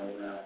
time around. Uh,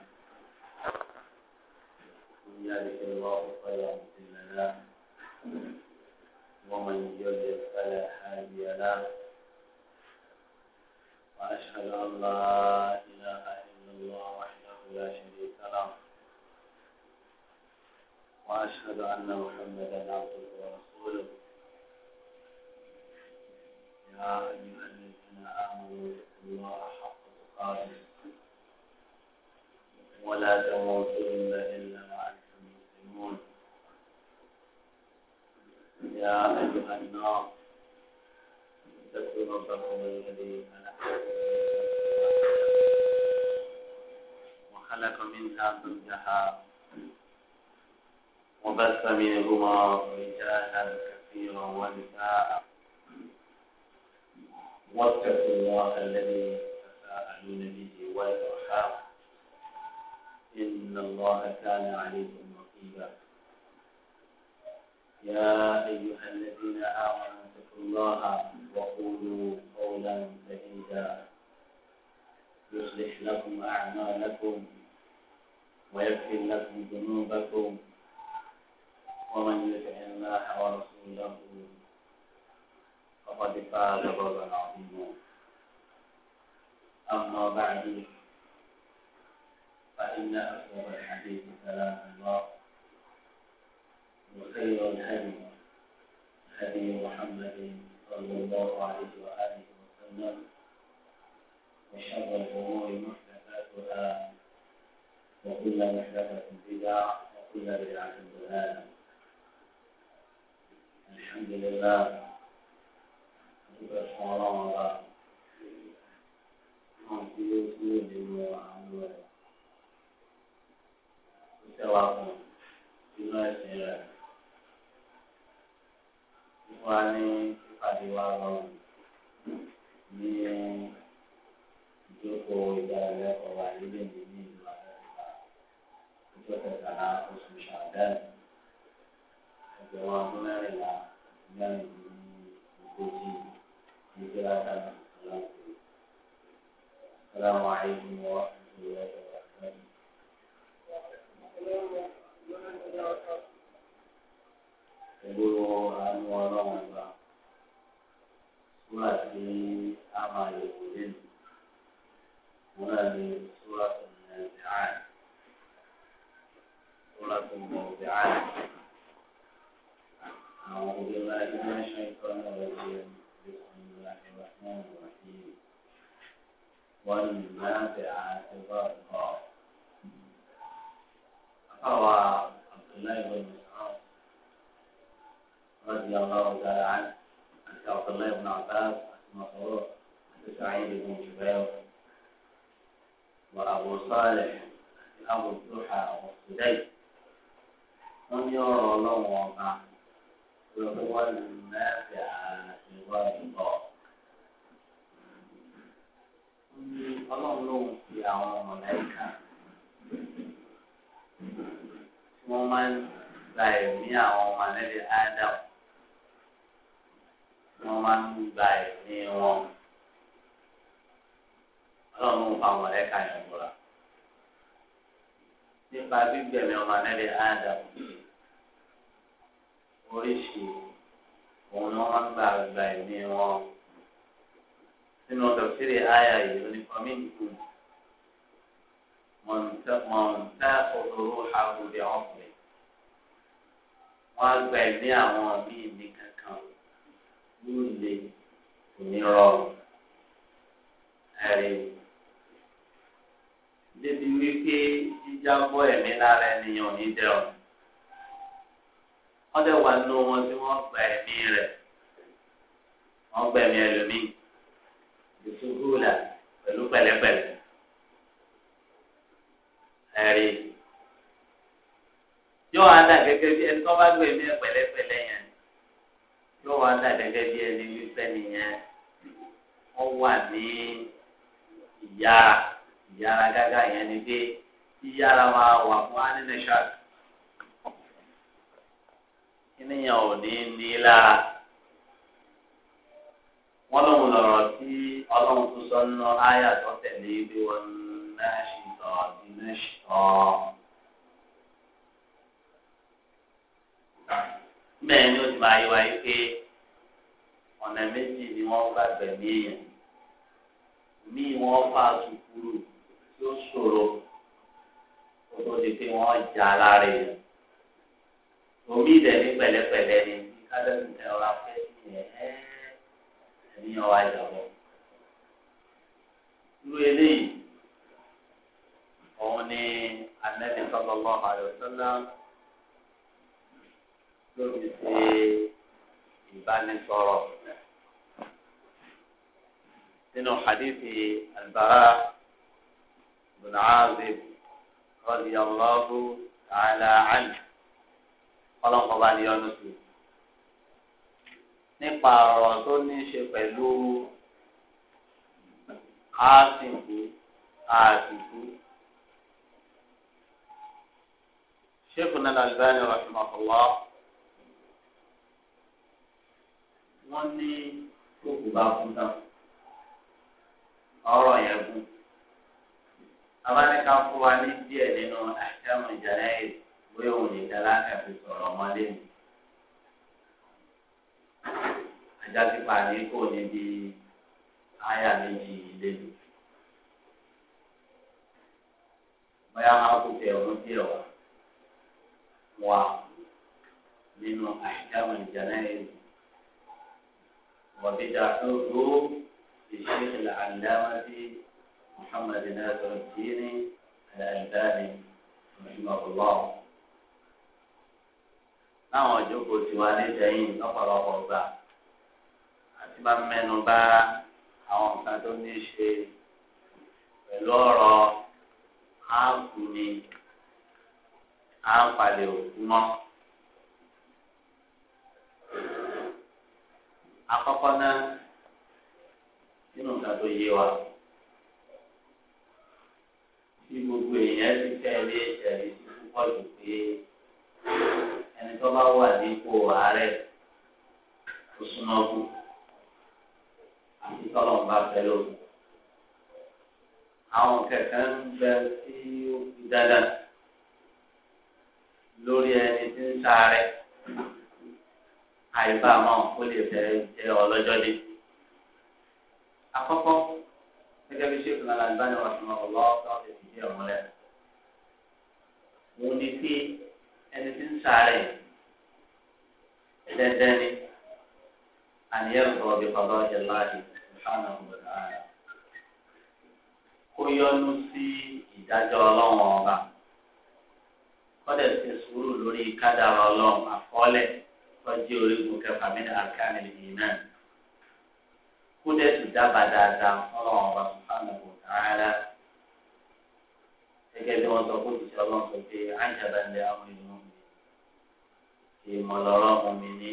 yára máa wà fún wa nínú ṣáàtì kíníyàn ò ní ní lára wọn lòun lọ̀rọ̀ tí Ọlọ́run tó sọ nínú àyà tó tẹ̀lé bí wọn náà ṣe tọ nínú ṣọ. bẹ́ẹ̀ ni ó ti máa yé wa pé ọ̀nà méjì ni wọ́n gbàgbẹ́ mí èèyàn mí wọ́n fà á sùkúrù tí ó ṣòro kó tó di pé wọ́n jà lára yìí. omi ìdẹ̀ni pẹ̀lẹ́pẹ̀lẹ́ ni kálẹ̀mù ẹ̀rọ afẹ́ sí ẹ̀ ẹ̀mí ọ̀wá ìjàbọ̀. irú eléyìí òun ni Ànábì sallallahu alaihi wasallam ló fi ṣe ìbánisọ̀rọ̀ nínú hadithi Al-Bara bin Azib radiyallahu ta'ala anhu ọlọ́nkọ́ bá lè ọdún sí i. nípa ọ̀rọ̀ tó ní í ṣe pẹ̀lú àsìkú àsìkú. Sheikhuna Al-Albani rahimahullah wọ́n ní kókò bá kú náà ọ̀rọ̀ yẹn kú abánika fún wa ní díẹ̀ nínú àìsàn ìjàlẹ̀ yìí bóyá òun nìkan láti fi sọ̀rọ̀ ọmọdé mi. ajá ti pa ní kò níbi àyà méjì lẹ́nu. bóyá máa kú tẹ ọ̀run díẹ̀ wá wá nínú àìsàn ìjàlẹ̀ yìí. وبدعته للشيخ العلامة محمد ناصر الدين الألباني رحمه الله láwọn ìjókòó tiwa nídẹ̀ẹ́yìn lọ́pọ̀lọpọ̀ gbà àti máa mẹ́nu bá àwọn nǹkan tó ní í ṣe pẹ̀lú ọ̀rọ̀ áàpù ni àǹfààní òkú mọ́. àkọ́kọ́ náà nínú nǹkan tó yé wa tí gbogbo èèyàn ti tẹ̀lé ẹ̀rí tí púpọ̀ jù pé ẹni tó bá wà nípò àárẹ̀ tó súná kú àti tọ́lọ̀ bá fẹ́ lómi. àwọn kẹ̀kẹ́ ń bẹ tí ó fi dáadáa lórí ẹni tí ń sáré àyíká àwọn kó lè fẹ́ jẹ́ ọlọ́jọ́ dé. àkọ́kọ́ gẹ́gẹ́ bí sèkùn náà láti báyìí wà fún ọ lọ́wọ́ tó ti fi ẹ̀ mọ́lẹ̀. Mo ní pé ẹni tí ń sáré ẹ̀dẹ́dẹ́ ni àníyàn sọ̀rọ̀ bí bàbá ọ̀jẹ̀ láàyè ìfànà ọ̀gbọ̀n ààrẹ. Kó yọnu sí ìdájọ́ ọlọ́run ọba. Kọ́dẹ̀ ti sùúrù lórí kádàrá ọlọ́run àkọọ́lẹ̀ tọ́jú orígun kẹfà mí àkànnì dábàá dáadáa ọlọ́run ọba ta'ala gẹ́gẹ́ bí wọ́n sọ fún ìṣẹ́ ọlọ́run pé àjàdá ń lẹ àwọn ènìyàn mi ìmọ̀lọ́rọ̀ ọmọ mi ní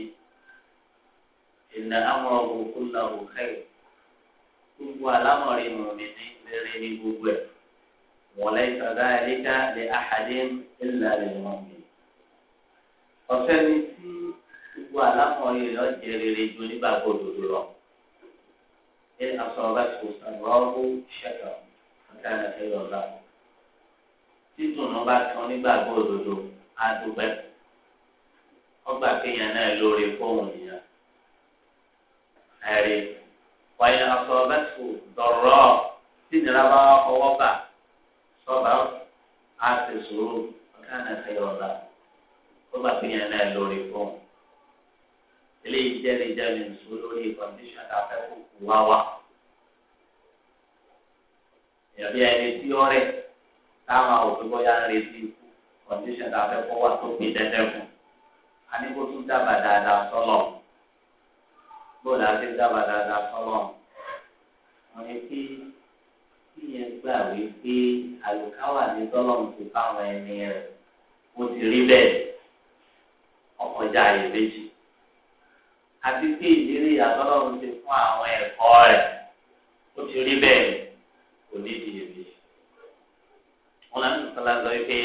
ìnà àwọn òkú náà ò kẹ́yìn gbogbo alámọ̀rin mọ̀ mi ní rere ní gbogbo ẹ̀ wọ́n lẹ́yìn sọ̀dá ẹ̀ríkà lè àhàdé ńlá rẹ̀ mọ̀ mi. ọ̀sẹ̀ ni tí gbogbo alámọ̀rin lọ́ọ́ jẹ́ rere ju nígbàgbọ́ òdodo lọ. إن أصابته سراء شكر فكان خيرا له títùnú bá tán nígbàgbọ́ òdodo adúgbẹ́ ọgbà kéèyàn náà lórí fóun nìyà ẹ̀rí wàyà ọ̀sọ̀ọ̀bẹ́sù dọ̀rọ̀ tìnira bá ọwọ́ bà sọ́ba á ti sùúrù ọ̀ká náà fẹ́ ọ̀la ọgbà kéèyàn náà lórí fóun eléyìí jẹ́ lè jẹ́ lè sùn lórí kọ̀ǹdíṣàn tá a fẹ́ kó kú wá wá. ìyàbí ẹni tí ó rẹ̀ táwọn òfin bóyá ń retí kọ̀ǹdíṣàn tá a fẹ́ kó wá tó fi tẹ́tẹ́ fún. a ní kó tún dábàá dáadáa sọ́lọ̀. bó la ti dábàá dáadáa sọ́lọ̀. wọ́n ní kí kíyẹn gbà wípé àlùkáwà ní sọ́lọ̀mù ti fáwọn ẹni rẹ̀ ó ti rí bẹ́ẹ̀ ọkọjà ìbejì àti pé ìlérí ìyàtọ̀lọ́run ti fún àwọn ẹ̀kọ́ rẹ̀ ó ti rí bẹ́ẹ̀ kò ní ìdíyèmí. wọn náà ń sọlá lọ pé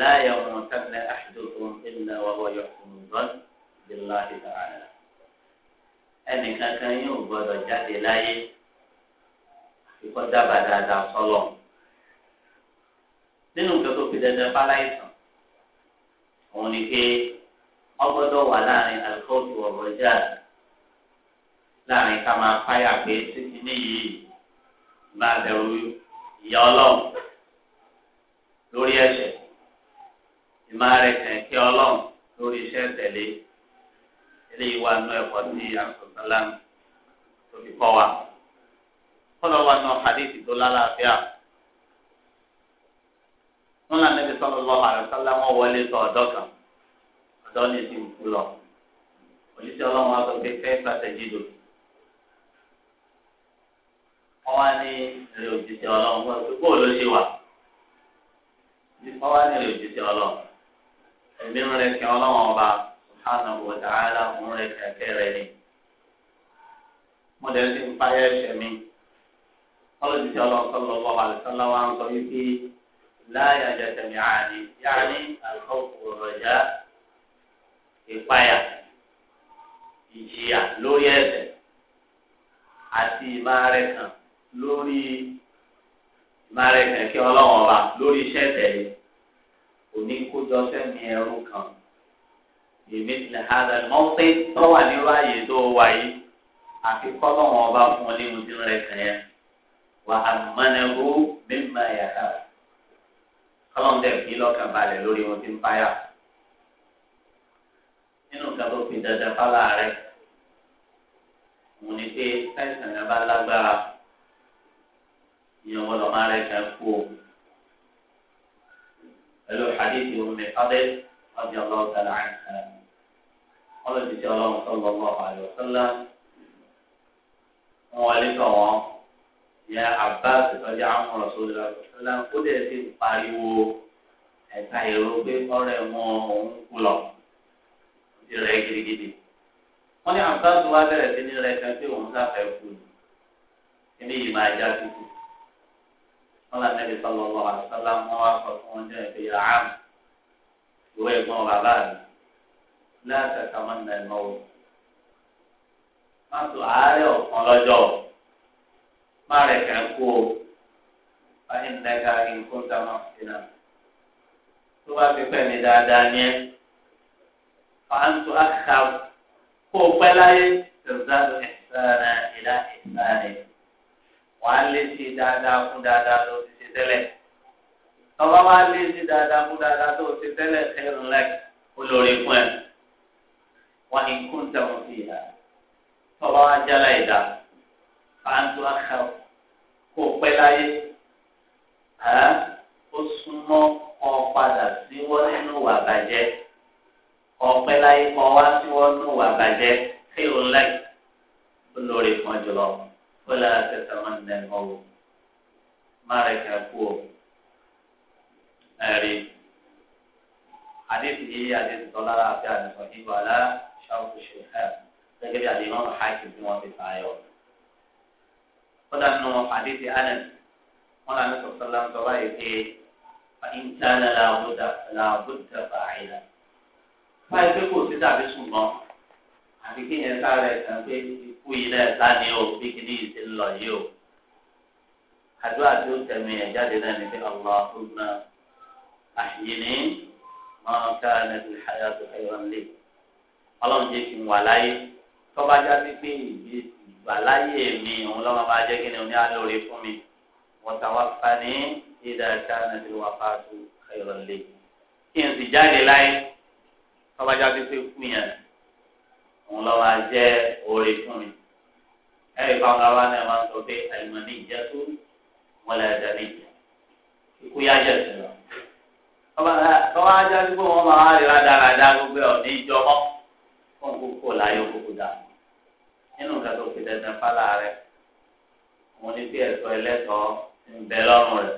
láyà wọn tábìlẹ̀ àṣìdókòó ńlá wàwọ̀ yọkùnrin lọ́n bílá ìdára. ẹnì kankan yóò gbọdọ̀ jáde láyé ìkọ́ dábàá dáadáa sọ́lọ̀. nínú nǹkan tó dandan bá òun ni pé ọgbọ́dọ̀ wà láàrin alikọọtù ọrọjà láàrin ká máa fáyà pé títí níyì bá bẹ̀rù ìyá Ọlọ́run lórí ẹ̀ṣẹ̀ ìmá rẹ kàn kí Ọlọ́run lórí iṣẹ́ tẹ̀lé eléyìí wà nù ẹ̀kọ́ tí àkọsọlá tó fi kọ́ wa kọlọ wà nù hadithi tó lálàáfíà wọn là sọlọ lọ àrùn sálá wọn wọlé sọ ọ̀dọ̀ kan. lọ́ọ̀lì sì ń kú lọ polisi ọlọ́run wa sọ fẹ́ pàṣẹ jídò wọ́n wá ní èrè òjijì ọlọ́run wọ́n ló ṣe wà wọ́n wá ní èrè òjijì ọlọ́run èmi ń rẹ kẹ ọlọ́run ọba subhanahu ń ni ti ń payẹ́ ẹ̀ṣẹ̀ mi ọlọ́run wa ń sọ ìpayà ìjìyà lórí ẹ̀ṣẹ̀ àti ìmárẹkàn lórí ìmárẹkàn kí Ọlọ́run ọba lórí iṣẹ́ ìtẹ̀lé oníkójọ sẹ́mi ẹrú kan èmi ti lè ha dàní mọ́ pé tó wà nírú ààyè tó wà yìí àfi kọ́lọ́run ọba fún ọ ní ohun tí ń rẹ̀ kàn yẹn wà á mọ́nẹ́rú mímọ́ ẹ̀yà ká kọ́lọ́run dẹ̀ fi lọ́kàn balẹ̀ lórí ohun tí ń báyà nínú nǹkan tó fi dandan fálá rẹ̀ mo ní pé táìsàn yẹn bá lágbára ìyẹn wọ́n lọ́ọ́ máa rẹ̀ kẹ́ kú o pẹ̀lú hadithi omi fadé ọjà ọlọ́wọ́ tẹ̀lé àìsàn ọlọ́dìsí ọlọ́run sọ̀rọ̀ lọ́wọ́ àyọ̀sọ́lá wọn wọlé tọ̀ wọ́n yẹ Abbas ìtọ́jà àwọn ọ̀sọ́lá ọ̀sọ́lá kó dẹ̀ ti pariwo ẹ̀ka èrò pé ọ̀rẹ́ wọn òun kú lọ ìrẹ̀ gidigidi wọ́n ní àwọn sáàtù wa bẹ̀rẹ̀ sí ní rẹ̀ kan pé òun sáfẹ́ kú ni ẹni yìí máa já kúkú wọ́n lànà ẹbí sọlọ lọ àtàlà wọn wá sọ fún ọjọ́ ìpè yà á mi ìwé ẹ̀gbọ́n bàbá mi láti ẹ̀ka máa nà ẹ̀mọ́ má tó àárẹ̀ ọ̀kan lọ́jọ́ má rẹ̀ kẹ́ kú o báyìí ń dẹ́ka máa fi náà tó bá fi pẹ́ mi dáadáa ní ẹ́ fàáńtò àkàwò kó o pẹ́ láyé tẹ̀síwájú ẹ̀sán ìlà ẹ̀sán rẹ̀ wàá lé sí dáadáa fún dáadáa tó ti ṣe tẹ́lẹ̀ tọ́ba wàá lé sí dáadáa fún dáadáa tó ti tẹ́lẹ̀ ẹ̀rù lẹ́k olórí fún ẹ̀ wọ́n ní kó ń tẹ̀wọ̀n sí ìhà tọ́ba wàá jálá ìdá fàáńtò àkàwò kó o pẹ́ láyé ó súnmọ́ kọ́ padà síwọ́ nínú wàbàjẹ́ ọ̀pẹ láyé kọ́ wá sí wọ́n nù wà bàjẹ́ sí òun láì ó lórí kan jùlọ ó lára tẹ̀sán wọn nà ẹ̀kọ́ wò má rẹ̀ kà kú o ẹ̀rí àdéhùn yìí àdéhùn tó lára àti àdéhùn yìí wà lára ṣàkóso ṣe ẹ̀ gẹ́gẹ́ bí àdéhùn ọ̀hún hákì bí wọ́n fi fà yọ. ó dànù àdéhùn anan wọn là ní sọ̀tọ̀ láǹtọ̀ báyìí pé fa ìntànà làbúdà làbúdà fàáyìlà báyìí pé kò sí dàbí ṣùgbọ́n àfi kí yẹn sáré kan pé ikú yìí náà sáni o bí kìíní yìí ti ń lọ yìí o àdúrà tí ó tẹ̀mí ẹ̀ jáde náà ni pé Allahumma ahyini ma kanat al-hayatu khayran li ọlọ́run jẹ́ kí n wà láyé tọ́ba jáde pé ìgbà láyé mi òun lọ́mọ bá jẹ́ kí ni òun ní alóore fún mi wọ́n ta wá fani idha kanat al-wafatu khayran li kí n sì jáde láyé tọ́bajà fi ṣe kú yẹn òun lọ wá jẹ́ oore fún mi ẹ̀rí fáwọn wa náà máa ń sọ pé àlùmọ́nì ìjẹ́ tó wọlé ẹ̀dá níjà ikú yá jẹ̀ sí lọ. tọ́wọ́ ajá sí pé wọ́n máa wá ríra dáradá gbogbo ẹ̀ ní ìjọmọ́ fún kókó láyé kókó dà nínú nǹkan tó fi dandan fálà rẹ̀ òun ní bí ẹ̀tọ́ ẹlẹ́tọ̀ọ́ ń bẹ lọ́rùn rẹ̀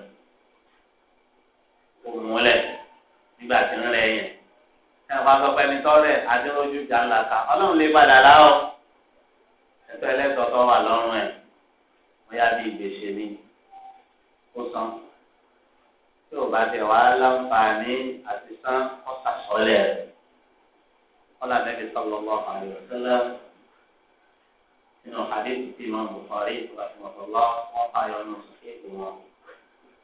òun múlẹ̀ nígbà tí ń rẹ̀ yẹn ẹ̀fọ́ àtọ́pẹ́ ní tọ́lẹ̀ adérójú jàǹlá ká ọlọ́run lè padà láwọ̀ ẹ̀tọ́ ẹlẹ́tọ̀ọ́tọ̀ wà lọ́rùn ẹ̀ bóyá bí ìgbésẹ̀ ni ó san tí ò bá tẹ̀ wá láǹfààní àti san ọ̀sàsọ́lẹ̀ rẹ̀ ọ̀là nẹ́bí sallallahu alaihi wasallam nínú hadith tí imam Bukhari ìfọwọ́sowọ́sowọ́ wọn fààyàn nù sókè ìgbìmọ̀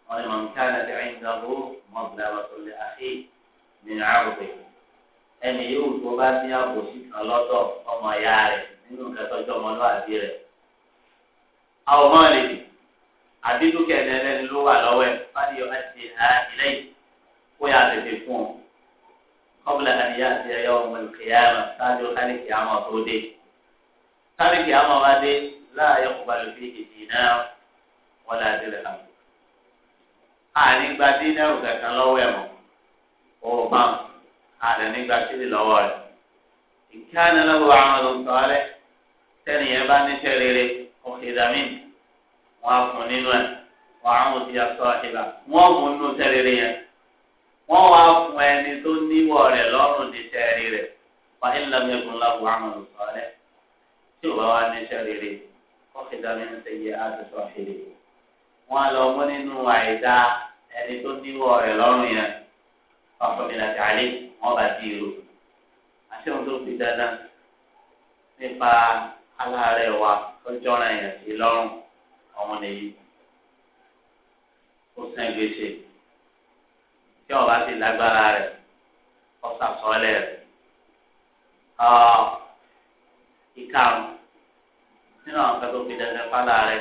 wọn ni mọ̀nkánà ti ẹ̀yìn dàgbò mọ̀gbìlá wàtò lè àṣì ní àrùbẹ̀ ẹnì yóò tó bá ní àbòsí kan lọ́dọ̀ ọmọ ìyá rẹ̀ nínú nǹkan tọ́jú ọmọlúwàbí rẹ̀. àwọn ọmọ rẹ̀ àbí dúkìá ẹlẹ́ni ló wà lọ́wọ́ ẹ̀ fáni yọ láti ha ilé yìí kó yà tètè fún un. kọ́bùlà àníyá àti ẹ̀yà ọmọ ìkẹyà rẹ̀ ṣáájú káníkì àmọ̀ tó dé. káníkì àmọ̀ wá dé láàyè kùbàlù fi ìdì náà wọ́n lè àdìrẹ̀ àmọ̀. àní gba dínẹ́rù kankan lọ́wọ́ ẹ̀ àlẹ́ nígbà kíri lọ́wọ́ rẹ̀ ìkíáni lọ́wọ́ àwọn olùsọ̀ọ́lẹ̀ tẹ́lẹ̀ yẹn bá níṣẹ́ rere òkèdàmí wọn á fún nínú ẹ̀ wọn àwọn òsì àtọ̀ ìlà wọn mú nínú tẹ́lẹ̀ rere yẹn wọn wá fún ẹni tó níwọ̀ rẹ̀ lọ́rùn níṣẹ́ rere wọn ìlànàmẹ́gun lọ́wọ́ àwọn olùsọ̀ọ́lẹ̀ tí ò bá wá níṣẹ́ rere òkèdàmí ń tẹ̀yẹ àtúntò àṣírí wọn lọ mú nínú àìdá ẹni tó níwọ̀ rẹ̀ lọ́rùn yẹn ọ̀pọ̀ wọn bá di àti ohun tó fi dandan nípa aláàárẹ̀ wa tó jọra yẹn sí lọ́rùn ọ̀hún nìyí ó sàn gbèsè tí ọba ti lágbára rẹ̀ ọ̀sàsọ́lẹ̀ rẹ̀ ìkarùn nínú àwọn kan tó fi dandan rẹ̀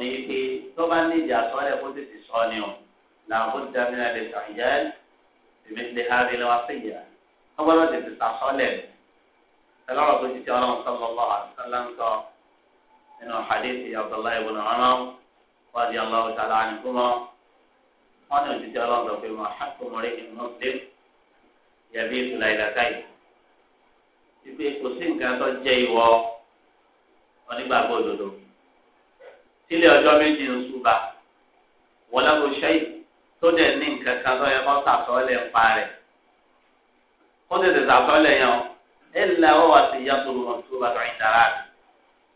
nìyí pé tó bá ní ìjà sọ́lẹ̀ kó tètè sọ ni o làwọn kó lè ìmẹ̀lẹ̀ hàrí lọ́wọ́ síyà ọgbọ́dọ̀ tètè sàkọ́lẹ̀ ẹlọ́rọ̀ tó ti ti ọlọ́run sọ́lọ́lọ́ àtúntàlá ń sọ nínú hadithi abdullahi ibn umar wàdí allahu ta'ala ànìkúmọ́ wọn ní òtítí ọlọ́run tó fi mọ́ àkùnrin ìmọ̀ọ́sílẹ̀ yẹ̀bí ìtura ìdàkàyè ìpè kò sí nǹkan tó jẹ́ ìwọ onígbàgbọ́ òdodo sílẹ̀ ọjọ́ méjì ń súba wọlé kò ṣẹ́yìn tó dẹ̀ ní nǹkan kan tó yẹ kó sàtọ́lẹ̀ ń pa rẹ̀ ó tètè sàtọ́lẹ̀ yẹn o ẹ̀ ńlá wọ́n wá sí ìyá tó lọ tó bá tọ̀yìn dára rẹ̀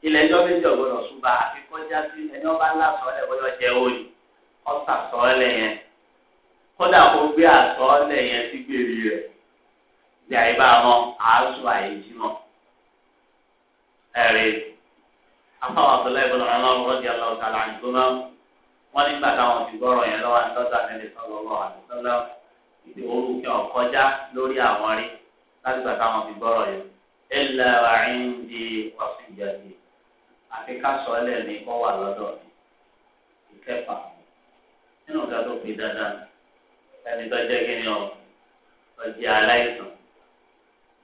ilẹ̀ ẹjọ́ méjì ọ̀gbọ́dọ̀ ṣùgbọ́n àfi kọjá sí ẹni ọba ńlá sọ́ọ̀lẹ̀ bọ́yọ̀ jẹ́ òòlì ó sàtọ́lẹ̀ yẹn kódà kó gbé àtọ́lẹ̀ yẹn sí gbèrè rẹ̀ bí àyíbá wọn àásù àyèjì mọ́ ẹ̀rí afọ àtọ́lẹ̀ ìbọn ọ̀rọ̀ ọ̀rọ̀ ọ̀rọ̀ wọ́n nígbà táwọn ti gbọ́rọ̀ yẹn lọ́wọ́ àtọ́jà nílẹ̀ sọ́lọ́wọ́ àtọ́lá ìdí orú kí wọ́n kọjá lórí àwọn rí látìgbà táwọn ti gbọ́rọ̀ yẹn. ẹ lẹ́ àárín di ọ̀sìn ìjẹ́bi àti kásọ̀ ẹlẹ́ ní kọ́ wà lọ́dọ̀ ìkẹfà nínú ìgbà tó fi dandan ẹni tó jẹ́ kí ni ọ ọjẹ́ aláìsàn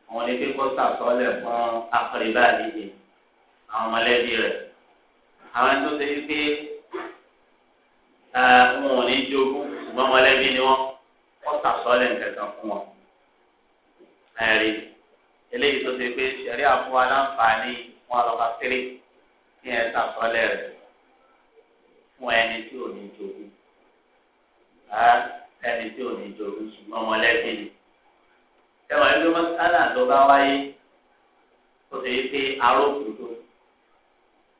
àwọn ní kí kó sàsọ́lẹ̀ fún akọ̀rẹ́bá àdìyẹ àwọn mọ̀lẹ́bí rẹ̀ àwọn tó ṣe wípé. Eh, wọn ò ní jogún ṣùgbọ́n mọ̀lẹ́bí ni wọ́n wọ́n sàsọ́lẹ̀ nǹkan fún wọn. ẹ̀rí eléyìí tó ṣe pé ṣẹ̀rí àfún aláǹfààní wọn lọ bá tẹ́lẹ̀ kí ẹ sàsọ́lẹ̀ rẹ̀ fún ẹni tí ò ní jogún ẹni tí ò ní jogún ṣùgbọ́n mọ̀lẹ́bí ni. ẹ wà ló mọ́sálà tó bá wáyé tó ṣe pé arókùn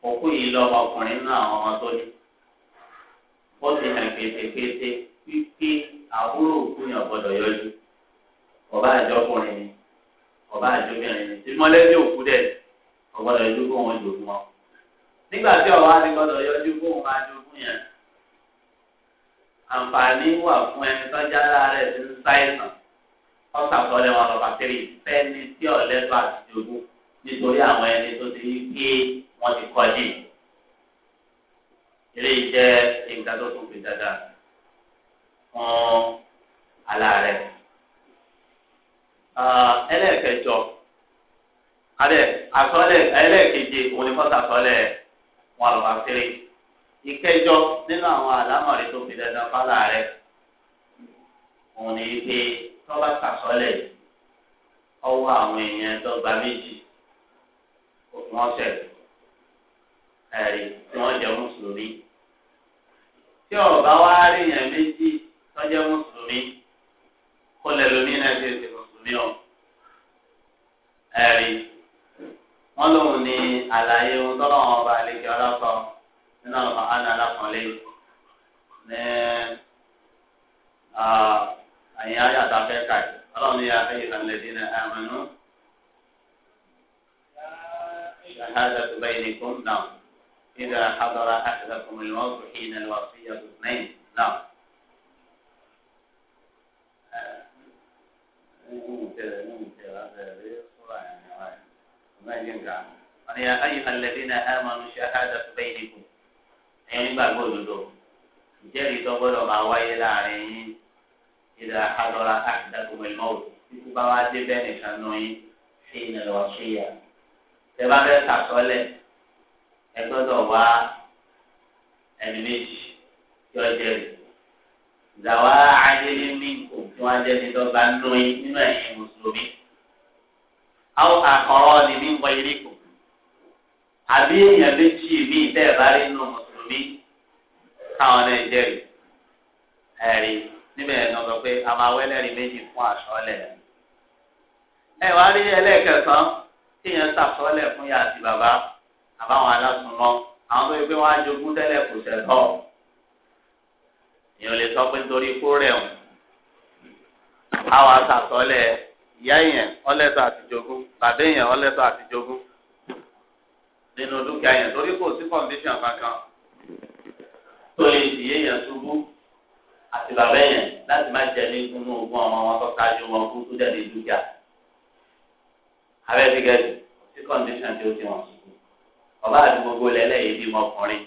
òkú yìí lọ́mọkùnrin náà ọmọ tó ní ó ti hàn kétékété wípé àbúrò òkú yàn gbọdọ̀ yọjú ọba àjọkùnrin ni ọba àjọbìnrin ni tí mọ́lẹ́bí òkú dẹ̀ ọgbọ́dọ̀ yọjú fún wọn jòkó wọn. nígbà tí ọba ti gbọdọ̀ yọjú fún wọn máa jogún yẹn àǹfààní wà fún ẹni tó jára rẹ̀ ti ń sáyẹ̀sán ọ̀sàkọọ́lẹ̀ wọn lọ́ba kiri fẹ́ni tí ọ̀lẹ́tọ̀ àti jogún nítorí àwọn ẹni tó ti ń gbé wọn ti kọjú yìí. eléyìí jẹ́ nǹkan tó tún fi ala fún aláàárẹ̀. ẹlẹ́ẹ̀kẹjọ alẹ́ àsọlẹ̀ ẹlẹ́ẹ̀keje òun ni kọ́sà sọlẹ̀ wọn lọ́wọ́ akéré ìkẹjọ nínú àwọn àlámọ̀rí tó fi dáadáa fún aláàárẹ̀ òun ni pé tọ́ba sàsọlẹ̀ ọwọ́ àwọn èèyàn dọ́gba méjì òun ọ̀sẹ̀ ẹ̀rí tí wọ́n jẹ́ mùsùlùmí. tí ọba wa rí yẹn méjì tọ́jẹ́ mùsùlùmí kó lẹ́lómi náà ti ṣe mùsùlùmí ọ̀ ẹ̀rí wọ́n lòun ní àlàyé ohun tọ́lọ́ wọn ọba àlejò ọlọ́kọ nínú ọ̀nà àná alákọ̀ọ́lé ní àyìn ayàtà fẹ́ káyọ̀ ọlọ́run ní afẹ́ ìfànlẹ́dí náà àmọ́nú. شهادة بينكم نعم إذا حضر أحدكم الموت حين الوصية اثنين نعم wọ́n yà ayé alẹ́bí náà ẹ̀ máa ń ṣe àádọ́ tó bẹ́ẹ̀ nìkú ẹ̀yin nígbà gbọ́dọ̀dọ̀ ìjẹ́rìí tó gbọ́dọ̀ máa wáyé láàrin yín ìdá àdọ́ra àdàgbò mẹ́lọ́wọ́ ikú bá wá dé bẹ́ẹ̀ nìkan nù yín ṣé ìnà lọ́ọ́ ṣe yà tẹ́ bá fẹ́ sàtọ́lẹ̀ ẹgbẹ́dọ̀ wá ẹni méjì tí ó jẹ́ ìdáwà ayẹyẹ ní òkú ajẹ́nidọ́gba lóyún nínú ẹ̀yìn mùsùlùmí. àwọn àkọ́rọ́ ni mí ń wọ ilé kù. àbí èèyàn méjì mí bẹ́ẹ̀ bá rí nínú mùsùlùmí káwọn náà jẹ́rìí. ẹ̀rí níbẹ̀ ẹ̀ lọ́gbọ̀n pé a máa wẹ́lẹ́rìí méjì fún àṣọlẹ̀. ẹ wá rí ẹlẹ́ẹ̀kẹsàn-án tí èèyàn ṣàṣọlẹ̀ fún yàtì bàbá àbáwọn alásùnmọ́ àwọn tó yẹ pé wọ́n á jogún tẹ́lẹ̀ kò sẹ̀tọ́ èèyàn lè sọ pé nítorí kó rẹ̀ wọ́n àwọn asàtọ́lẹ̀ ìyá yẹn ọlẹ́tọ̀ àti jogún bàbá yẹn ọlẹ́tọ̀ àti jogún nínú dúkìá yẹn torí kò sí kọ̀ǹdíṣàn kankan tó lè fi yéèyàn ṣubú àti bàbá yẹn láti má jẹ ní inú ogún ọmọ wọn tó kájú wọn kú tó jáde dúkìá abẹ́ ti gẹ̀ẹ́sì sí kọ̀ǹdíṣàn tí ó ti wọ̀n sọ bàbá àti gbogbo lẹ́lẹ́ yìí bímọ ọkùnrin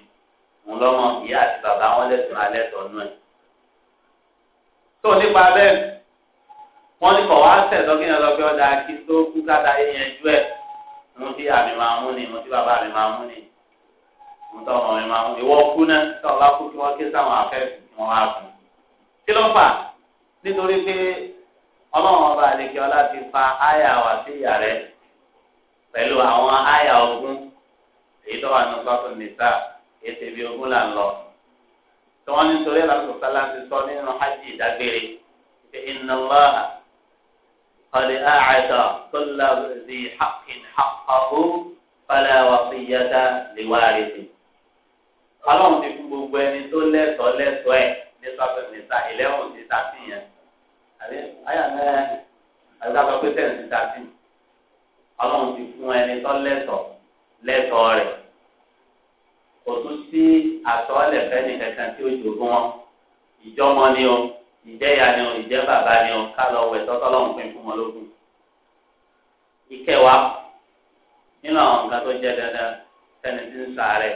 òun lọ́mọ ìyá àti bàbá wọn lẹ́sùn alẹ́ tọ́nú ẹ̀. tó nípa bẹ́ẹ̀ wọ́n ní kọ̀ wá sẹ̀dọ́ kí ni lọ́gbẹ́ ọ̀dà kí tó kú káta yẹn jú ẹ̀ mo ti àmì máa mú ni mo ti bàbá mi máa mú ni mo tọ́ ọmọ mi máa mú ni ìwọ kú náà tí wọ́n kú kí wọ́n ké sáwọn afẹ́fẹ́ kí wá kú. kí ló fà nítorí pé ọlọ́run ọba àlekè ọlá ti fa áyà wá sí ìyá rẹ pẹ̀lú àwọn áyà ogún èyí tó wà ní gbàtò nìta ètè bíi ogún là ń lọ. tí wọ́n ní torí lásìkò sálá ti sọ nínú hajj ìdágbére ṣe iná lọ́hà kọ́lé àádọ́ tó lábẹ́sí hakin hakahu fàlẹ́ wàsíyàtà lèwárìsì. ọlọ́run ti fún gbogbo ẹni tó lẹ́tọ̀ọ́ lẹ́tọ̀ọ́ ẹ̀ ní gbàtò nìta ìlẹ́wọ̀n ti tàbí yẹn. àbí àyà mẹ́rin àgbàgbọ́ pé tẹ̀sí tàbí ọlọ́run ti fún ẹni tó lẹ́tọ̀ọ́ lẹ́tọ̀ọ́ rẹ̀ kò tún sí àtọ́lẹ̀ fẹ́ni kankan tí ó jogún wọn ìjọmọ ni o ìjẹya ni o ìjẹ bàbá ni o ká lọ wẹ̀ tọ́tọ́lọ́hún pín fún wọn lókun. ìkẹwàá nínú àwọn nǹkan tó jẹ dandan fẹ́ni tí ń sàárẹ̀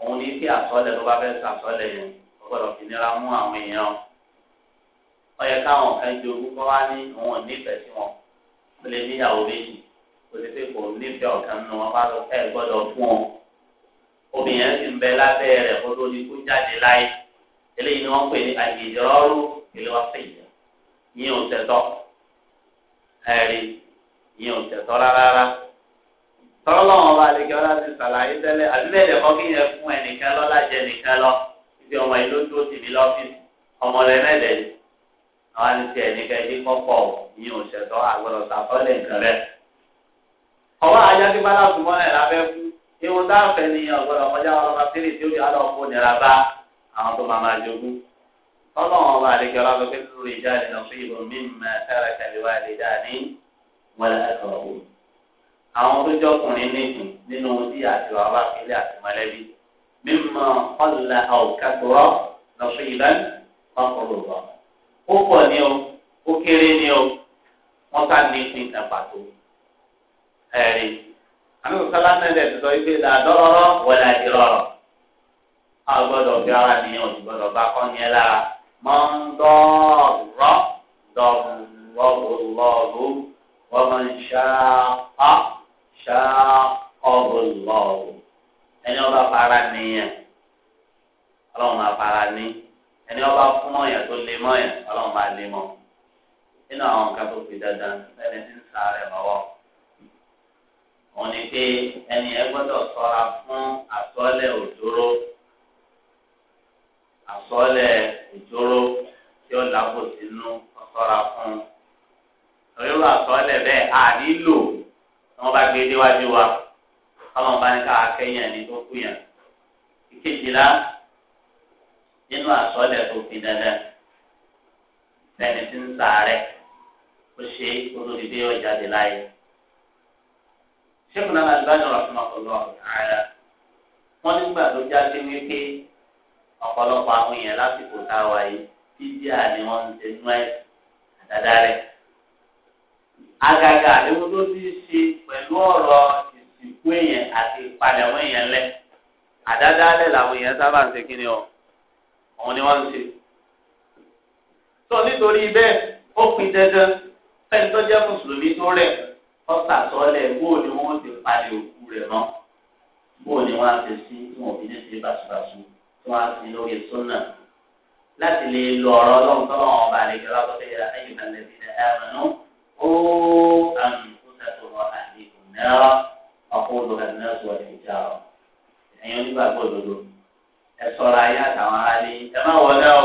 òun ní kí àtọ́lẹ̀ tó bá fẹ́ sàtọ́lẹ̀ yẹn gbọ́dọ̀ fi nira mú àwọn èèyàn ó yẹ káwọn kan jogún kọ́ wá ní òun ò nífẹ̀ẹ́ sí wọn ó lè níyàwó méjì kò sí pé kò nífẹ̀ẹ́ ọ̀kan náà wọn bá lọ ẹ gbọ́dọ̀ fún ọ obìnrin ti ń bẹ lábẹ́ rẹ̀ kó ló ní kó jáde láyé eléyìí ni wọ́n pè ní àgbèjọ́rú ìlú ọ̀sẹ̀yìn yín ò tẹ̀tọ́ ẹ̀rí yín ò tẹ̀tọ́ rárá tọ́lọ́wọ́n bá lè kí ọlá ti sàlàyé tẹ́lẹ̀ àbíbẹ̀lẹ̀ kọ́ kí yẹn fún ẹnìkan lọ lájẹ nìkan lọ ibi ọmọ yìí ló tó sì mí lọ́fíìsì ọmọ rẹ mẹ́lẹ̀ ni àwọn àti tiẹ̀ nìkan ọwọ́ ajá tí bálá kù mọ́lẹ̀ lábẹ́ kú ewu tá a fẹ́ nìyẹn ọ̀gbọ́dọ̀ kọjá ọlọ́mọ sílẹ̀ tí ó di alọ́ kó nira bá àwọn tó máa máa jogún ọlọ́run ọba àdékẹ́ ọlá sọ pé lórí ìjà rẹ̀ lọ sí ìbò mí mẹ́ tẹ́rẹ̀ kẹlẹ́wà lè dá ní wọlé ẹ̀sọ̀rọ̀ wò. àwọn tó jẹ́ ọkùnrin nìkan nínú tí àti wàá bá kílẹ̀ àti mọ̀lẹ́bí mímọ ọ̀là ọ̀kàtúrọ̀ lọ sí ìbẹ́ẹ̀ ọkùnrin ó pọ̀ ní o ó kéré ní o wọ́n ká ní ìpín pàtó ẹ̀rí àmì òsàlá náà lẹ̀ sọ wípé làdọ́rọ́rọ́ wọlé àdìrọ́rọ́ a gbọ́dọ̀ fi ara nìyẹn òsì gbọ́dọ̀ bá kọ́ ní ẹ lára mọ́ ń dọ́ọ̀rọ́ dọ́ọ̀rọ́ọ̀lọ́ọ̀rọ́ wọ́n máa ń ṣáá ṣáá ọ̀rọ̀lọ́ọ̀rọ́ ẹni ọba fara nìyẹn ọlọ́run máa fara ní ẹni ọba fún mọ́yàn tó lé mọ́yàn ọlọ́run máa lé mọ́ nínú àwọn nǹkan tó fi dandan lẹ́ni tí ń sàárẹ̀ lọ́wọ́ òun ni pé ẹni ẹ gbọ́dọ̀ ṣọ́ra fún àsọlẹ òjòrò àsọlẹ òjòrò tí ó lábò sínú ọṣọ́ra fún onírú àsọlẹ bẹ́ẹ̀ a nílò tí wọn bá gbé déwájú wa káwọn bá ní ká kẹ́yìn ẹni tó kú yẹn ìkejìlá nínú àsọlẹ tó fi dandan lẹni tí ń sàárẹ̀ ó ṣe olódìdé ọjà dé láyé sẹ́kù náà alìbáyọ̀ ràfin ọ̀pọ̀lọ́ ààrẹ wọ́n nígbà tó jáde wípé ọ̀pọ̀lọpọ̀ àwọn èèyàn lásìkò tá a wà yìí bíbí àní wọn ń ṣe nú ẹ̀ àdáda rẹ̀. àgàgà ewu tó ti ṣe pẹ̀lú ọ̀rọ̀ ìsìnkú èèyàn àti ìpalẹ̀ àwọn èèyàn lẹ̀ àdáda rẹ̀ làwọn èèyàn sábà ń ṣe kí ni ọ̀ òun ni wọ́n ń ṣe. sọ nítorí bẹ́ẹ̀ ó pin dandan fẹ́ni tó jẹ́ mùsùlùmí tó rẹ̀ ọ̀sà sọ́lẹ̀ bóò ni wọ́n ti palẹ̀ òkú rẹ̀ mọ́ bóò ni wọ́n á ti sí wọn ò fi ní ṣe bàṣubàṣu tí wọ́n á sí lórí súnà láti lè lo ọ̀rọ̀ ọlọ́run tọ́lọ́ wọn ọba àlejò alábọ́tẹ́ yẹra ayé ìbàlẹ̀ bí i àmàlú ó àmì ìkúta tó rọ àlejò náírà ọkọ̀ odò àti náà sọ ẹ̀yìn ìjà rọ ẹ̀yìn onígbàgbọ́ òdodo ẹ sọ̀rọ̀ ayé àtàwọn aráalé ẹ má wọ náà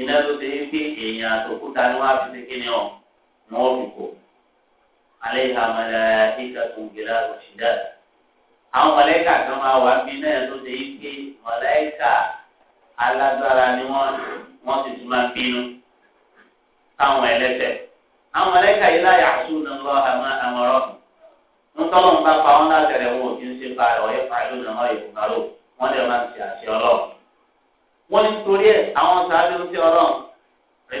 iná tó ṣe é pé èèyàn àtòkúta ni wọ́n á fi ṣe kí ọ̀ ni wọ́n fi kò àléhà màláíkà tó gbéra òṣìdá. àwọn màláíkà kan máa wà bí náà tó ṣe yí pé màláíkà alágbára ni wọ́n wọ́n sì tún máa bínú táwọn ẹlẹ́ṣẹ̀. àwọn màláíkà yìí láyà àṣùn náà lọ àmọ́rọ́ ntọ́lọ́ ń bá pa wọn láti rẹ̀ wọ́n òfin ṣe pa rẹ̀ ọ̀yẹ́ pàlú náà ọ̀yẹ́ pàlú wọ́n lè máa ṣe àṣẹ ọlọ́run. wọ́n ní torí ẹ̀ àwọn sáájú ń ṣe ọlọ́run rẹ̀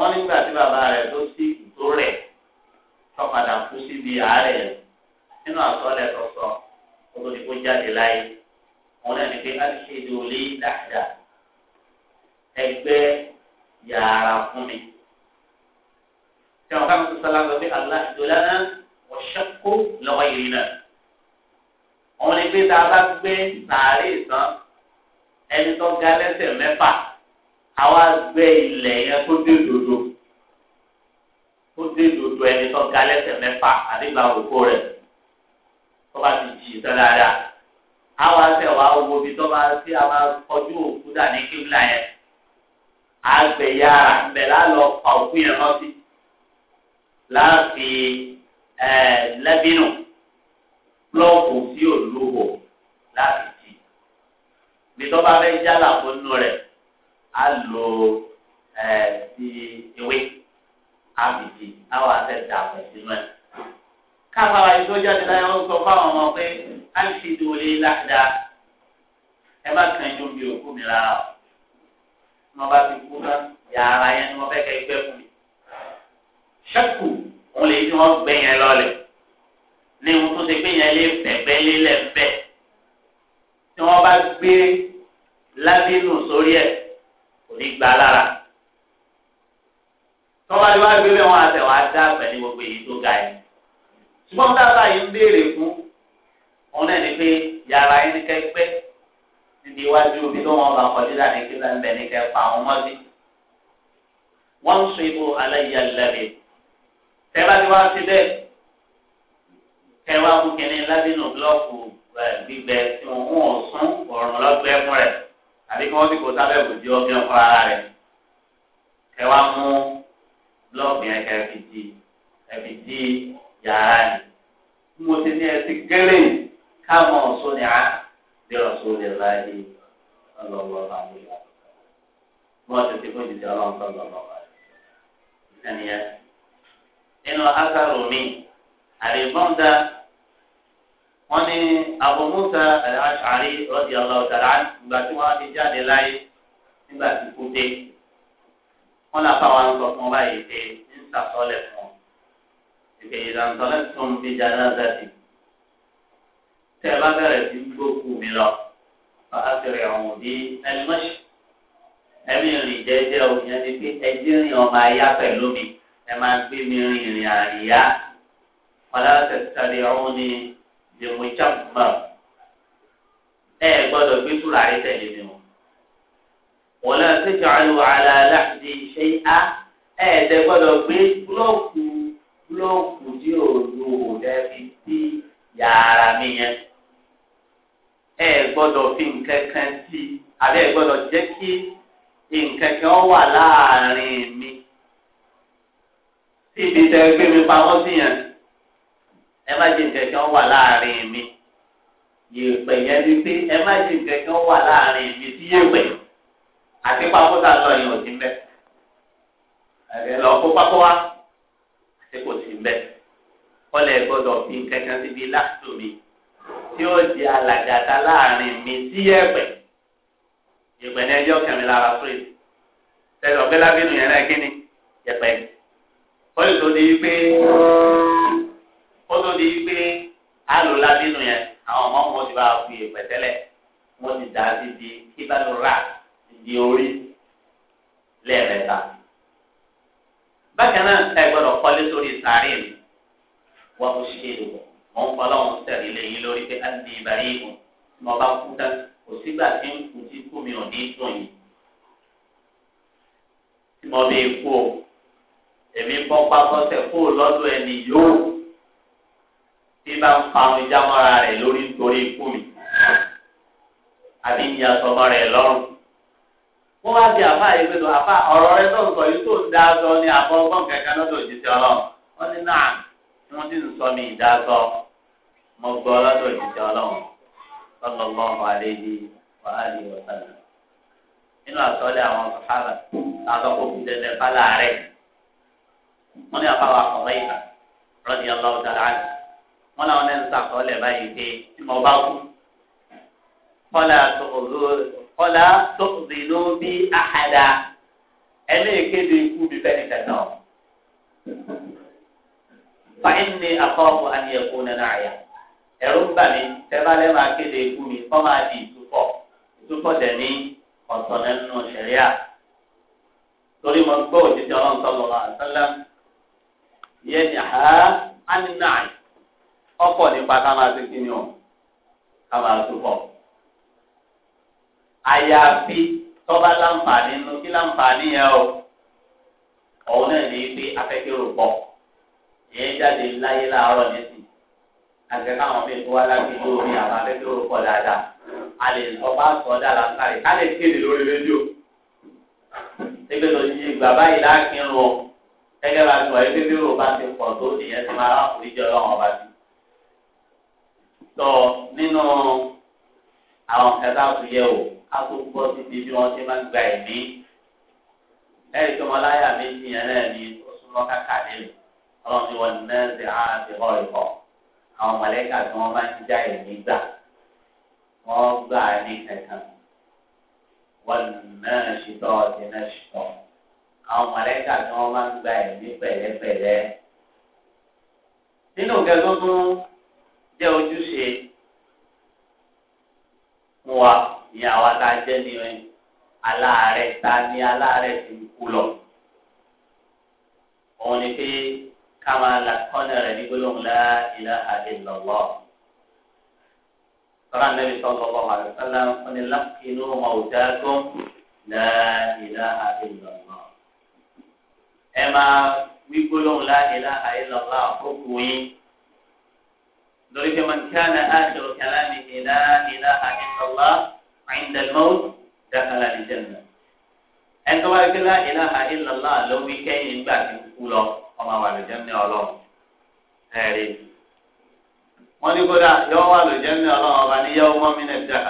wọ́n nígbà tí bàbá rẹ̀ tó sí tó rẹ̀ tọ́padà kú síbi àárẹ̀ nínú àsọ̀lẹ̀ tọ̀sọ̀ kó tó di kó jáde láyé wọn náà ní pé á ṣe ìdòwòlé dáadáa ẹgbẹ́ yàrá fún mi. tí wọn káàmù sọlá sọ pé aláìdọ́lá náà wọ́n ṣẹ́kó lọ́wọ́ yìí náà. wọn ní pé tá a bá gbé sàárè tán ẹni tó ga lẹ́sẹ̀ mẹ́fà àwa gbẹ ilẹ̀ yẹn kó dé dodo kó dé dodo ẹni tó ga lẹ́sẹ̀ mẹ́fà àdìgbà òkú rẹ̀ tó bá ti jì sọ dáadáa àwa sẹ wà wo bi tó bá sí àwa kọjú òkú dà ní kíbla yẹn àgbẹ yàrá mbẹ lálọ pa òkú yẹn lọsí láti ẹ lẹbínú blọọkù sí òlúwo láti jì bí tó bá fẹ́ jálà fún nù rẹ̀ á lo ti ewé àbìtì àwọn àtẹ̀dá àpẹ̀sínú ẹ̀. káfáwa yìí tó jáde láyé ó sọ fáwọn ọmọ pé á ń fi dòwòlé láàdá ẹ má kàn yín omi òkú mi rárá o. wọ́n bá ti kú náà yàrá yẹn ni wọ́n fẹ́ kẹ́ ẹgbẹ́ fún mi. ṣẹ́kù òun lè ní wọ́n gbẹ yẹn lọ́lẹ̀ ní ohun tó ṣe gbé yẹn lé fẹ̀gbẹ́ lélẹ̀ bẹ́ẹ̀ tí wọ́n bá gbé lábínú sórí ẹ̀ ní gba lára tọ́wá ni wọ́n á gbé bẹ́ẹ̀ wọ́n á tẹ̀ wọ́n á dá pẹ̀lú gbogbo èyí tó ga yìí ṣùgbọ́n dábàá yìí ń béèrè fún òun náà ni pé yàrá yín ní kẹ́gbẹ́ níbi iwájú omi tó wọn bá kọjú láti kí lẹ́nu bẹ̀ ní kẹ́ àwọn mọ́bí wọ́n ń sọ ibò aláìyá lẹ́bi wá sí bẹ́ẹ̀ kẹ́ mú kínní lábínú búlọ́ọ̀kù gbígbẹ tí wọ́n ń sún ọ̀rùn lọ́gbẹ́ fún rẹ̀ àbí kí wọ́n ti kó sábẹ́ bòjú ọmọ ọkọ ara rẹ̀ kẹ wá mú blọọkì yẹn kẹ fi di ẹ fi di yàrá ni mo ti ní ẹsẹ̀ gẹ́lẹ́ káwọn ọ̀ṣọ́ ni a bí ọ̀ṣọ́ lè láàyè ọlọ́wọ́ àwọn ìyá ti ti fún ìdíje ọlọ́run tó lọ́wọ́ ẹnìyẹn nínú akárò mi àrègbọ́n dá wọ́n ní Abu Musa al-Ash'ari radiyallahu ta'ala nígbà tí wọ́n ti jáde láyé nígbà tí kú dé wọ́n làpá wa ń sọ fún ọba yìí pé ń sàtọ́lẹ̀ fún ọ ìpè ìdàntọ́lẹ̀ tó ń bí janazati tẹ́ ẹ bá bẹ̀rẹ̀ sí gbókù mi lọ fàákìrì ọ̀hún bí ẹni mọ́ṣẹ́ ẹ̀mí rìn jẹ́jẹ́ o yẹn pé ẹjẹ́ rìn ọmọ ayá pẹ̀lú mi ẹ máa gbé mi rìn ìrìn àríyá ọ̀làtẹ̀tẹ̀rẹ̀ ọ̀hún ni. لمجمم ẹ gbọ́dọ̀ gbé túlárí tẹ̀lé mi o wọn lọ sí jọlù alálàdì ṣe á ẹ tẹ gbọ́dọ̀ gbé búlọọkù búlọọkù tí o lò lẹbi sí yàrá mi yẹn ẹ gbọ́dọ̀ fi nǹkankan sí àbí ẹ gbọ́dọ̀ jẹ́ kí nǹkankan wà láàrin mi síbi tẹ gbé mi pamọ́ sí yẹn ẹ má jẹ nǹkan kan wà láàrin mi yèèpẹ̀ yẹn ni pé ẹ má jẹ nǹkan kan wà láàrin mi sí yèèpẹ̀ àti pákótà lọ yẹn ò sí mbẹ ẹ lọ kó pákó wá àti kò sí mbẹ kọlẹ gbọ́dọ̀ fi nǹkan kan síbi láàtò mi tí ó di alàgàtà láàrin mi sí yèèpẹ̀ yèèpẹ̀ ní ẹjọ́ kẹrin lára fúre tẹlifọ̀gbẹ́lábínú yẹn náà kí ni yèèpẹ̀ kọ́lù tó di pé ó tó di pé alò ládínú yẹn àwọn ọmọ wọn ti bá fi pẹ̀tẹ́lẹ̀ wọ́n ti dà sí di kíbalùrà di orí lẹ́ẹ̀mẹ́ta. bákan náà ẹ gbọ́dọ̀ kọ́lé sórí sàárè mi wọ́n kò ṣe é lò wọ́n ń fọlọ́ wọn sẹ̀rí lẹ́yìn lórí pé àti ìbáyé ìmọ̀ tí wọ́n bá kú dá kò sígbà tí ń kú tí kú mi ò ní dùn yìí. tí mo bí kú o èmi bọ́ pápọ́sẹ̀ kú lọ́dọ̀ ẹni yóò tí bá ń pa omi jámọ́ra rẹ̀ lórí nítorí ikú mi àbí ń ya sọmọ rẹ̀ lọ́rùn. wọ́n wá bí àfa yìí pẹ̀lú àfa ọ̀rọ̀ rẹ tó ń sọ yìí tó ń dá sọ ní àfọwọ́gbọ́n kankan lọ́dọ̀ òjíṣẹ́ ọlọ́run wọ́n ní náà tí wọ́n ti ń sọ mi ìdá sọ mo gbọ́ lọ́dọ̀ òjíṣẹ́ ọlọ́run sallallahu alayhi wa alihi wa sallam nínú àsọlé àwọn sàhábà àtọkọ òkúndẹlẹ fàlà rẹ ní àfàwà ọ̀rẹ́ ìgbà rọdí aláwọ wọn làwọn náà ń sàkọọ́lẹ̀ báyìí pé tí mo bá kú kọ́lá tó zinú bí àhàdà ẹni kéde ikú bí fẹ́ni kẹta o. fa inni akọ́kọ́ àníyànkú nínú àyà ẹ̀rù ń bà mí tẹ́bálẹ́ máa kéde ikú mi kọ́ máa di ìtúfọ̀ ìtúfọ̀ dẹ̀ ọ̀sán nínú ṣẹ̀ríà torí mo gbọ́ òjijì ọlọ́run sọ́lọ́ àtàlẹ́ yẹn ní àhá ánínú ọ̀pọ̀ nípa ká máa ṣe kíni o ká máa túbọ̀. àyàfi tọ́ba láǹfààní nínú kí láǹfààní yẹn o òun náà ní pé afẹ́kẹ́rò pọ̀ èyí jáde láyé láàárọ̀ nísìnyí àgbẹ̀ káwọn mi tó wá láti lórí àwọn afẹ́kẹ́rò pọ̀ dáadáa a lè ọba sọdá làǹkàrí ká lè kéde lórí rédíò ẹgbẹ́ tó ti gbà báyìí láàkínrún o gẹ́gẹ́ bá ti ẹgbẹ́ bí o bá ti pọ̀ tó nìyẹn ti máa rán òní jẹ́ ọlọ́run ti tọ nínú àwọn kẹta tó yẹ o a tó gbọ́ títí bí wọ́n ti máa ń gba ẹ̀mí ẹ̀rí tó mọ́láyà méjì yẹn náà ni ó súnmọ́ kàkà nínú ọlọ́run ti wọ́n náà ti hàn án ti hàn ìkọ́ àwọn mọ̀lẹ́kà tí wọ́n máa ń já ẹ̀mí gbà wọ́n gbà ní kankan wọ́n náà ṣètọ́ ọ̀sẹ̀ náà ṣètọ́ àwọn mọ̀lẹ́kà tí wọ́n máa ń gba ẹ̀mí pẹ̀lẹ́pẹ̀lẹ́ nínú kẹ́tọ́ tó jẹ́ ojúṣe mu wa ní àwa tá a jẹ́ ní aláàárẹ̀ tá a ní aláàárẹ̀ ti ń kú lọ. òun ni pé ká máa la kọ́nà rẹ̀ ní gbólóhùn la ilaha illallah. sọ́ra nẹ́bí sallallahu alaihi wasallam fún ni lákìnnú mawtakum la ilaha illallah. ẹ máa wí gbólóhùn la ilaha illallah àkókò yín lórí pé man kana akhiru kalamihi la ilaha illallah inda al-maut dakhala al-janna. ẹni tó bá rí pé la ilaha illallah ló wí kẹ́yìn nígbà tí ń kú lọ ọmọ wa lè jẹ́mi ọlọ́run ẹ̀rí. wọ́n ní kódà yọ wà lè jẹ́mi ọlọ́run ọba ní yawma min ad-dahr.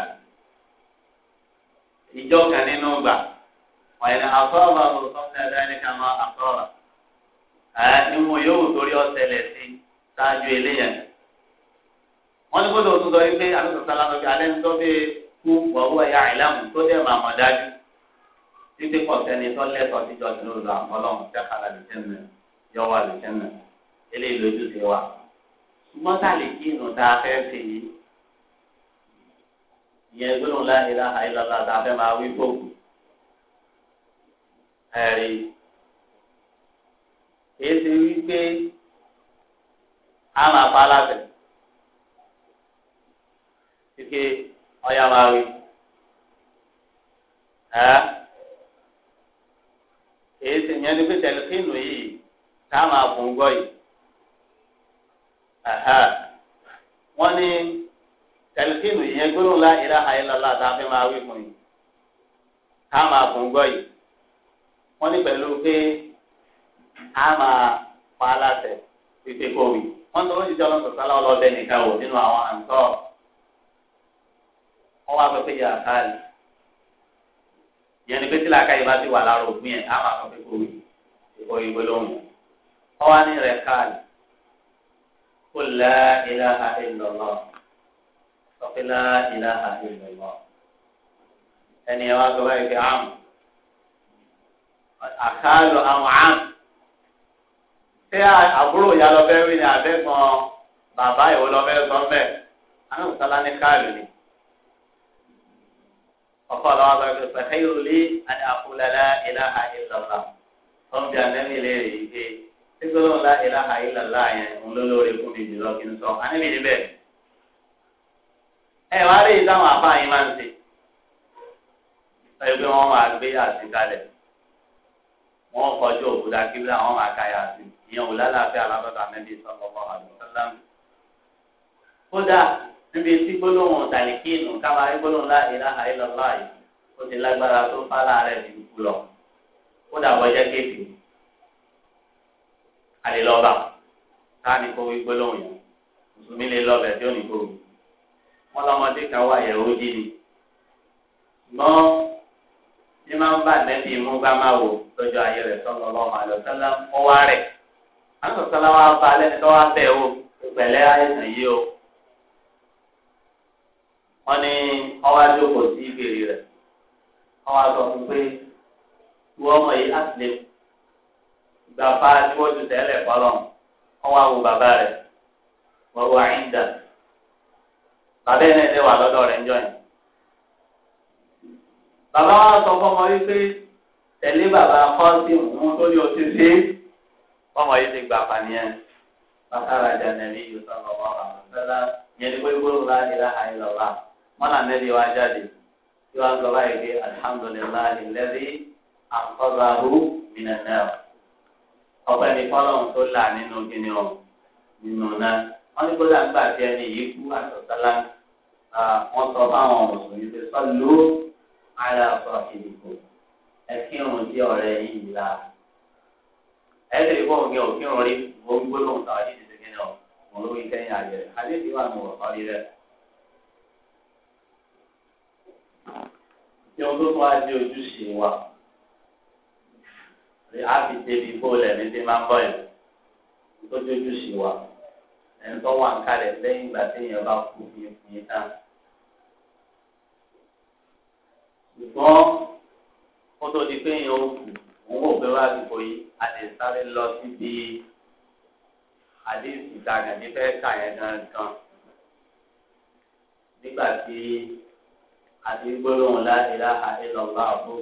ìjọ kan nínú gbà wọ́n yẹn àfọ́ọ̀bà ló sọ́kùnrin ẹ̀dá ẹni ká máa àfọ́ọ̀bà. ẹ̀ ni mo yóò torí ọ̀sẹ̀ wọ́n ní gbọ́dọ̀ tún lọ wípé alóòtú sálámù bíi alẹ́ ní tó bíi kú wọ́wọ́ ẹ̀yà ìlàmù tó dẹ̀ máa mọ̀ dájú títí pọ̀ sẹ́ni tó lẹ́tọ̀ tíjọ́ ti ló lọ àwọn ọlọ́run jákàlà lè tẹ́nu yọ wà lè tẹ́nu eléyìí lójú ti wà. ṣùgbọ́n tá a lè kí ìrùn tá a fẹ́ fi yìí ìyẹn gbọ́dọ̀ la ilaha illallah tá a fẹ́ máa wí fóòkù ẹ̀rí èyí ti wí pé a máa ike ọ̀yà máa èyí ni yìí a máa fún gbọ́ yìí. wọ́n ní tẹlifíìnù yìí yẹn la ilaha illallah tá a máa wí fún yìí tá máa fún gbọ́ yìí. wọ́n ní pé a máa pa á láṣẹ fífi kó mi. wọ́n ló ti jẹ́ ọlọ́sọ̀tà lọ́wọ́ nìkan wọ́n wá sọ pé yà á káàlì yẹn ni pé tí làákà yìí bá ti wà lára òfin yẹn á máa sọ pé kò yí ìkọ ìwé lóhùn wọ́n wá ní rẹ̀ káàlì kò lá ilaha illallah sọ pé lá ilaha illallah ẹni ẹ wá sọ báyìí pé àmù àkàlù àwọn àmù ṣé àbúrò ìyá lọ fẹ́ ni àbẹ́gbọ́n bàbá ìwọ lọ fẹ́ àwọn ìsọlá ní káàlù ni ọkọ lọ́wọ́ bá gbé pé ẹ̀yọ́ lé àti àkúlẹ̀lá ìlàhà ìlàlá wọn bí anẹ́mi léèrè yìí pé sígbọ́n lá ìlàhà ìlàlá yẹn ń lọ lórí fún mi jùlọ kí n sọ anẹ́mi ní bẹ́ẹ̀. ẹ wá rí ìdáhùn àbá yín máa ń ṣe ẹgbẹ́ wọn máa gbé àti kalẹ̀ wọn kọjú òkúta kíbla wọn máa ka yà sí ìyẹn òlàlàfẹ́ alábàbà mẹ́bí sọ́kọ̀ọ́ kódà níbi tí gbólóhùn tàlíkìnù káwa rí gbólóhùn la ilaha illallah yìí ó ti lágbára tó fálá rẹ̀ ti kú lọ ó dàbọ̀ jẹ́ kéèké àlelọ́ba táà ní kó wí gbólóhùn yìí mùsùlùmí lè lọ́bẹ̀ tí ó ní kó wí wọn kan wà yẹ̀wò jíni mọ́ ní máa ń bá nẹ́bí mú bá máa wò lọ́jọ́ ayé rẹ̀ sọ́nà ọlọ́mọ àlọ́sálá ọwá rẹ̀ àlọ́sálá wá bẹ̀ wò pẹ̀lẹ́ àìsàn yìí wọ́n ní ọwọ́ àjòkò sí ìbéèrè rẹ̀ ọwọ́ àjọ fún pé ọmọ yìí àtìlẹ bàbá tí wọ́n ju tẹ́lẹ̀ kọ́lọ̀ ọwọ́ àwọ bàbá rẹ̀ wọ́n wà ń dà bàbá yẹn náà wà lọ́dọ̀ rẹ̀ ń jọ yẹn. bàbá wa sọ ọmọ yìí pé tẹ̀lé bàbá òun tó ní ọmọ yìí ti bàtà rajà nàìjíríà wọn là nẹbi wa jáde tí wọn sọ báyìí pé alihamudulilayi lẹbi akọbahu minanaw ọgbẹ ní fọlọ́n tó là nínú kíni o nínú náà wọn ní kódà nígbà tí ẹni yìí kú àtọ̀sálá wọn sọ fáwọn mùsùlùmí pé sọlú ara sọ ìdìbò ẹ kírun sí yìí la ẹ lè rí bọ́ọ̀gì rí gbogbo lóhùn táwọn yìí ti kíni o òun ló ń kẹ́yìn àyẹ̀rẹ̀ adé ti wà nù ọ̀rí rẹ̀. tí wọn tó wá di ojúṣe wa a fi débi bóòlù ẹni tí máa ń bọ̀ yìí tó di ojúṣe wa ẹni tó wà ń kalẹ̀ lẹ́yìn ìgbà tí èèyàn bá kú fi fún yín tán. ṣùgbọ́n ó tó di pé èèyàn ó kù òun ò bẹ́ wá àdìgbò yìí a lè sáré lọ síbi àdéhùn ìtajà ní fẹ́ kà yẹn gangan nígbà tí àti gbólóhùn láti láha ìlọ́gbà òkú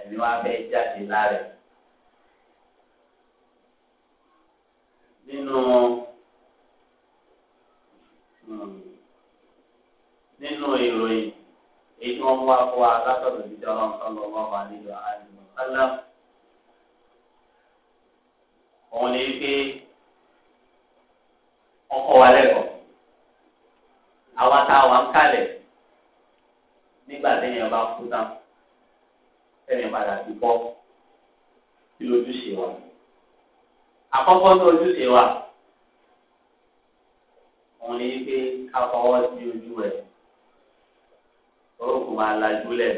ẹ̀mí wá fẹ́ jáde lára. nínú hmm, nínú ìròyìn èyí tí wọ́n mú wá fún wa látọ̀dọ̀ jíjẹ ọlọ́run sọ́lọ́ ọlọ́run àlejò àlejò sálá. òun ni pé ọkọ̀ wa lẹ́kọ̀ọ́ àwa tá ń kalẹ̀ nígbà téèyàn bá kú tán téèyàn padà ti bọ́ sí lójúṣe wa àkọ́kọ́ ní ojúṣe wa òun ni pé ká fọwọ́ sí ojú ẹ̀ orúkọ máa lajú lẹ̀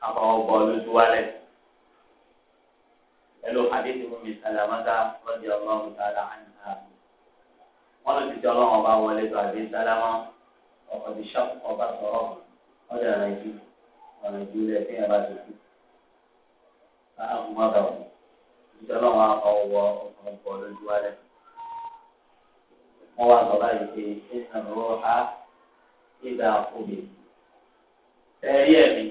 ká fọwọ́ bọ́ lójú wálẹ̀ pẹ̀lú hadith Ummi Salamata radiyallahu ta'ala anha wọ́n lọ ti jọ́ lọ́wọ́ bá wọlé tó àbí sálámà ọkọ̀ ti ṣọ́ ọba sọ̀rọ̀ ọdẹ àràjù àràjù rẹ̀ fún yàrá tuntun. Báà mú ọ̀dà wò. Ìjọba wọn ọwọ́ ọkọ̀ lójú wa rẹ̀. Wọ́n wá sọ báyìí pé ṣéṣàn ló há ìdá òbí. Ẹ̀rí ẹ̀mí.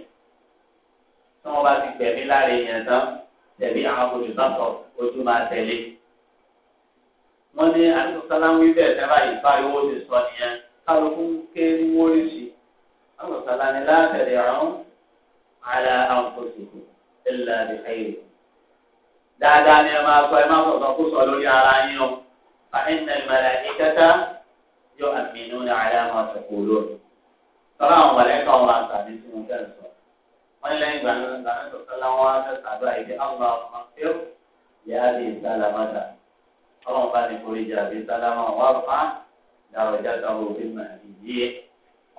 Tí wọ́n bá ti gbẹ̀mí láre yẹn tán, tẹ̀lé àwọn olùdásọ̀ ojú máa tẹ̀lé. Wọ́n ní àdúgbò sálámù ibẹ̀ tẹ́lá ìfáyówó ti sọ nìyẹn kálukú ké wórí sí alùpàlà ni látẹ̀lẹ̀ ọ̀hún àlà àǹkóṣìkò ẹ̀là àbí ayé. dáadáa ni ẹ máa sọ ẹ máa sọ̀tọ̀ kó sọ lórí ara yín o fàhínà ìmàlà ìkẹta yóò àmì inú ni àlẹ́ àwọn àṣẹkù olóòrùn. sọ́lá àwọn mọ̀lẹ́kọ̀ wọn àtàdé tí mo fẹ́ sọ wọ́n lẹ́yìn ìgbà náà lànà sọ̀tọ́lá wọn á fẹ́ sàdúrà ìdí àwọn ọmọ fíl yáa lè sálàmọ́tà ọlọ́run bá ní forí jà bí sálàmọ́ wọn bá dáwọ ìjáta wo bí mà ìdí ẹ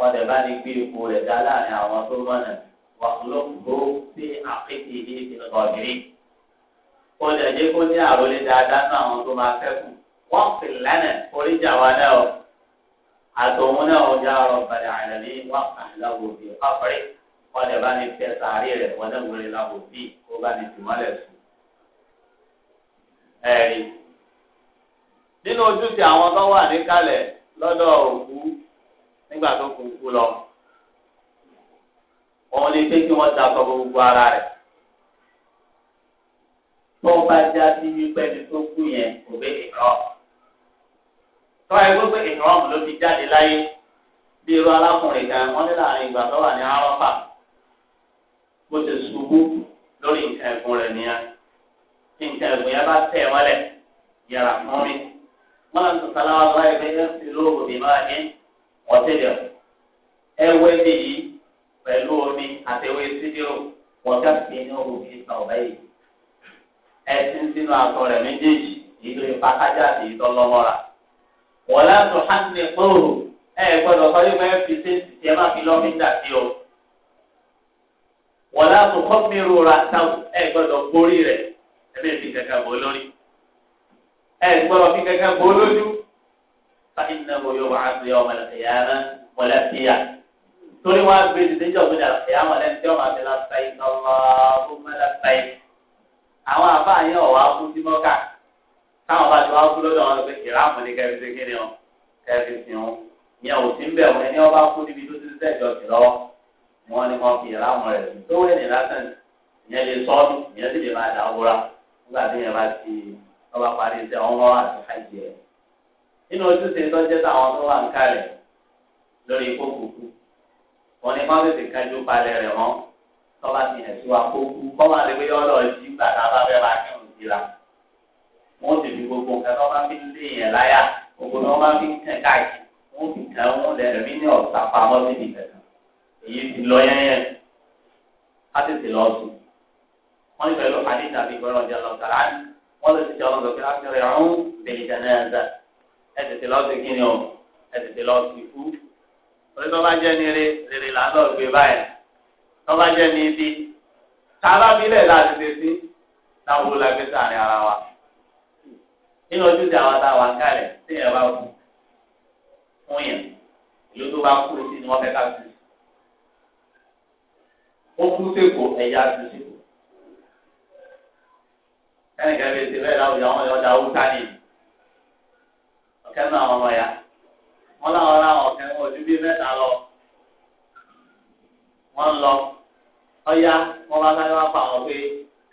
ọdẹ bá ní gbé ipò rẹ̀ dá láàrin àwọn tó mọ̀nà wà lóko sí àpèkì ìdílé ọ̀gírí ọdẹ jẹ́ kó ní àròlé dáadáa náà àwọn tó máa fẹ́ kù fi lánàá oríjà wa náà o àtòun náà ó já ọ̀rọ̀ balẹ̀ àlàní wọ́n kà láwo bí ọ̀fẹ́rẹ́ ọdẹ bá ní fẹ́ sàárì rẹ̀ wọ́n náà wọlé láwo ó bá ní tìmọ́lẹ̀ sùn ẹ̀rí nínú ojúṣe àwọn tó wà níkàlẹ̀ lọ́dọ̀ òkú nígbà tó kù kú lọ òun lè fẹ́ kí wọ́n da sọ gbogbo ara rẹ̀ tó bá já sí wípé ẹni tó kú yẹn kò bẹ ìrọ̀ tó ẹ gbogbo ìrọ̀ ló fi jáde láyé bí irú alákùnrin kan wọ́n ní láàrin ìgbà tó wà ní arọ́pà bó ti ṣubú lórí nǹkan ẹ̀gbọ́n rẹ̀ nìyẹn nǹkan ẹ̀gbọ́n yẹn bá tẹ̀ wọ́n yàrá fún wọn lọ sọsọ aláwọ àwọn ẹgbẹ́ ẹsẹ lóòrùn mi máa ní wọtẹlẹ ẹwọ ẹbí yìí pẹ̀lú omi àtẹwé sídìrò wọn jáde ní òru kí n sọ ọbẹ yìí ẹsìn sínú aṣọ rẹ̀ méjèèjì ìlú ìpàkájà àti ìtọlọmọra wọn lọ sọ hànde kóòrò ẹ gbọ́dọ̀ sọyún bẹ́ẹ̀ fi ṣèṣì tí ẹ fi lọmí dà sí o wọn lọ sọ kọmírù ra táwọn ẹ gbọ́dọ̀ gbórí rẹ̀ ẹ bẹ fi kẹkẹ bọ lórí ẹ fi kankan bó lójú fàyín náà mo yọ wà á fi ọmọ ẹlẹkẹyà náà wọlé fìyà torí wọn gbé dídé jọ fún ẹlẹkẹyà wọn lẹni tí wọn máa fi la sáyé lọlọ fún mẹlẹ sáyé àwọn àbá yẹn ọwọ akú sí mọkà táwọn bá ti wá kú lọ́dọ̀ wọn lọ pé kìláàmù ni kẹfì sí o kẹfì sí o yẹn ò sí ń bẹ̀ wọn ẹni wọn bá kú níbi tó ti sẹ́ jọ sí lọ́wọ́ wọn ni wọn fi ìlànà rẹ̀ tó wẹ̀ ní lásán ìyẹn lè sọ́ọ́dún ìyẹn sì lè máa dà ọba parí iṣẹ́ ọmọ àti hajj ẹ̀. nínú ojúṣe tó jẹ́ táwọn tó wà ń kárẹ̀ lórí ikú kúkú wọn ni wọ́n tètè kájú palẹ̀ rẹ̀ mọ́ tọ́ba ti hẹ̀ sí wa kó kú kọ́ máa lè gbéyàwó lọ sí gbàdá bá fẹ́ máa kí òun jìra. wọ́n ti fi gbogbo nǹkan tó máa fi ń lé yẹn láyà gbogbo náà máa fi ń kàn káàkiri wọ́n fi kàn wọ́n lẹ́rìí bí ní ọ̀sà pamọ́ síbi kankan èyí ti lọ yẹn yẹn á tètè lọ sùn. wọ́n ní pẹ̀lú adé tàbí gbọ́dọ̀ jẹ́ lọ́tàrá ní wọ́n lè ti jẹ́ ọlọ́dọ̀ kí akéré ọ̀hún bẹ̀rẹ̀ dáná ẹ̀dá ẹ̀ tètè lọ́ọ́ ti kí ni o ẹ̀ tètè lọ́ọ́ ti kú. orí tó bá jẹ́ ní eré rere làádọ́ gbé báyìí tó bá jẹ́ ní ibi tààrà bílẹ̀ láti ṣe sí táwọn olùgbé sàárín ara wa. nínú ojú ti àwọn táwa kárẹ̀ tí ẹ bá kú fún yẹn ìlú tó bá kú sí ni wọ́n fẹ́ ká sí. ó kú sí èkó ẹ̀yà àtúnṣe ẹnì kan lè ṣe bẹ́ẹ̀ láwùjọ àwọn ọ̀dà haúsá ni ọ̀kẹ́ náà ọmọ ya wọ́n láwọn láwọn ọ̀kẹ́ wọn ojú bíi mẹ́ta lọ wọ́n lọ ọ̀ya wọ́n bá sáré wá pa àwọn pé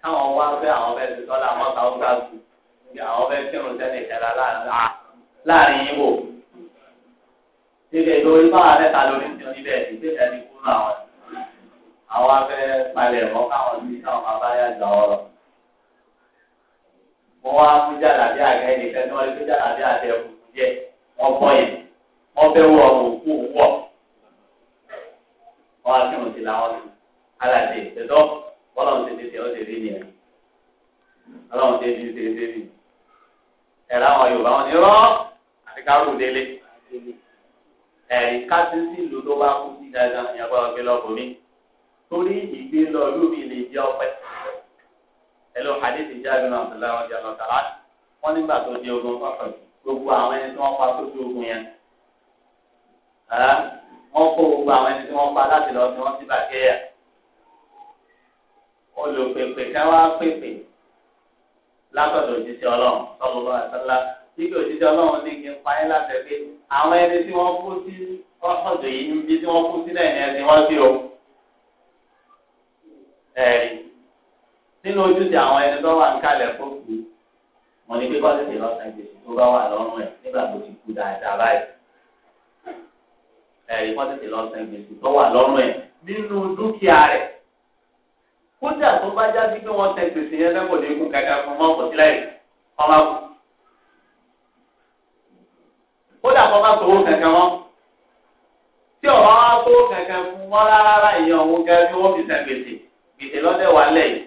káwọn wá pé àwọn fẹ́ ti tọ́lá àwọn ọ̀tà haúsá kù àwọn fẹ́ kírun sẹ́ni ìṣẹ̀lá láàrin yín wò ṣíṣe lórí báwa mẹ́ta lórí ti oníbẹ̀ ìṣẹ̀lẹ̀ ní kúrò àwọn àwọn afẹ́ palẹ̀ mọ́ káwọn ní káwọn bá bá yà gbà ọ lọ wọ́n wá fún jàdàbí àgẹ́ nìkan ní wọ́n lè fún jàdàbí àgẹ́ òkú jẹ́ wọ́n yẹn wọ́n fẹ́ wọ wọ̀ wọ́n á fihàn sí làwọn sí alàdé ìtẹ́tọ́ bọ́lọ́n ti tètè ó ti rí nìyẹn bọ́lọ́n ti tètè ó ti ẹ̀rọ àwọn Yorùbá wọn ni rọ́ àti kárò délé ẹ̀rí kásìsì ló ló bá kú sí dáadáa ìyàgbọ́ ọ̀gbẹ́ pẹ̀lú hadith jáde náà abdullahi wa jalla tala wọn nígbà tó di ogun fọfọ gbogbo àwọn ẹni tí wọn pa tó di ogun yẹn wọn kó gbogbo àwọn ẹni tí wọn pa láti lọ sí wọn sí bàkẹ́yà olùpèpè ká wá pèpè látọ̀dọ̀ òjíṣẹ́ ọlọ́run sọ́kòló àtàlá níbi òjíṣẹ́ ọlọ́run ní kí n pa yín láti ẹgbẹ́ àwọn ẹni tí wọ́n kú sí ọ̀sọ̀dọ̀ yìí níbi tí wọ́n kú sílẹ̀ ní ẹni wọ́n sí o. ẹ̀rí nínú ojúṣe àwọn ẹni tó wà ń kalẹ̀ fún wọn ni pé kọ́ tètè lọ tó bá wà lọ́rùn ẹ̀ nígbà tó ti kú dáadáa báyìí ẹ̀rí kọ́ tètè lọ tó wà lọ́rùn ẹ̀ nínú dúkìá rẹ̀ kódà tó bá já sí pé wọ́n tẹ gbèsè yẹn lẹ́kọ̀ọ́ ní ikùn kankan fún mọ́ kòtí láì ọmọ kù kódà kọ́ bá sọ̀rọ̀ kankan mọ́ tí ọ̀rọ̀ á tó kankan fún mọ́ rárá ìyẹn òun gẹ́gẹ́ bí wọ́n fi san gbèsè gbèsè lọ́dẹ̀ wà lẹ́yìn.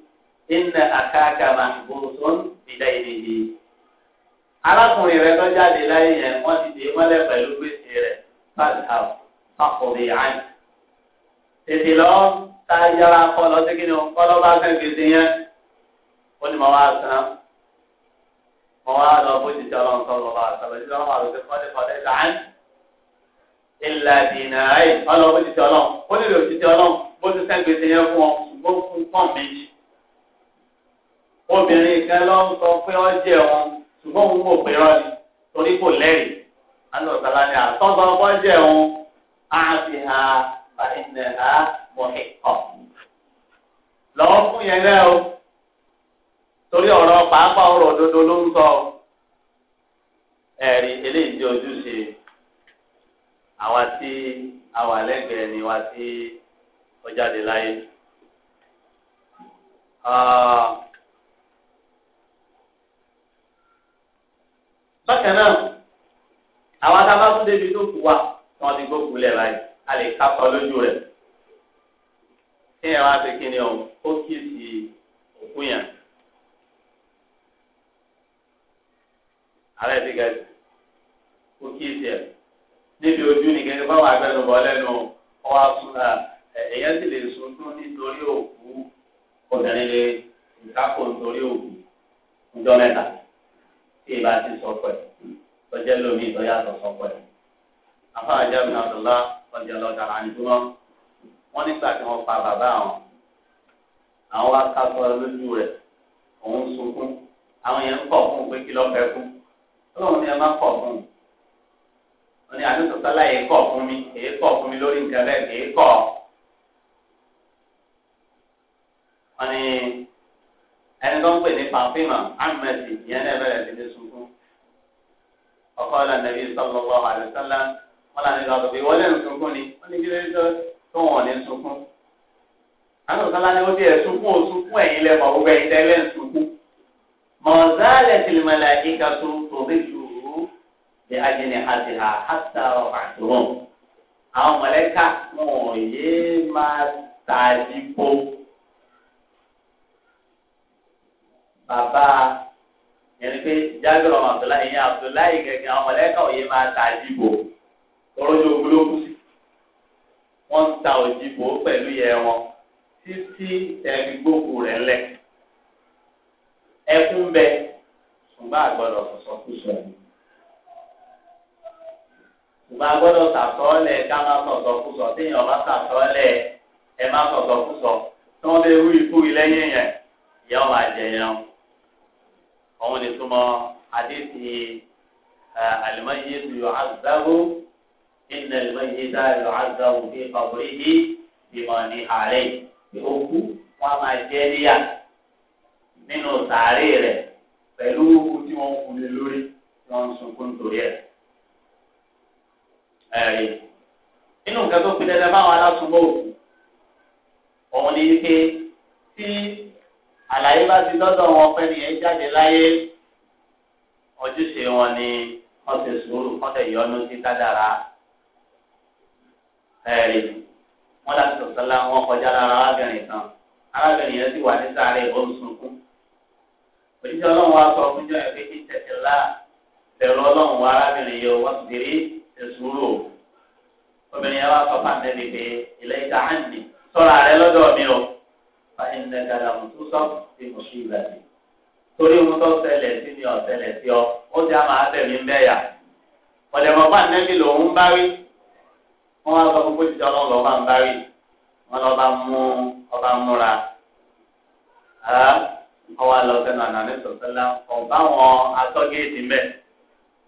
inna akaka mahbusun bidaynihi. arákùnrin rẹ tó jáde láyé yẹn wọ́n ti dè mọ́lẹ̀ pẹ̀lú gbèsè rẹ̀ fàtà fàkùnrin àn. tètè lọ tá a yára kọ́ lọ sí kíni kọ́ lọ́ bá fẹ́ gbèsè yẹn ó ní mo wá san mo wá lọ bójú tí ọlọ́run sọ lọ́ba àtàlọ́ ìdílé ọlọ́run àlọ́ sí kọ́lé kọ́lé sàn. ìlà dìnnà ayé ọlọ́run bójú tí ọlọ́run ó nílò òjijì ọlọ́run bójú sẹ́gbèsè yẹn fún ọ ṣùgbọ́n fún pọ́ǹ méjì obìnrin kan ló ń sọ pé ó jẹ wọn ṣùgbọ́n òun kò pè rọ ni torí kò lẹ́rìí alọ́sàlá ni àtọ́gbà ọkọ jẹ wọn á fi ha bàtìnẹ̀ ha mọ̀hìn kọ̀. lọ́wọ́ fún yẹn náà o torí ọ̀rọ̀ pàápàá ọ̀rọ̀ òdodo ló ń sọ ẹ̀rí eléyìí di ojúṣe àwa tí a lẹ́gbẹ̀ẹ́ ni wa tí ó jáde láyé. Ah, bákan náà àwọn adábàtún débi tó kù wa ti a lè kápá lójú rẹ̀ kí ẹ wá ṣe kí ọ̀hún ó kí sí òkú yẹn. alẹ́ ti gẹ̀ẹ́sì kó kí èsì ẹ̀ níbi ojú ni gẹ́gẹ́ báwọn agbẹnubọ̀ lẹ́nu ọwọ́ ẹ̀yẹ́ sì lè nítorí òkú nítorí òkú tí ìbá ti sọ pẹ̀ lọ́jọ́ lómi ìtọ́yàtọ̀ sọ pẹ̀. afáà jẹ́ mi àdúrà ọjà lọ́dà àdúrà wọ́n nígbà tí wọ́n pa bàbá àwọn àwọn akápọ̀ lójú rẹ̀ òun sunkún àwọn yẹn ń pọ̀ fún un pé kí lọ́ọ́ fẹ́ kú ni ẹ má pọ̀ fún un wọ́n ní àdúgbò sálá yìí kọ̀ fún mi èyí kọ̀ fún mi lórí nǹkan bẹ́ẹ̀ èyí kọ̀ wọ́n ní ẹni tó ń pè ní pàfímà ámẹ́sì ìyẹn náà bẹ̀rẹ̀ sí ní sunkún ọkọ ọ̀la nàbí sọlọ́wọ́ àdìsọ́lá wọn làní lọ́dọ̀ bí wọlé ń sunkún ni wọn ní kílé tó tó wọn ní sunkún àtọ̀sọ́lá ni ó tiẹ̀ sunkún ò sunkún ẹ̀yin lẹ́mọ̀ gbogbo ẹ̀yin tẹ́lẹ̀ ń sunkún mọ̀ọ́sálẹ̀ tìlìmọ̀lá ìka tó tóbi jù ú bí ajínì àti àhásà àtúwọ̀n àwọn mọ̀lẹ́ka wọn yé máa tàbí bó. bàbá yẹn pé jágbèrè ọmọ Abdullahi yẹn Abdullahi gẹ́gẹ́ àwọn mọ̀lẹ́kà òye máa ta àdìbò tọrọjú ogúnlógún sí wọ́n ń ta òdìbò pẹ̀lú yẹ wọn títí ẹ̀mí gbòkú rẹ̀ lẹ̀ ẹkún bẹ ṣùgbọ́n àgbọ̀dọ̀ sọ̀sọ̀ kú sọ ṣùgbọ́n àgbọ̀dọ̀ sàtọ́ọ̀lẹ̀ ká má sọ̀sọ̀ kú sọ tí èèyàn bá sàtọ́ọ̀lẹ̀ ẹ má sọ̀sọ̀ kú sọ tí wọ́n bẹ wí ikú ilé yẹn yẹn ìyá ọmọ àjẹyàn òun ni túmọ̀ àdéhì àlùmọ́yé tó yọ àzáwó ìnà àlùmọ́yé dá yọ àzáwó bí pàbọ̀ yìí bímọ ní àárẹ̀ bí òkú wọn máa jẹ́ níyà nínú sàárè rẹ̀ pẹ̀lú òkú tí wọ́n kú lé lórí tí wọ́n sunkún torí ẹ̀. ẹ̀rí nínú nǹkan tó pinnu ẹ̀dá báwọn alásùnmọ́ òkú òun ni wípé tí àlàyé bá ti dọ́dọ̀ wọn pẹ́ nìyẹn jáde láyé ojúṣe wọn ni wọ́n ti sùúrù wọ́n tẹ̀ yọnu sí kádàrá ẹ̀rí wọ́n láti sọ̀tọ́lá wọn kọjá lára arábìnrin kan arábìnrin yẹn sì wà ní sáré ó ń sunkún òjijì ọlọ́run wa sọ fún jọ ẹ̀fẹ́ kí tẹ̀sí lá bẹ̀rù ọlọ́run wa arábìnrin yẹn wọ́n ti rí ìṣúrò obìnrin yẹn wá sọ fún àtẹ́bí pé ilẹ̀ ìdáhàndì sọ̀rọ̀ àrẹ lọ́dọ̀ mi o. فإنك لم تصب بمصيبته torí ohun tó ṣẹlẹ̀ sí ni ọ̀ṣẹlẹ̀ sí ọ ó ti á máa tẹ̀mí ń bẹ́yà ọ̀lẹ́mọ̀gbà nẹ́bí lòun ń báwí wọ́n wá sọ fún bójútó ọlọ́run lọ́ba ń báwí wọ́n lọ́ba mú ọba múra ọwọ́ àlọ́sẹ̀nà ànáni sọ̀tẹ́lá ọ̀bá wọn atọ́géètì mbẹ́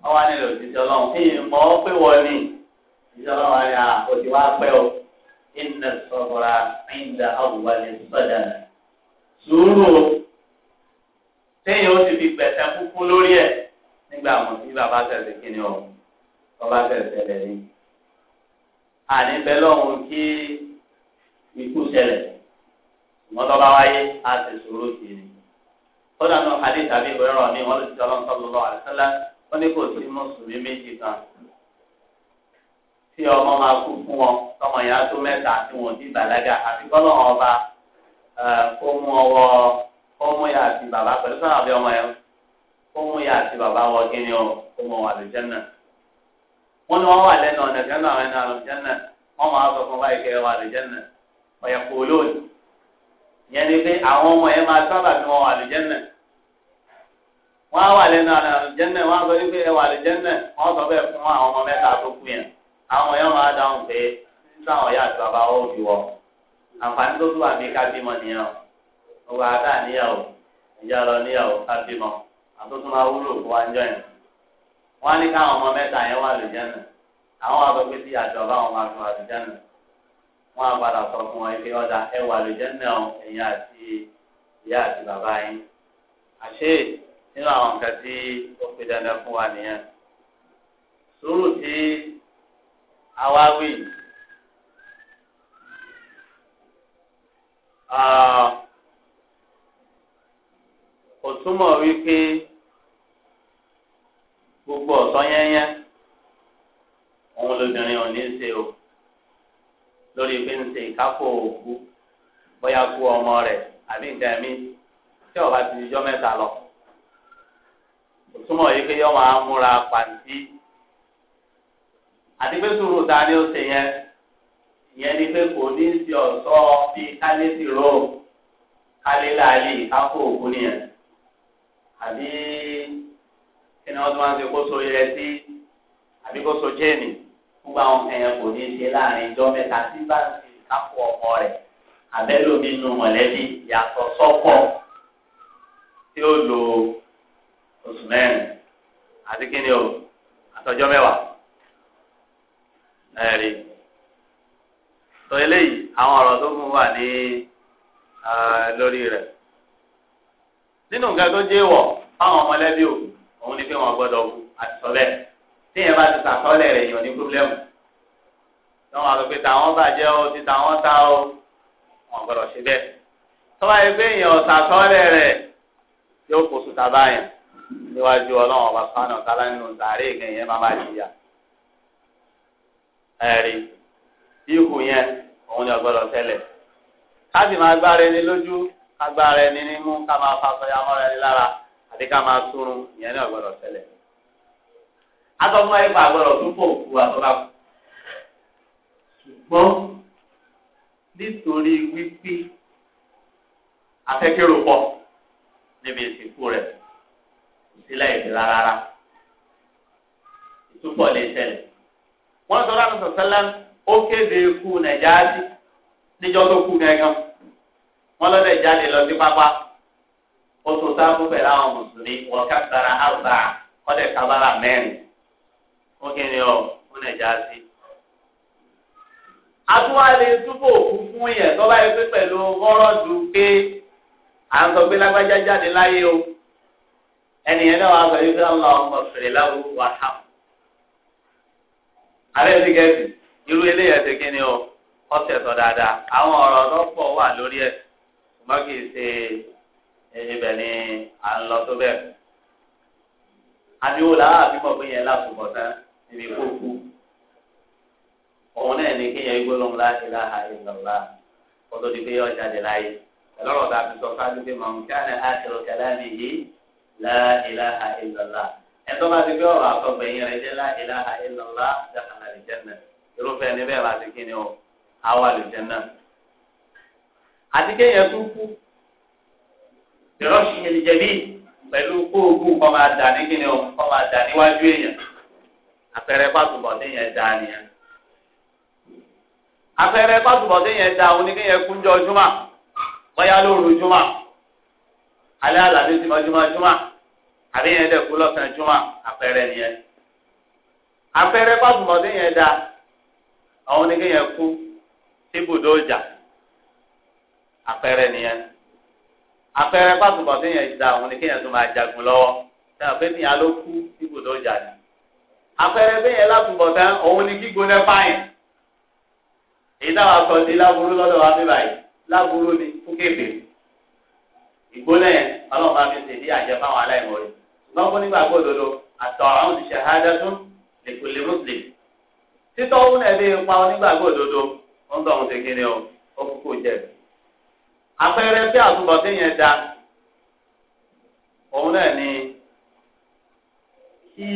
ọwọ́ ànílò òjijì ọlọ́run kí n mọ̀ ọ́ pé wọ́n ní ìjọba wọn inna sọ̀rọ̀ inda awwali sọ̀dà sùúrù téèyàn ó ti fi gbẹ̀sẹ̀ kúkú lórí ẹ̀ nígbà àwọn tí bàbá tẹ̀sẹ̀ kí ni ọ̀ bàbá tẹ̀sẹ̀ lẹ̀ ni. àní bẹ́ẹ̀ lọ́hùn kí ikú ṣẹlẹ̀ wọ́n tọ́ bá wáyé á ti sùúrù sí i. kódà náà hadith tàbí ìwé rọ̀ ni wọ́n lè ti sọ́lọ́ sọ́lọ́ àlùsálà wọ́n ní kò sí mùsùlùmí méjì kan. tí ọmọ máa kú fún ọ tọmọ yẹn tó mẹ́ta tí wọn ò ọba kó mú ọwọ́ kó mú àti bàbá pẹ̀lú sọ́nà àbí wọ kíni o kó mú wà lójú wọ́n ní wọ́n wà lẹ́nu ọ̀nà àwọn àlọ́ wọ́n máa sọ fún báyìí kẹ́ kò lóòdì. ìyẹn ni pé àwọn ọmọ yẹn máa sábà wọn wà lójú wọ́n wà lẹ́nu wọ́n sọ fún àwọn èèyàn máa dáhùn pé sáwọn ọ̀yà àti bàbá wọn ò fi àǹfààní tó tún wà bí ká nìyẹn o gbogbo àdá níyàwó ìjà lọ níyàwó ká àtúntò máa wúlò fún wa ń yẹn wọn á ní káwọn ọmọ mẹ́ta yẹn wà lójẹ nù àwọn wà sọ tí àti bàbá wọn máa fi wà lójẹ nù wọn á padà sọ fún wọn pé ọ̀dà ẹ wà lójẹ nù ẹ̀yìn àti ìyá àti bàbá yín àṣé nínú àwọn nǹkan tí ó fi dandan fún wa nìyẹn sùúrù tí awáwí kò ah, túmọ̀ wípé gbogbo ọ̀sán yẹ́nyẹ́ òun lóbìnrin ò ní ṣe o lórí pé ń ṣe ìkápò òkú bóyá kú ọmọ rẹ̀ àbí nǹkan ẹ̀mí tí ọba ti di jọ́ mẹ́ta lọ kò wípé yọ́ máa múra pàǹtí àti pé sùúrù ta ni ó ṣe yẹn ìyẹn ni pé kò ní í ṣe ọ̀ṣọ́ bíi kálẹ́sì róòmù kálẹ́lá àlè kápò òkú nìyẹn àbí kí ni wọ́n tún máa ń ṣe kó so ilẹ̀ sí àbí kó so gbogbo àwọn ẹ̀yàn kò ní í ṣe láàrin ìjọ mẹ́ta tí bá ń ṣe kápò ọmọ rẹ̀ abẹ́lómi nu mọ̀lẹ́bí yàtọ̀ sọ́kọ̀ tí ó lo oṣù mẹ́rin àti kí ni o àtọ́jọ́ mẹ́wàá ẹ̀rí tó eléyìí àwọn ọ̀rọ̀ tó kún wà ní lórí rẹ̀ nínú nǹkan tó jẹ́ wọ̀ fáwọn ọmọlẹ́bí òkú òun ni pé wọ́n gbọ́dọ̀ wù àti sọ́lẹ̀ tíyẹn bá ti sàtọ́lẹ̀ rẹ̀ yàn ní pírọ́blẹ́mù lọ́wọ́ àgbègbè tàwọn bàjẹ́ o ti tàwọn ta o wọ́n gbọ́dọ̀ ṣe bẹ́ẹ̀ tọ́wá yìí pé èèyàn sàtọ́lẹ̀ rẹ̀ yóò kó sùtà báyìí níwájú ọlọ́run ọba sánà tálá nínú sàárè ìgbẹ̀yìn yẹn máa máa jìyà ẹ̀rí ikú yẹn òun ni ọgbọ́dọ̀ tẹ́lẹ̀ ká sì máa gbára ẹni lójú ká gbára ẹni nímú ká máa fa aṣọ yamọ́ra ẹni lára àti ká máa túrun ìyẹn ní ọgbọ́dọ̀ tẹ́lẹ̀ atọ́mọ́ ẹ̀fọ́ àgbọ̀dọ̀ tó pọ̀ òkú àtọ́lá kù ṣùgbọ́n nítorí wípé afẹ́kẹ́rò pọ̀ níbi ìsìnkú rẹ̀ kò sí láì dira rárá ìtúpọ̀ lè tẹ̀lé. wọ́n sọ láti sọ sẹ́lẹ̀m ó kéde ikú nàìjíríà tó kú gẹ́gàn wọ́n lọ́dẹ̀ jáde lọ sí pápá ó sáfù pẹ̀lú àwọn mùsùlùmí wọ́n ká sara àgbà kọ́dẹ̀ kábàrà mẹ́rin ó atúwálé túbọ̀ yẹn pé pẹ̀lú pé à ń sọ pé lágbájá jáde láyé o ẹnìyẹn náà wà á sọ yìí pé alẹ́ ti gẹ̀ẹ́sì irú eléyà ti kí ni o ọ̀sẹ̀ sọ dáadáa àwọn ọ̀rọ̀ tó pọ̀ wà lórí ẹ̀ ṣùgbọ́n kì í ṣe ibẹ̀ ni à ń lọ tó bẹ́ẹ̀. àbíwò làwọn àbímọ̀ pé yẹn lásùmọ̀ tán níbi kó kú òun náà ní kéèyàn gbólóhùn la ilaha illallah kótó di pé yọ jáde láyé ẹlọ́rọ̀ tá a fi sọ fáájú pé màmú kí á kẹlẹ́ni yìí la ilaha illallah ẹ̀tọ́ bá ti gbé ọ̀rọ̀ àtọ̀gbẹ̀yìn rẹ̀ jẹ́ la ilaha àlùjẹ́nà irúfẹ́ ẹni bẹ́ẹ̀ máa ti kí ni ọ àwọn àlùjẹ́nà. àti kéèyàn tún kú ìrọ́ṣì ìjẹ̀bí pẹ̀lú kóògùn kọ́ máa dà ní kí ni máa dà níwájú èèyàn àpẹẹrẹ pàtùbọ̀ téèyàn dá nìyẹn. àpẹẹrẹ pàtùbọ̀ téèyàn dá òun ní lóru alẹ́ àlàbí àbí yẹn dẹ̀ kú lọ́sàn-án àpẹẹrẹ nìyẹn. afẹ́rẹ́ fásùmọ̀dé yẹn da àwọn oníkẹ́ yẹn kú síbùdó ọjà afẹ́rẹ́ nìyẹn afẹ́rẹ́ fásùmọ̀dé yẹn da àwọn oníkẹ́ yẹn tó máa jagun lọ́wọ́ ṣé àfẹ́ nìyà ló kú síbùdó ọjà ni afẹ́rẹ́ bẹ́ẹ̀ yẹn látùbọ̀tán òun ni kígbóná fáyìn èyí táwa sọ di láburú lọ́dọ̀ wa bí báyìí láburú ni fún kébè ìgbóná yẹn ọlọ́run bá mi ṣe bí àjẹfáwọn aláìmọ̀ rẹ̀ ṣùgbọ́n fún nígbà gbọ́dọ̀ lọ àtọ̀ àwọn òṣìṣẹ́ hájá tún lèkulè muslim títọ́ òun náà bí ipa onígbàgbọ́ òdodo ó ń tọ́ òun ti kíni o ó kúkú jẹ àpẹẹrẹ tí àtúbọ̀tí yẹn da òun náà ni kí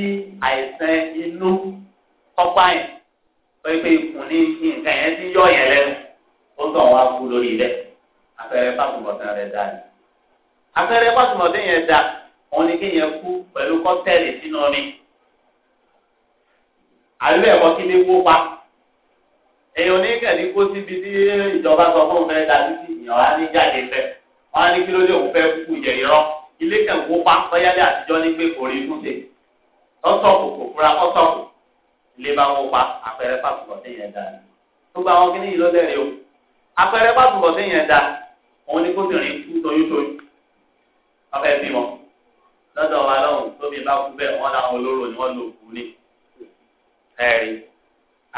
àìsàn inú tọ́pá yẹn ó yẹ pé ikùn ní nǹkan yẹn ti yọ yẹn lẹ́nu ó ń tọ́ òun kú lórí rẹ̀ àpẹẹrẹ pàtùmọ̀tì rẹ̀ da ni àpẹẹrẹ pàtùmọ̀tì yẹn da òun ni kí yẹn kú pẹ̀lú kọ́tẹ́ẹ̀lì sínú omi àbíbẹ̀ ẹ̀kọ́ kí ni kó pa èèyàn oníkẹ́ ní kó síbi tí ìjọba sọ fún un fẹ́ da títí ìyàn á ní jáde fẹ́ wọ́n á ní kí ló dé òun fẹ́ kú jẹ irọ́ ilé kẹ̀ ń kó pa sọ́yálé àtijọ́ ní pé kò rí túnṣe ọ̀sọ̀kù kò fura ọ̀sọ̀kù ilé bá wọ́n pa àpẹẹrẹ pàtùkọ̀ téèyàn dá tó gba àwọn kíní yìí ló dẹ̀rẹ̀ o àpẹẹrẹ pàtùkọ̀ téèyàn dá òun ní kó sì rìn kú toyútoyú ọ̀fẹ́ bímọ lọ́dọ̀ wa lọ́hùn tóbi bá kú bẹ́ẹ̀ wọ́n láwọn olóró ẹ̀rí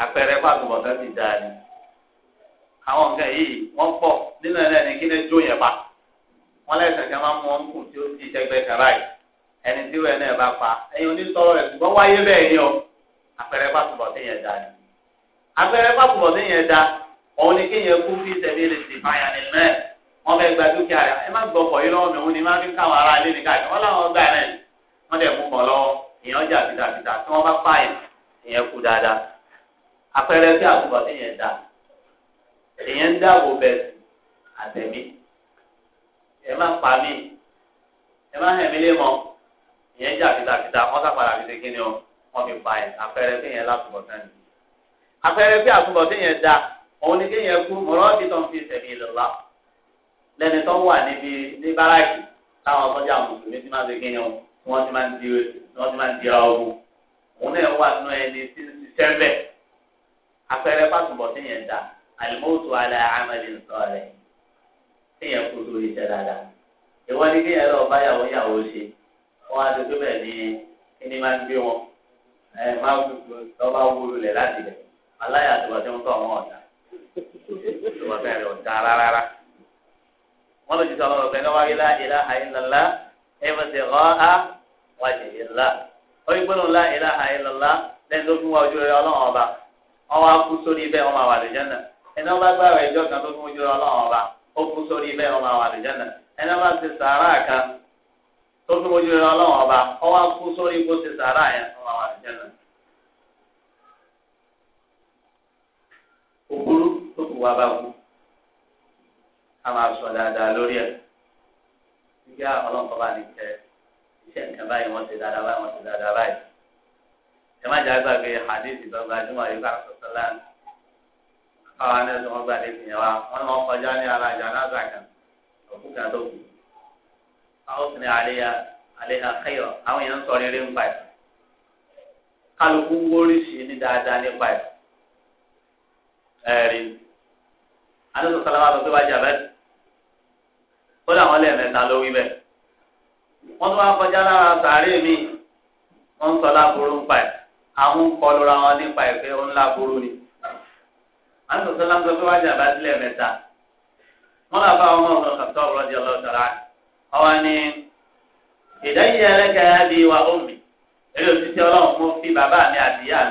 àpẹẹrẹ pàtùbọ̀tán ti dáa ni àwọn nǹkan yìí wọ́n pọ̀ nínú ẹ̀rẹ́ ni kí ni jó yẹn pa wọ́n lẹ́sẹ̀ kí máa mú wọn kù tí ó ti ẹni tí bá pa onítọ́rọ̀ ṣùgbọ́n wáyé bẹ́ẹ̀ ni o àpẹẹrẹ pàtùbọ̀tán yẹn dáa ni àpẹẹrẹ yẹn òun ni kéèyàn kú fi ti ìyẹn kú dáadáa apẹrẹ tí àbúrò tí dá ìyẹn ń dáàbò bẹ́ẹ̀ àtẹmí ẹ má pa mí ẹ má lé mọ ìyẹn jà fitafita wọn sàpàdà fi ṣe kí ni ọ wọn fi pa ẹ apẹrẹ tí yẹn sẹni apẹrẹ tí àbúrò dá òun ni fi lọ́la lẹ́ni tó wà níbi ní táwọn sọ́jà mùsùlùmí ti máa ṣe kí ni ti máa òun náà wà nù ẹni tí ń ṣiṣẹ́ bẹ́ẹ̀ afẹ́rẹ́ fásùbọ̀ tí yẹn dá àlùmọ́tò alẹ́ amẹ́lì ń sọ rẹ̀ tí yẹn kú lórí iṣẹ́ dáadáa ìwọ ni kí yẹn lọ bá yàwó yàwó ṣe wọn á dojú bẹ́ẹ̀ ni kí ni máa ń gbé wọn ẹ máa ń lọ́ba wúlò lẹ̀ láti lẹ̀ aláyà tó wọ́n ti ń tọ́ wọn ọ̀dà tó wọ́n fẹ́ẹ́ rẹ̀ ọ̀dà rárá wọn lọ jù sọ ọlọ́run pẹ̀lú wáyé lá ilá àyínlá lá ẹ̀ rọ́ á wájú ìlá orí gbọ́dọ̀ la ilaha illallah lẹ́yìn tó fún wa ojú rẹ ọlọ́run ọba ọwọ́ akú sórí bẹ́ẹ̀ ọmọ àwọn àlùjànnà ẹni ọba gbàrà ìjọ kan tó fún ojú rẹ ọlọ́run ọba ó kú sórí bẹ́ẹ̀ ọmọ àwọn àlùjànnà ẹni ọba ti sàárà kan tó fún ojú rẹ ọlọ́run ọba ọwọ́ akú sórí bó ti sàárà yẹn ọmọ àwọn àlùjànnà. òkúrú tó kù wá bá kú a máa sọ dáadáa lórí ẹ̀ nígbà ọlọ́run kọ́ bá ní kẹ́ ṣe nǹkan báyìí wọ́n ṣe dáadáa báyìí wọ́n ṣe dáadáa báyìí. ẹ má jà gbàgbé hadith ìgbàgbà jùmọ̀ yìí bá sọ sọ́lá ní. àwa náà tí wọ́n gbàdé fi yẹn wa wọ́n lọ kọjá ní ara jàǹdà kan òkú kan tó kù. àwọn sì ní àléhà kẹyọ àwọn èèyàn ń sọ rere ń pa ẹ̀. kálukú wóríṣi ní dáadáa nípa ẹ̀. ẹ̀rí alẹ́ sọ̀tàlá wa sọ pé wájà bẹ́ẹ̀ kó làwọn lẹ́ẹ̀mẹ́ta ló wí bẹ́ẹ̀. wọ́n tó wá kọjá lára sàárè mi wọ́n ń sọ láboró ń pa ẹ̀ àwọn ń wọn nípa pé ó ń ni. àwọn sọ̀tún láńsọ pé wájà bá sílẹ̀ mẹ́ta wọ́n làbá àwọn ọmọ ọ̀sán kàtọ́ ọ̀rọ̀ di ọlọ́sọ̀rọ̀ àná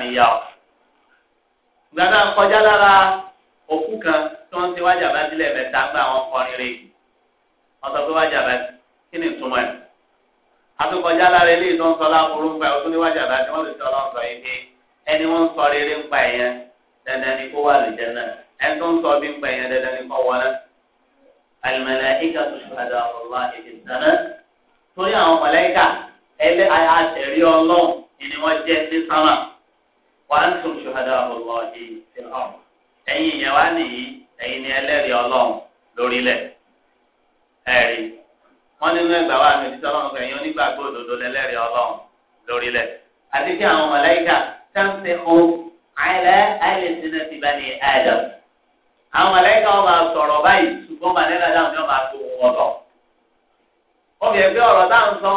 ni ọ. kọjá lára òkú kan tí ti wájà bá gbà wọn kọrin àtúkọjá lára ilé ìtàn sọ láàbùrú ń pa ẹ̀ ọdún níwájú àbá ni wọ́n lè sọ ọlọ́run sọ yìí pé ẹni wọ́n ń sọ rere ń pa ẹ̀yẹn dandan ni kó wà lè jẹ náà ẹni tó ń sọ bí ń pa ẹ̀yẹn dandan ni kó wọ náà. al-malā'ikatu shuhadā'u Allāhi fis-samā' torí àwọn mọ̀lẹ́kà ẹlẹ́ àtẹ̀rí ọlọ́run ni wọ́n jẹ́ sí sánmà wa antum shuhadā'u Allāhi fil-ard ẹ̀yin ìyẹn wá nìyí ẹ̀yin ni ẹlẹ́rìí ọlọ́run lórílẹ̀ ẹ̀rí wọ́n nínú ẹgbà wa àmì ìdíjọ́ ọlọ́run fẹ̀yìn onígbàgbọ́ òdodo ọlọ́run lórílẹ̀ àti kí àwọn mọ̀lẹ́kà sáǹsì hàn àìlẹ́ àìlẹ́sìnà ti bá ní Adam. àwọn wọn máa báyìí dáhùn máa tó wọn lọ. sọ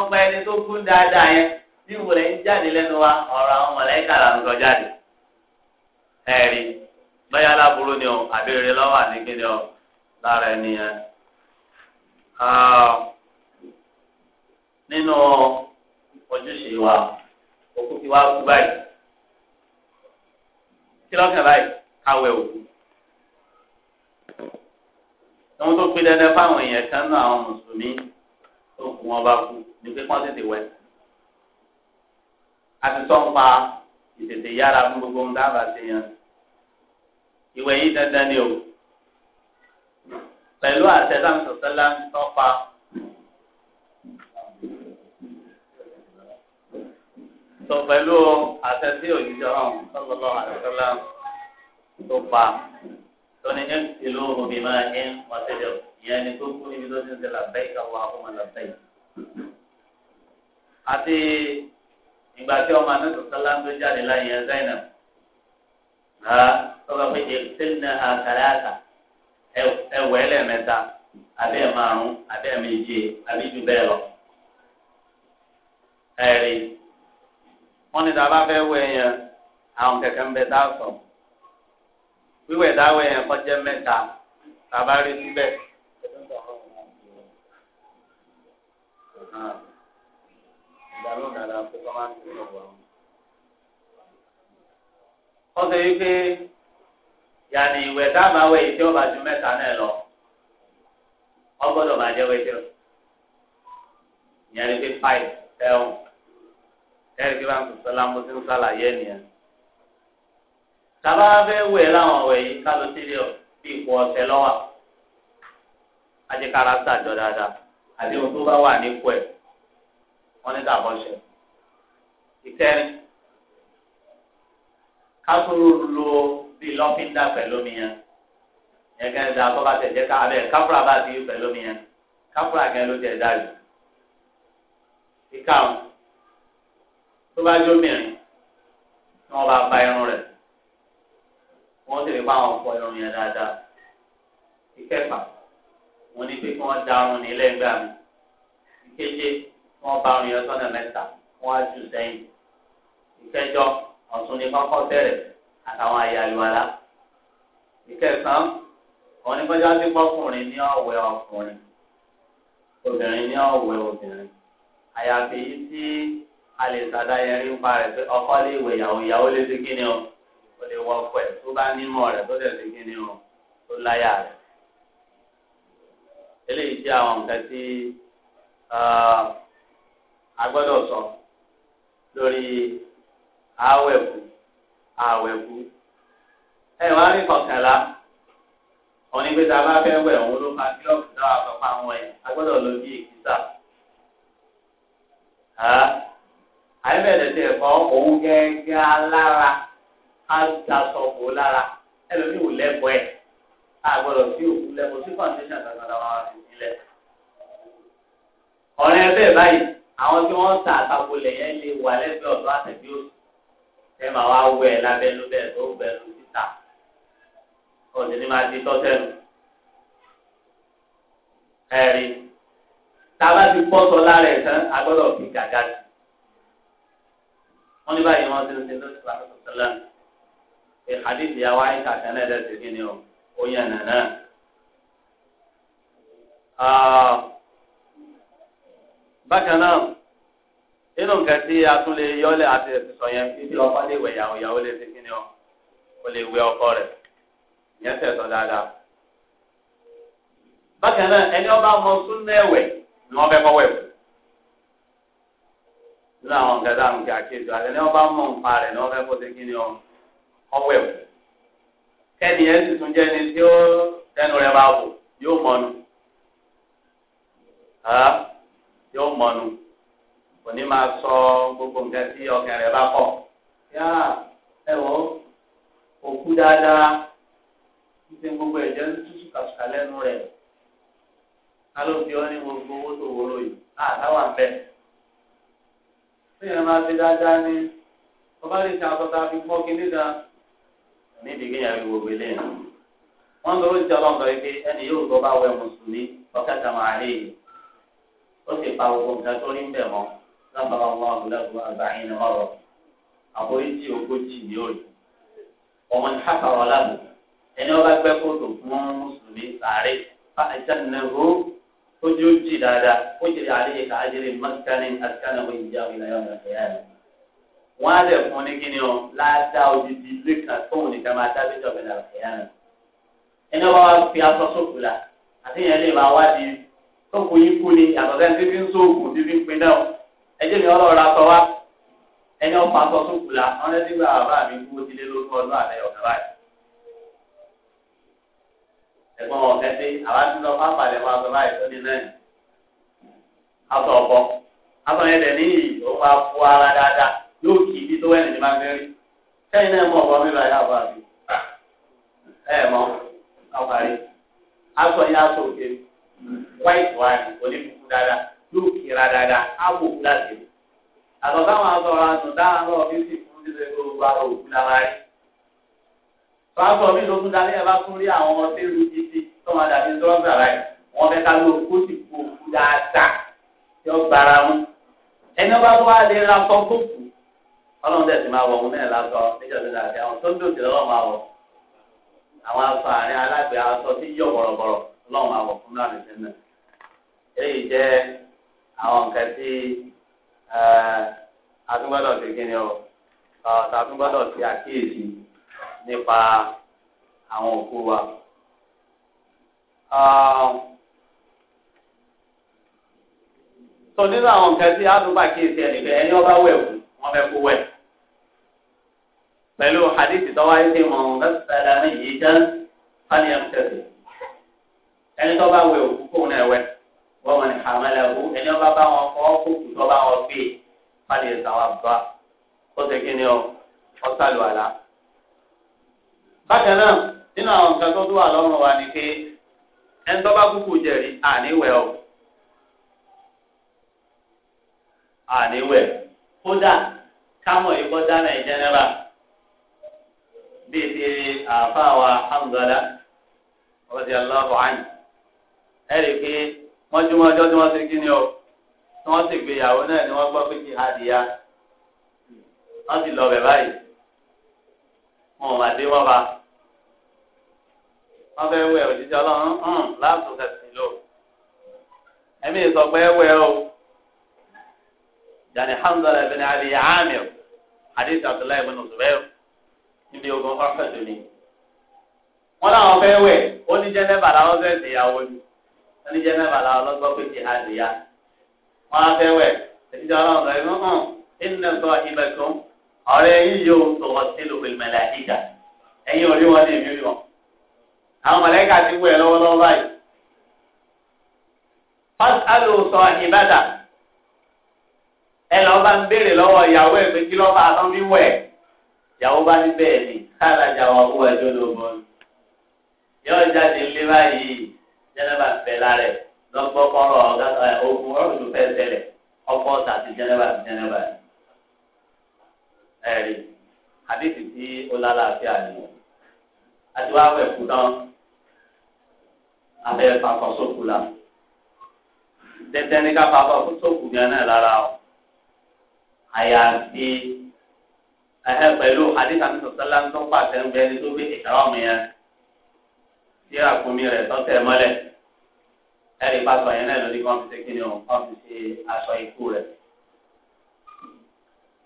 ń ẹni tó kún dáadáa yẹn ní ń jáde lẹ́nu wa ọ̀rọ̀ àwọn là ọ àbẹ̀rẹ̀ lọ́wọ́ nínú ojúṣe wa òkú ti wá kú báyìí kí lọ́kàn báyìí awẹ òkú. ohun tó pe dandan fáwọn èèyàn kan náà àwọn mùsùlùmí tó kù wọn bá kú ní pé kán tètè wẹ̀. a ti sọ pa ìtètè yára fún gbogbo ohun dábàá sí yẹn. ìwẹ̀ yìí dandan ni o. pẹ̀lú àtẹ̀dáǹsọ̀tẹ́lá ń tọ́ pa. tó pẹ̀lú àtẹ̀sí òjijì ọ̀hún sọ́lọ́lọ́ àdàkọ́lá tó pa tóní ẹ̀ ìlú omi máa ń wọ́n ti dẹ̀ ìyẹn ni tó kú níbi tó ti ń ṣe làbẹ́yì káwọn akọ́mọ làbẹ́yì. àti ìgbà tí ọmọ anáṣọ sọ́lá ń gbé jáde láyé ẹ̀ Zainab tọ́ba pé ìṣẹ́nà àkàràkà ẹ̀wọ̀ ẹlẹ́mẹta abẹ́ ẹ̀ márùn-ún abẹ́ ẹ̀ méje wọ́n ní tá a bá yẹn àwọn kẹ̀kẹ́ ń bẹ tá sọ wíwẹ̀ tá a yẹn kọjá mẹ́ta tá rí síbẹ̀. wọ́n sọ wípé yàní ìwẹ̀ tá wẹ̀ yìí tí ju mẹ́ta náà lọ ọgbọ́dọ̀ máa wẹ̀ jẹ́ ìyẹn ni pé five seven ẹ̀rí kí báńkì sọlá mo ti ń sàlàyé nìyẹn. tàbá fẹ́ wẹ̀ láwọn ọ̀wẹ̀ yìí ká ló sílẹ̀ ọ̀ bí ipò ọ̀sẹ̀ lọ́wà ajẹ́kára sàjọ dáadáa àti ohun tó bá wà nípò ẹ̀ wọ́n ní dàbọ̀ ṣe. ìkẹrin ká tó lo bí lọ́fíńdà pẹ̀lú mi yẹn yẹn kẹ́ ẹ̀ dá tó bá tẹ̀ jẹ́ ká abẹ́ káfúrà bá ti pẹ̀lú mi yẹn káfúrà kẹ́ ló tẹ̀ dá yìí. ìkarùn tó bá lómìnrin tí wọn bá fa irun rẹ̀ wọn sì lè bá wọn fọ irun yẹn dáadáa ìkẹfà wọn ní pé kí wọn da irun ní lẹ́gbàá mi ìkeje kí wọn bá irun yẹn sọ́nà mẹ́ta wọn á jù sẹ́yìn ìkẹjọ ọ̀tún ni kọ́kọ́ bẹ̀rẹ̀ àtàwọn àyàlùwàlá ìkẹsàn wọn ní kọjá sí pọkùnrin ní ọ̀wẹ́ ọkùnrin obìnrin ní ọ̀wẹ́ obìnrin àyàfi yìí tí a lè sàdáyẹ nípa rẹ̀ pé ọkọ lè wẹ̀ ìyàwó ìyàwó lè ṣe kíni o ó lè wọ ọkọ ẹ̀ tó bá nímọ̀ rẹ̀ tó dẹ̀ ṣe kíni o tó láyà rẹ̀. eléyìí jẹ́ àwọn nǹkan tí a gbọ́dọ̀ sọ lórí àwẹ̀kú àwẹ̀kú ẹ̀ wá ní kọkànlá onígbé tá a bá fẹ́ wẹ̀ òun ló fa kílọ̀ọ̀kì náà àpapọ̀ àwọn ẹ̀ a gbọ́dọ̀ lo bí èkìtà àyẹ̀bẹ̀rẹ̀ tẹ̀ kọ́ òun gẹ́gẹ́ alára agbásọ̀bù lára ẹlòmíì ò lẹ́bọ̀ ẹ̀ àgbọ̀dọ̀ sí òkú lẹ́bọ̀ sí foundation gbàgbọ́dọ̀ wà wọ́n ti sílẹ̀. ọ̀rẹ́ bẹ́ẹ̀ báyìí àwọn tí wọ́n ń ta àtakò lẹ́yìn lè wà lẹ́gbẹ̀ẹ́ ọ̀dọ́ àtẹ̀bí òsì ẹ máa wá wẹ ẹ lábẹ́nu bẹ́ẹ̀ tó bẹ̀rù títà ọ̀dẹ̀ ni máa ti tọ́sẹ̀nu ẹ̀rí tá a bá ti pọ́ sọ lára ẹ̀ tán a fi gàgà sí wọ́n ní báyìí wọ́n ti ń ṣe lóṣù àkókò sọ́lá ní. ṣe hadith ya wáyé kàkẹ́ náà dẹ́sẹ̀ kí ni o ó yẹ nànà. bákan náà inú nǹkan tí a tún lè yọ́lẹ̀ àti ẹ̀sìsọ yẹn fífi ọkọ lè wẹ̀ yàwó yàwó lè ṣe kí ni o ó lè wẹ̀ ọkọ rẹ̀ ìyẹn tẹ̀sán dáadáa. bákan náà ẹni ọba mọ súnnà ẹ̀wẹ̀ ni wọ́n fẹ́ kọ́ wẹ̀ wẹ̀ nínú àwọn nǹkan tá à ń kí àkéjọ àti ẹni wọn bá mọ nǹpa rẹ ni wọn fẹ́ kó ti kí ni ọwẹ o kẹni ẹ sì tún jẹ ni tí ó tẹnu rẹ bá wò yóò mọnu yóò mọnu kò ní máa sọ gbogbo nǹkan tí ọkàn rẹ bá kọ yá ẹ wọ òkú dáadáa ṣe gbogbo ẹ̀jẹ̀ ń tútù kàṣùkà lẹ́nu rẹ̀ ká ló ọ́ ní gbogbo owó tó wọ́rọ̀ yìí àtàwọn abẹ́rẹ́ tí yẹn máa fi dáadáa ní ọba lè ṣe àtọ́ta fi gbọ́ kíní gan níbi kéèyàn fi wò wílé nù. wọ́n lọ sí ọlọ́ngàn yìí pé ẹni yóò tó bá wẹ mùsùlùmí ọ̀kẹ́ta máa rí i ó sì pa gbogbo nǹkan tó rí ń bẹ̀ mọ́ lábàá wọn àbúlẹ̀kùn àgbáyé ni ọ̀rọ̀ àforíjì ogójì ni ó yìí ọmọ ní kápá wọn lábò ẹni ọba gbẹ́ kóòtù fún mùsùlùmí sàárè bá ẹ̀jẹ̀ nìyẹn kójú jì dáadáa kó jìrì àlejò ká àjẹrè mọ́sítánì àtìkánà wọ ìjà ìlà yọ̀ ọ̀nà ìyá rẹ̀. wọ́n á lè fún ní kíni o láàdá odidi ilé kan tóun nìkan máa dábí jọ̀bẹ̀ ìlà ìyá rẹ̀. ẹni wọ́n wá fi aṣọ sókù la àti ìyẹn lè máa wá di tókù yín kú ni yàtọ̀ sẹ́ni fi ń sóògùn tí fi ń pin náà ẹjẹ́ mi ọlọ́run aṣọ wa ẹni ọkọ̀ aṣọ sókù la wọ́n lẹ́ ẹ̀gbọ́n wọn kẹsí àwa ti lọ fún àpàlẹ ní náà aṣọ ọbọ aṣọ yẹn dẹ ó máa fọ ara dáadáa yóò kì í bí tó wẹ́n ní máa fẹ́ rí sẹ́yìn náà mọ̀ yà bá mi ẹ mọ ọkàrí yẹn òkè dáadáa yóò kì ra dáadáa á láti pásọ mi ló tún dalẹ́ ẹ bá tún rí àwọn ọmọ tẹ́lu títí tó máa dàbí dọ́lọ́sà láì wọ́n fẹ́ ká ló kó sì kó òkú dáadáa tí ó gbára wọn. ẹni wá wá lè ra sọ gbòkú ọlọ́run tẹ̀sí máa wọ̀ ọ́n náà lásọ níjọba ìdàgbé àwọn tó ń dòkè lọ́wọ́ máa wọ̀ àwọn aṣọ àárín alágbè aṣọ tí yọ bọ̀rọ̀bọ̀rọ̀ ọlọ́run máa wọ̀ fún láàrin sínú. èyí jẹ́ àwọn nǹkan tí àtúngbọ́dọ̀ ti kí nípa àwọn òkú wa. tó um, nínú àwọn nǹkan tí àdúgbà kì í ṣe ẹnìkan ẹni ọba wẹ̀ wọn fẹ́ kó wẹ̀. pẹ̀lú hadith tọ́wáyé tí mo ń bẹ́sẹ̀ ní yìí jẹ́ fani ẹ̀mtẹ̀sì. ẹni tó bá wẹ̀ òkú kóun náà wẹ̀ wọ́n wọn ni hàmẹ́lẹ́hu ẹni ọba bá wọn fọ́ kókù tó bá wọn gbé fani ẹ̀sà ó ṣe kí ni ọ ọ sálù àlá bákan náà nínú àwọn nǹkan tó tó wà lọ́rùn wa ni pé ẹni tó bá kúkú jẹ̀rí àníwẹ̀ o àníwẹ̀ kódà kámọ̀ yìí kọ́ dáná ìjẹ́nẹ́rà bíi ti àáfàá wa Hamzala rọ́dí aláàbọ̀ àyìn ẹ̀rí pé wọ́n tí wọ́n ti kí ni o tí wọ́n sì gbéyàwó náà ni wọ́n gbọ́ pé jihadi ya wọ́n sì lọ bẹ̀ báyìí. wọn wà dé wọn bá wọn fẹ́ wẹ̀ òjijì ọlọ́run hàn láàtò kẹsì lò ẹ̀mí ìsọ̀gbẹ́ wẹ̀ o jani hamzala ibn ali amir hadith abdullahi ibn zubair níbi ogun ọ̀fẹ́ lónìí wọn làwọn fẹ́ wẹ̀ ó ní jẹ́nẹ́bà làwọn ṣèyàwó ni ó ní jẹ́nẹ́bà làwọn pé kì í hà nìyà wọn á fẹ́ òjijì ọlọ́run rẹ̀ hàn ìnnẹ̀ sọ ìbẹ̀kùn. ọ̀rẹ́ yìí yóò tọ̀wọ́ sílùú pẹ̀lú mẹlẹ́kíkà ẹ̀yin orí wọn lè mírí wọn. àwọn mọ̀lẹ́kà ti wẹ̀ lọ́wọ́lọ́wọ́ báyìí. pásítálù sọ ìbàdà ẹ lọ́ọ́ bá ń béèrè lọ́wọ́ ìyàwó ẹ̀ pé kí lọ́ọ́ bá tán bí wẹ̀ ìyàwó bá ní bẹ́ẹ̀ ni káàlájà wà wọ ẹjọ́ lọ́gbọ́n yóò jáde lé báyìí jẹ́nẹ́bà fẹ́ lára ẹ̀ lọ́gbọ́kọ́rọ̀ ogun ọ̀rùn fẹ́ tẹ̀lẹ̀ ọkọ̀ ọ̀tà ti jẹ́nẹ́bà ti jẹ́nẹ́bà ẹ̀rí àdéhùn tí ó lálàáfíà ni àti wá wẹ̀ kú tán abẹ́ papọ̀ sókù la tẹ́tẹ́ ní ká papọ̀ sókù yẹn náà lára o àyàfi ẹ̀hẹ́ pẹ̀lú àdéhùn àti sọ̀tẹ́lá ń tọ́pọ̀ àtẹ̀ǹgbẹ́ ní tó bí ìkàrọ̀mù yẹn tí àkúnmí rẹ̀ tọ́tẹ̀ mọ́lẹ̀ ẹ̀rí pàtó yẹn náà lórí kan fi ṣe kíni o kan fi ṣe aṣọ ikú rẹ̀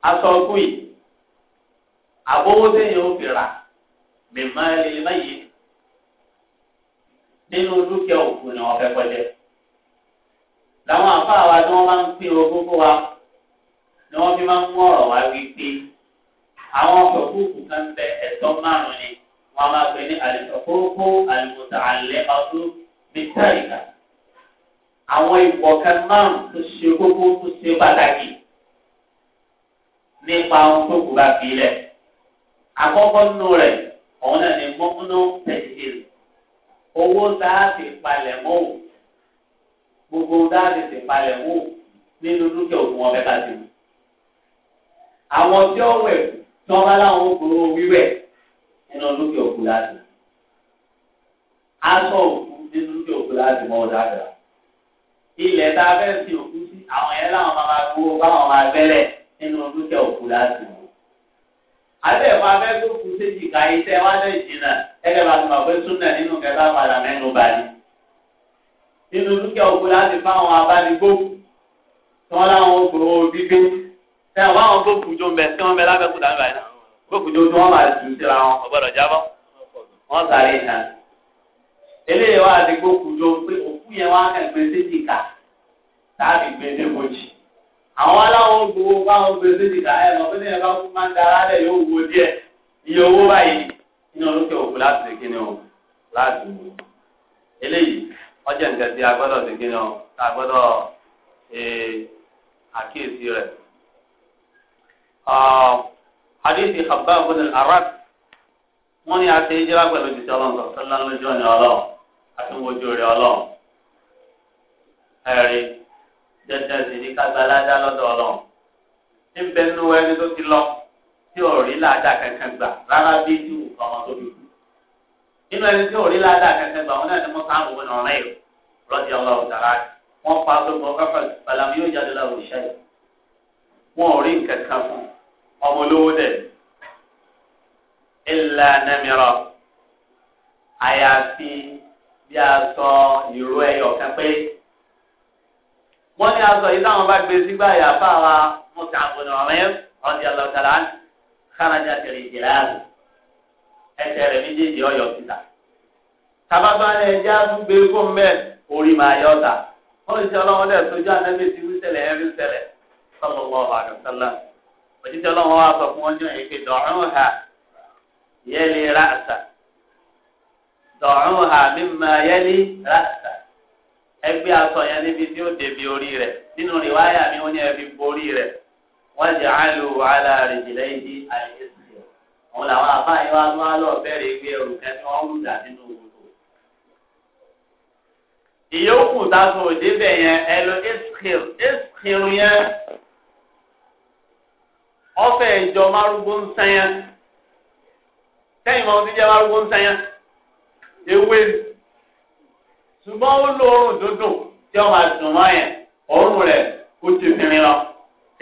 aṣọ ikú yìí àbówó téèyàn ó fi rà mímọ́ ẹlẹ́lẹ́ báyìí nínú dúkìá òkú ni wọ́n fẹ́ kọjá làwọn àfáà wa ni wọ́n máa ń pín ogún fún wa ni wọ́n fi máa ń mú ọ̀rọ̀ wa wípé àwọn ọ̀fẹ́kùkù kan bẹ ẹ̀tọ́ márùn ni wọ́n máa pè ní àlùfẹ́kùkù àlùmọ̀tà àlẹ́ ọdún mítàríkà àwọn ìwọ̀ márùn tó ṣe kókó tó ṣe pàtàkì nípa ohun tó kù bá fi lẹ̀ àkọ́kọ́ nínú rẹ̀ òun náà ní mọ́kúnú tẹ̀síkìrì owó dáàbì palẹ̀ mọ́ wò gbogbo dáàbì ti palẹ̀ mọ́ wò nínú dúkìá òkú wọn bẹ́ẹ̀ bá ti wù. àwọn tí ó wẹ̀ tí wọ́n bá láwọn gbòòrò wíwẹ̀ nínú dúkìá òkú láti. aṣọ òkú nínú dúkìá òkú láti mọ́ ọ̀dà àgbà. ilẹ̀ tá a fẹ́ sin òkú sí àwọn yẹn láwọn máa gbowó báwọn máa gbẹ́lẹ̀ nínú dúkìá òkú láti mọ́ alẹ́ ẹ̀fọ́ abẹ́gbó kù séjì ká iṣẹ́ wa lẹ́ ìjìnà ẹgbẹ́ bá ti mọ̀ pé súnà nínú kẹta padà mẹ́nu báyìí. nínú dúkìá òkú láti fáwọn abánigbó tí wọ́n láwọn gbòòrò gbígbé tí wọ́n báwọn gbòòkù jó mbẹ tí wọ́n bẹ lábẹ́ kú dàbí àyìnà gbòòkù jó tí wọ́n máa jù síra wọn ọgbọ́dọ̀ jábọ́ wọ́n sáré ìtàn. eléyìí wá àti gbòòkù jó pé òkú yẹn wá kẹ́ gbé séjì ká táàbì gbé dé àwọn aláwọ̀ gbowó báwọn gbèsè jìkà ẹ̀ lọ bí ẹ bá fún máa ń dara lẹ̀ yóò wo díẹ̀ iye owó báyìí nínú olókè òkú láti ṣe kíni o láti wò eléyìí ọjà nǹkan tí a gbọ́dọ̀ ṣe kíni o tá a gbọ́dọ̀ ṣe àkíyèsí rẹ̀. hadithi Khabbab bin al wọ́n ní a ṣe pẹ̀lú ìdíṣẹ́ ọlọ́run sọ̀tún lójú ọ̀nà ọlọ́run àti wọ́n ojú rẹ̀ ọlọ́run dandan sì ní kágbáládá lọ́dọ̀ ọlọ́run níbẹ̀ nínú ẹni tó ti lọ tí ò rí làádá kankan gbà rárá bí ju ọmọ tó bí kú nínú ẹni tí ò rí làádá kankan gbà wọn náà ni wọn kà á wò wọn ọ̀rẹ́ yìí rọ́ọ̀dì ọlọ́run tàrà wọn pa gbogbo kọ́kọ́ balami yóò jáde lọ òrìṣà yìí wọn ò rí nǹkan kan fún ọmọ olówó dẹ̀ ilà nàmìrọ̀ àyàfi bí a sọ ìró ẹyọ kan pé wọ́n ní aṣọ yìí táwọn bá gbé sígbà yà fà wá mọ̀tà àbùnà ọ̀rẹ́ ọ̀dì ọ̀lọ́tàlá kánájà tẹ̀lé ìjìlá rẹ̀ ẹsẹ̀ rẹ̀ méjèèjì ọ̀yọ̀ síta. tábàbá ni ẹja gbé fún mẹ́ orí máa yọ ọ̀tà wọ́n ti ọlọ́wọ́ dẹ̀ sójú ànábì ti wí sẹ̀lẹ̀ ẹ̀rí sẹ̀lẹ̀ sọ́lọ́wọ́ àdùsálà òjijì ọlọ́wọ́ wa sọ fún wọn jọ èké dọ̀rùn ha yẹ́lì ráàsà dọ̀rùn ha mímọ yẹ́lì ráàsà ẹgbẹ́ aṣọ yẹn níbi tí ó débi orí rẹ̀ nínú rìwáyà mi wọ́n ní ẹbí borí rẹ̀ wọ́n jẹ́ àlù wàhálà rìjìlẹ̀ yìí àìyésì rẹ̀ òun làwọn àbáyé wa ló wá lọ bẹ̀rẹ̀ ìwé ẹrù kẹ́tí wọ́n ń dà nínú gbogbo. ìyókù táwọn òde yẹn ẹ lo iskil iskil yẹn ọfẹ ìjọ márùgbó ń sẹ́yìn sẹ́yìn mọ́ ti jẹ́ márùgbó ń sẹ́yìn ewé ṣùgbọ́n ó lo oorun dòdò tí wọ́n máa mọ́ yẹn òórùn rẹ̀ kó ti fìrin lọ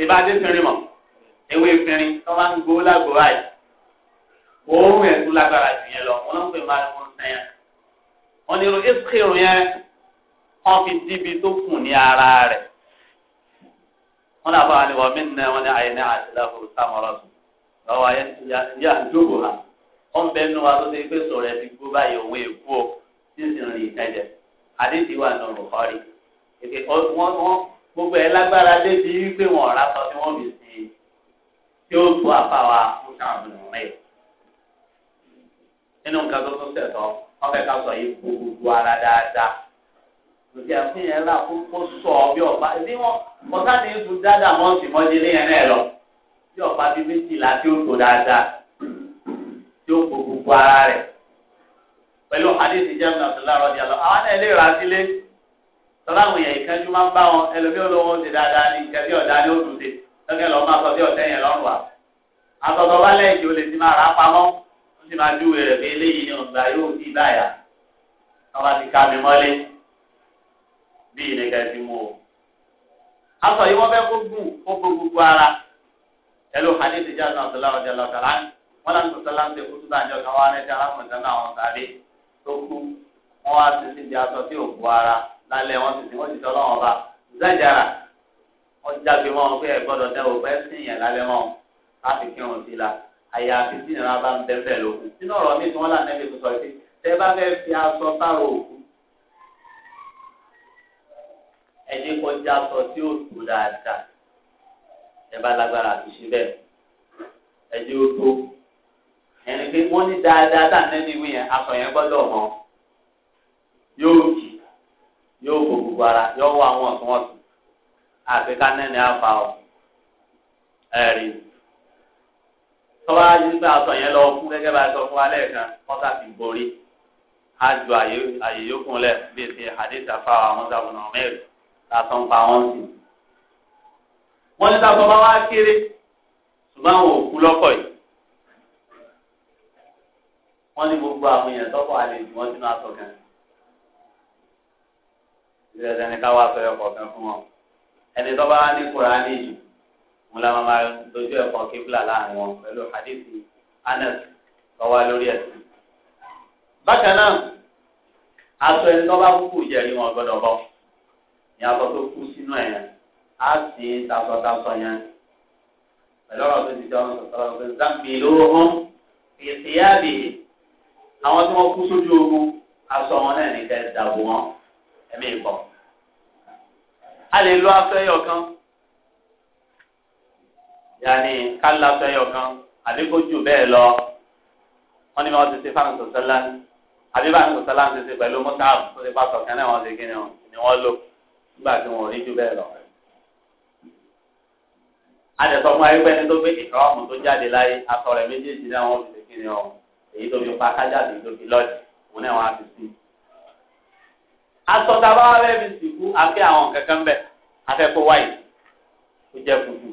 ìbádé fìrin mọ̀ ewé fìrin tí máa ń gbowó lágbo báyìí òórùn rẹ̀ tún lágbára jù yẹn lọ wọ́n lọ́n pè máa ń wọ́n sẹ́yìn wọ́n ní ìṣirò yẹn wọ́n fi díbi tó kù ní ara rẹ̀ wọ́n náà fọwọ́ ni wọ́n mí nà wọ́n ní àyè ní àtìláfò sámọ́rọ́sùn lọ́wọ́ ayé yá ìjókòó ha wọ́n bẹ́ẹ̀ nù wa tó ti gbé sọ̀rọ̀ ẹ̀ ti gbó báyìí òun èkó o tí rìn ìtẹ́jẹ́ àdéhìí wà nù bùkọ́rí èké wọ́n wọ́n gbogbo ẹ̀ lágbára débi wípé wọ́n rà sọ tí wọ́n fi sí i tí ó tó àfàwà fún sàmù rẹ̀ nínú nǹkan tó tún tẹ̀tọ́ wọ́n fẹ́ ká sọ yìí gbogbo ara dáadáa lòdì àfihàn ńlá kó kó sọ bí ọba bí wọn ọ̀sá ni ètò dáadáa mọ́ sí mọ́dílé yẹn náà lọ bí ọba bíi méjìlá tí ó tó dáadáa tí ó gbogbo ara rẹ̀ pẹ̀lú hadith jẹ́mu abdullahi rọ́dí àlọ́ àwọn náà lè ra sílé tọ́láwọn èèyàn ìkánjú máa ń bá wọn ẹlòmí olówó ń ṣe dáadáa ní ìkẹ́ bí ọ̀dá ní òdùdè lọ́kẹ́ lọ́ọ́ máa sọ bí ọ̀tẹ́ yẹn lọ́rùn wa. àtọ̀tọ̀ bá lẹ́yìn o lè ti máa rà á pamọ́ ó sì máa júwe rẹ̀ bí eléyìí ní ọ̀gbà yóò di báyà ọba ti ka mi mọ́lé bí ìnìkan ti mú o. aṣọ yìí wọ́n fẹ́ kó gùn kó gbó gbogbo ara ẹlò hadith jáde náà sọlá ọjà lọ́kàlá wọn láti sọ tó kú wọ́n wá sí síbi aṣọ tí ò bu ara lálẹ́ wọ́n sì ní wọ́n ti sọ lọ́wọ́ ọba zájàrà wọ́n jágbe mọ́ wọn pé ẹ gbọ́dọ̀ tẹ́ o bẹ́ẹ̀ sìn yẹn lálẹ́ mọ́ láti kí wọn sí la àyàfi tí ìnira bá ń bẹ́ẹ̀ lókun nínú ọ̀rọ̀ mi tí wọ́n là nẹ́ẹ̀mí tó sọ pé tẹ́ bá fẹ́ fi aṣọ bárò òkú ẹni kọjá aṣọ tí ò tó dáadáa ẹ bá lágbára àti ṣe bẹ́ẹ̀ ẹni ó tó ẹni pé wọ́n ní dáadáa tá nẹ́bí wí yẹn aṣọ yẹn gbọ́dọ̀ mọ́ yóò kì yóò bò gbogbo ara yóò wọ àwọn ọ̀túnwọ̀tún àti ká nẹ́ni àfa ọ̀ ẹ̀rí tọ́wá yìí pé aṣọ yẹn lọ fún gẹ́gẹ́ bá a sọ fún alẹ́ kan wọ́n ká fi borí á ju àyè yókù lẹ̀ bí èsì àdéhùn àfa àwọn sàbùnà mẹ́rin lásán pa wọ́n sí. wọ́n ní sábà wá kéré ṣùgbọ́n àwọn òkú lọ́kọ̀ yìí wọ́n ní gbogbo àwọn èèyàn tọ́kọ̀ àlejò wọn sínú aṣọ kan. ìṣẹ̀lẹ̀ ẹni ká wá sọ ẹ̀kọ́ kan fún wọn. ẹni tó bá ní Kùránì yìí mo la máa dojú ẹ̀kọ́ kíbla láàrin wọn pẹ̀lú hadithi Anas lọ́wọ́ lórí ẹ̀sìn. bákan náà aṣọ ẹni tó bá kúkú jẹ̀rí wọn gbọ́dọ̀ bọ̀ ní aṣọ tó kú sínú ẹ̀yàn á sì tasọtasọ yẹn pẹ̀lú ọ̀rọ̀ tó ti jọ ọ̀rọ̀ tó ti àwọn tí wọ́n kú sójú ogun aṣọ wọn náà ní kẹ́ dàbò wọn ẹ̀mí ìbọ̀. a lè lo afẹ́yọ̀ kan yàní ká lo afẹ́yọ̀ kan àbí kó jù bẹ́ẹ̀ lọ wọ́n ní wọ́n ti ṣe fáwọn sọ̀sọ́lá àbí báwọn sọ̀sọ́lá ti ṣe pẹ̀lú mọ́tàbù tó ti pàṣọ kan náà wọ́n ti kí ni wọ́n lò nígbà tí wọ́n rí jù bẹ́ẹ̀ lọ adẹ̀sọ́ fún ayé pẹ́ni tó gbé ìkọ́ọ̀mù tó jáde láyé aṣọ rẹ̀ méjèèjì náà wọ́n fi ṣe kí ni ọ̀hún èyí tó fi pa kájà àti èyí tó fi lọ́ọ̀dì òun náà wọn á fi sí. asọ̀tà báwa bẹ́ẹ̀ fi sìnkú afẹ́ àwọn kankan bẹ̀ afẹ́ kó wáyé kó jẹ́ kúkú.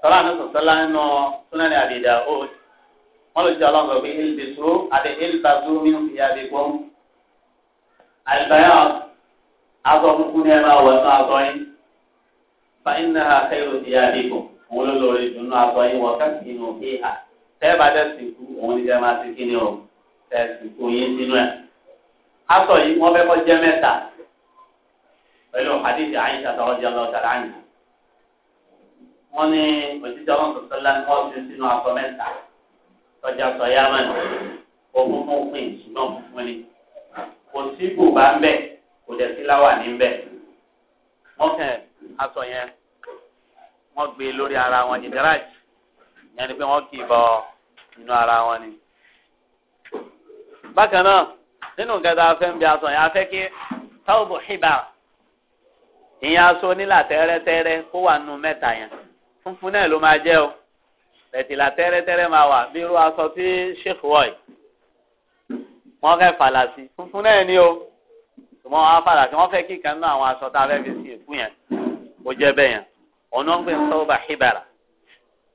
sọlá ní sọ̀sọ́lá nínú súnáni àbídà ó wọ́n lè jẹ́ ọlọ́run pé elbèso àti elbaso nínú ìyá rẹ̀ gbọ́n. àlùbáyà aṣọ kúkú ní ẹ máa wọ̀ nínú aṣọ yín. fàyín náà kẹ́rù ìyá rẹ̀ kù òun ló lọ rí dùnú aṣọ yín wọ̀ òun ní jẹ́ máa ti kí ni o ẹ̀sìn kò yín sínú ẹ̀. aṣọ yìí wọ́n fẹ́ kọ́ jẹ́ mẹ́ta pẹ̀lú hadithi àyíṣà tó ọjà lọ tàrà àyìn. wọ́n ní òjijì ọlọ́run tó sọ́lá ní wọ́n ti sínú aṣọ mẹ́ta tọ́jà sọ yá mẹ́ta òun mú pin ṣùgbọ́n fún ni kò sí bùbá ń bẹ̀ kò dẹ̀ sí láwà ní bẹ̀. wọ́n kẹ́ aṣọ yẹn wọ́n gbé lórí ara wọn ìdárájì yẹn ni pé wọ́n kì í bọ́ ọ nínú ara wọn ni. bákan náà nínú nǹkan tá a fẹ́ ń bí aṣọ yẹn a fẹ́ kí táwọ̀bù hìbà ìyẹn aṣọ nílà tẹ́rẹ́tẹ́rẹ́ kó wà nù mẹ́ta yẹn funfun náà ló máa jẹ́ o ẹ̀tìlà tẹ́rẹ́tẹ́rẹ́ máa wà bí irú aṣọ tí sheikh wọ̀nyí wọ́n fẹ́ fàlà sí funfun náà ni o tùmọ̀ wọn á fàlà sí wọ́n fẹ́ kí kan náà àwọn aṣọ tá a fẹ́ fi sí èkú yẹn ó jẹ́ bẹ́ẹ̀ yẹn ọ̀nà ń pè ń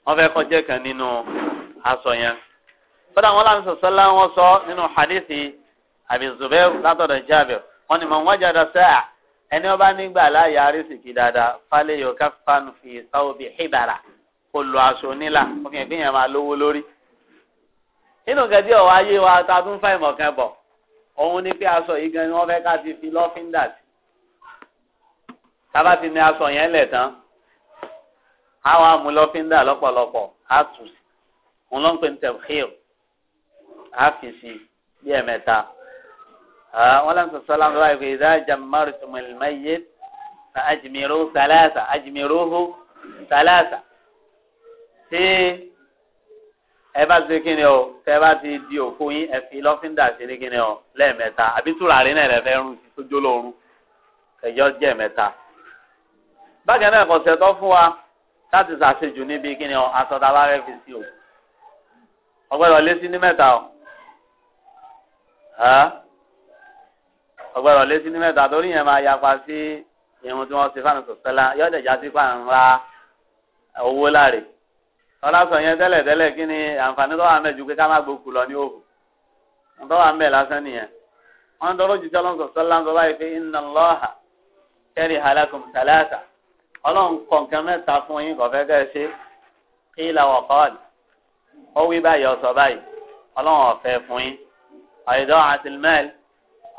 wọ́n fẹ́ kọjá kan nínú aṣọ yẹn kódà wọn láti sọ sọlá wọn sọ nínú hadithi Abi Zubair látọ̀dọ̀ Jabir wọn ni man wajada sa'a ẹni ọba nígbà láàyè arísìkì dáadáa fálẹ yóò ká fanu fi sáwọbi hibara kó lo aṣọ nílà òkè ìpínyẹn máa lówó lórí. nínú gẹ̀dí ọ̀wọ́ ayé wa ta tún fà kan òun ni pé aṣọ yìí gan ni ká ti fi sí. tábà ti ní aṣọ yẹn tán á tù sí wọn lọ ń pè ní tẹ̀wéhìl àfìsí bí ẹ̀mẹ́ta wọn lọ́n sọ̀sọ́ láwọn báyìí pé ìdá jamaru tùmọ̀lìmáyé na ajimiru salasa ajimiruhu salasa tí ẹ bá ti kí ni o tẹ bá ti di òkú yín ẹ fi lọ́fíńdà sí ní kí ni o lẹ́ẹ̀mẹ́ta àbí túràrí náà lẹ́fẹ́ rún sí sójó lóru ẹ̀yọ́ jẹ́ mẹ́ta bákan náà kọ̀ọ̀sẹ̀ tó fún wa láti ṣàṣejù níbi kí ni o aṣọ tá a bá rẹ́ fi sí o ọgbẹ́rọ̀ lé sí ní mẹ́ta o ọgbẹ́rọ̀ lé sí ní mẹ́ta torí yẹn máa yapa sí irun tí wọ́n ṣe fáwọn sọ̀tẹ́lá yọ̀dẹ̀ já sí fáwọn ńlá owó láre ọlọ́sọ yẹn tẹ́lẹ̀ tẹ́lẹ̀ kí ni àǹfààní tó wà ń bẹ̀ ju pé ká má gbókù lọ ní òhù tó wà ń bẹ̀ lásán nìyẹn wọ́n dọ́rọ́ jù tọ́lọ́ sọ̀tẹ́lá ń sọ báyìí pé inna Allaha kariha lakum thalatha ọlọ́run kọ̀ọ̀kan mẹ́ta fún yín kọ̀fẹ́ kẹ́ ṣe kí ìlà wọ̀ kọ́ọ̀lì ó wí báyìí ọ̀sọ̀ báyìí ọlọ́run ọ̀fẹ́ fún yín ọ̀yẹ̀dọ́ àtìlmẹ́ẹ̀l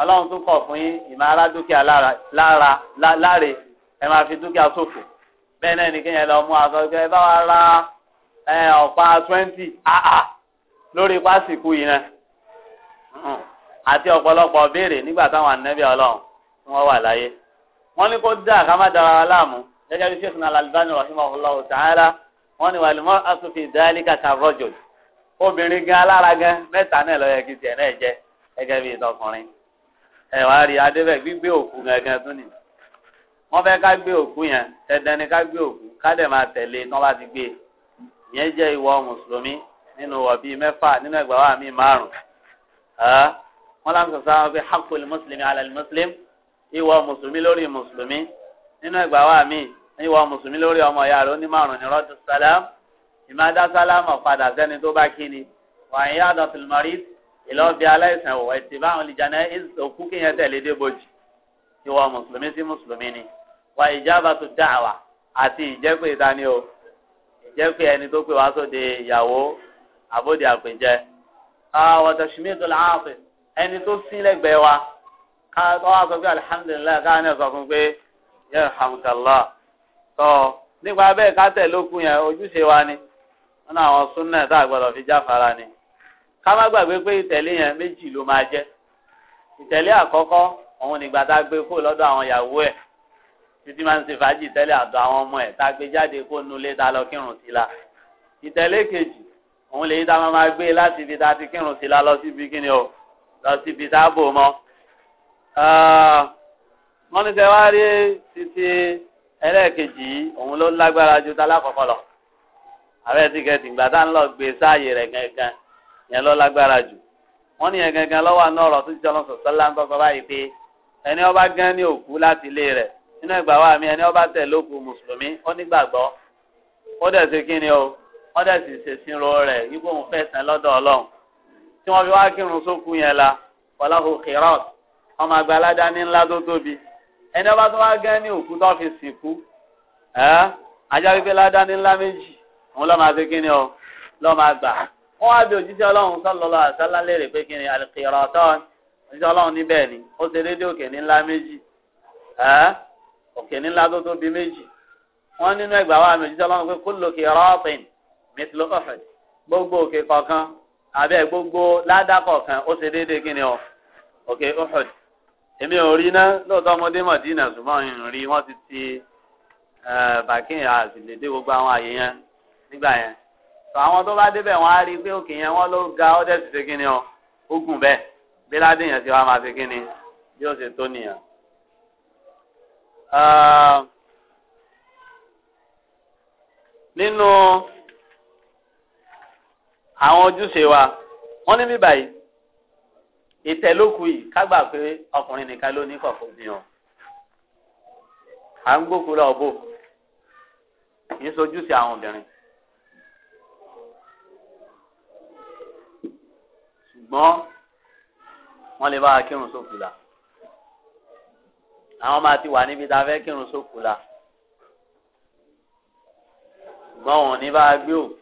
ọlọ́run tún kọ̀ fún yín ìmọ̀ ara dúkìá lára láre ẹ máa fi dúkìá ṣòfò bẹ́ẹ̀ náà nìkan yẹn lọ mú aṣọ ẹgbẹ́ ẹ bá wa ra ọ̀pá twenty àà lórí pásìkò yìí náà àti ọ̀pọ̀lọpọ̀ béèrè nígbà táwọn ànẹ́bí ọlọ́run tí wọ́n wà láyé wọ́n ní kó dá ká má gẹ́gẹ́ bí sèkùnà Al-Albani rahimahullah ta'ala wọ́n ní wàlúmọ́ asòfin ìdálíkà kan rọ́jò obìnrin gan alára gan mẹ́ta náà lọ́yẹ kí tiẹ̀ náà jẹ́ gẹ́gẹ́ bí ìtọkùnrin ẹ̀ wá rí adébẹ̀ gbígbé òkú gangan tún ni wọ́n fẹ́ ká gbé òkú yẹn dandan ni ká gbé òkú ká dẹ̀ máa tẹ̀lé tán bá ti gbé yẹn jẹ́ ìwọ mùsùlùmí nínú wọ̀ bíi mẹ́fà nínú ẹgbàá wà mí márùn-ún wọ́n láǹkà sáwọn pé hakul mùsùlùmí alẹ́ mùsùlùmí ìwọ mùsùlùmí lórí mùsùlùmí nínú ẹgbàá wà míì ìwọ mùsùlùmí lórí ọmọ ìyá rẹ̀ ó ní márùn ní rọ́dù sálámù ìmáda sálámù padà sẹ́ni tó bá kíni wàyí àdọ̀tún mọ́rí ìlọ́ọ̀bí aláìsàn òwò ẹ̀sìn báwọn ìjànà òkú kéèyàn tẹ̀lé débòjì ìwọ mùsùlùmí sí mùsùlùmí ni wà ìjábàtú dáàwà àti ìjẹ́pẹ́ ìtani o ìjẹ́pẹ́ ẹni tó pè wá sóde ìyàwó àbóde àpèjẹ wọ́tọ̀ṣùmíìtò làáfẹ́ ẹni tó tọ́ nípa bẹ́ẹ̀ ká tẹ̀ lókun yẹn ojúṣe wa ni wọn náà àwọn súnà tá a gbọdọ̀ fi jáfara ni ká má gbàgbé pé ìtẹ̀lé yẹn méjì ló máa jẹ́ ìtẹ̀lé àkọ́kọ́ òun nígbà tá a gbé kó lọ́dọ̀ àwọn ìyàwó ẹ̀ títí máa ń ṣe fàájì tẹ́lẹ̀ àdó àwọn ọmọ ẹ̀ tá a gbé jáde kó nulé tá a lọ kírun sí la ìtẹ̀lé kejì òun lèyí tá a máa gbé láti ibi tá a ti kírun sí la lọ síbi kíni o lọ síbi tá a bò mọ́ wọ́n ní sẹ́wárí títí ẹlẹ́ẹ̀kejì yìí òun ló lágbára ju tá lákọ̀ọ́kọ́ lọ ààrẹ tíkẹ́ẹ̀tì ìgbà tá ń lọ gbé sáàyè rẹ̀ gangan yẹn ló lágbára jù wọ́n ní yẹn gangan lọ́wọ́ àná ọ̀rọ̀ tó ti jọlọ sọ̀tọ́ láńkọ́kọ́ báyìí pé ẹni ọba gan ní òkú láti ilé rẹ̀ nínú ìgbà wa mi ẹni ọba tẹ̀ lókù mùsùlùmí ó nígbàgbọ́ ó dẹ̀ ṣe kí ni o ó dẹ̀ sì ṣèṣirò rẹ̀ yípo òun fẹ́ sẹ́ lọ́dọ̀ ọlọ́run tí wọ́n fi wá kírun sókun yẹn la ọlọ́hùn kìrọ́ọ̀t ọmọ àgbàládá ní ńlá tó tóbi ẹni ọba tó wá gán ní òkú tó fi sìnkú ẹ ajá wípé ládání ńlá méjì òun lọ́ọ́ máa fi kíni ọ lọ́ọ́ máa gbà wọ́n wá bí òjíṣẹ́ ọlọ́run sọ́lọ́lọ́ àṣálá léèrè pé kíni àlùkìrọ̀ ọ̀tọ́ òjíṣẹ́ ọlọ́run níbẹ̀ ni ó ṣe déédéé òkè ní ńlá méjì ẹ òkè ní ńlá tó tóbi méjì wọ́n nínú ẹgbàá wa mi òjíṣẹ́ ọlọ́run pé kúlò kì rọ́ọ̀pìn mẹtìló gbogbo òkè kọ̀ọ̀kan àbẹ́ èmi ò rí ná lóòótọ́ ọmọdé mọ̀dínà ṣùgbọ́n rí wọ́n ti ti bàkín àtìlédè gbogbo àwọn àyè yẹn nígbà yẹn tó àwọn tó bá débẹ̀ wọ́n á rí pé òkè yẹn wọ́n ló ga ọ́ dẹ̀ ti ṣe kí ni ọ ó bẹ́ẹ̀ bí ládé yẹn ti wá máa ṣe kí ni bí ó ṣe tó nìyẹn. nínú àwọn ojúṣe wa wọ́n ní bíbáyìí ìtẹ̀lókù yìí kágbà pé ọkùnrin nìkan ló ní kọ̀ọ̀kan bí wọn. à ń gbókù lọ bò kì í sojú sí àwọn obìnrin. ṣùgbọ́n wọ́n lè bá wa kírun sókù la. àwọn máa ti wà níbi tá a fẹ́ kírun sókù la. ṣùgbọ́n wọn ò ní bá a gbé òkú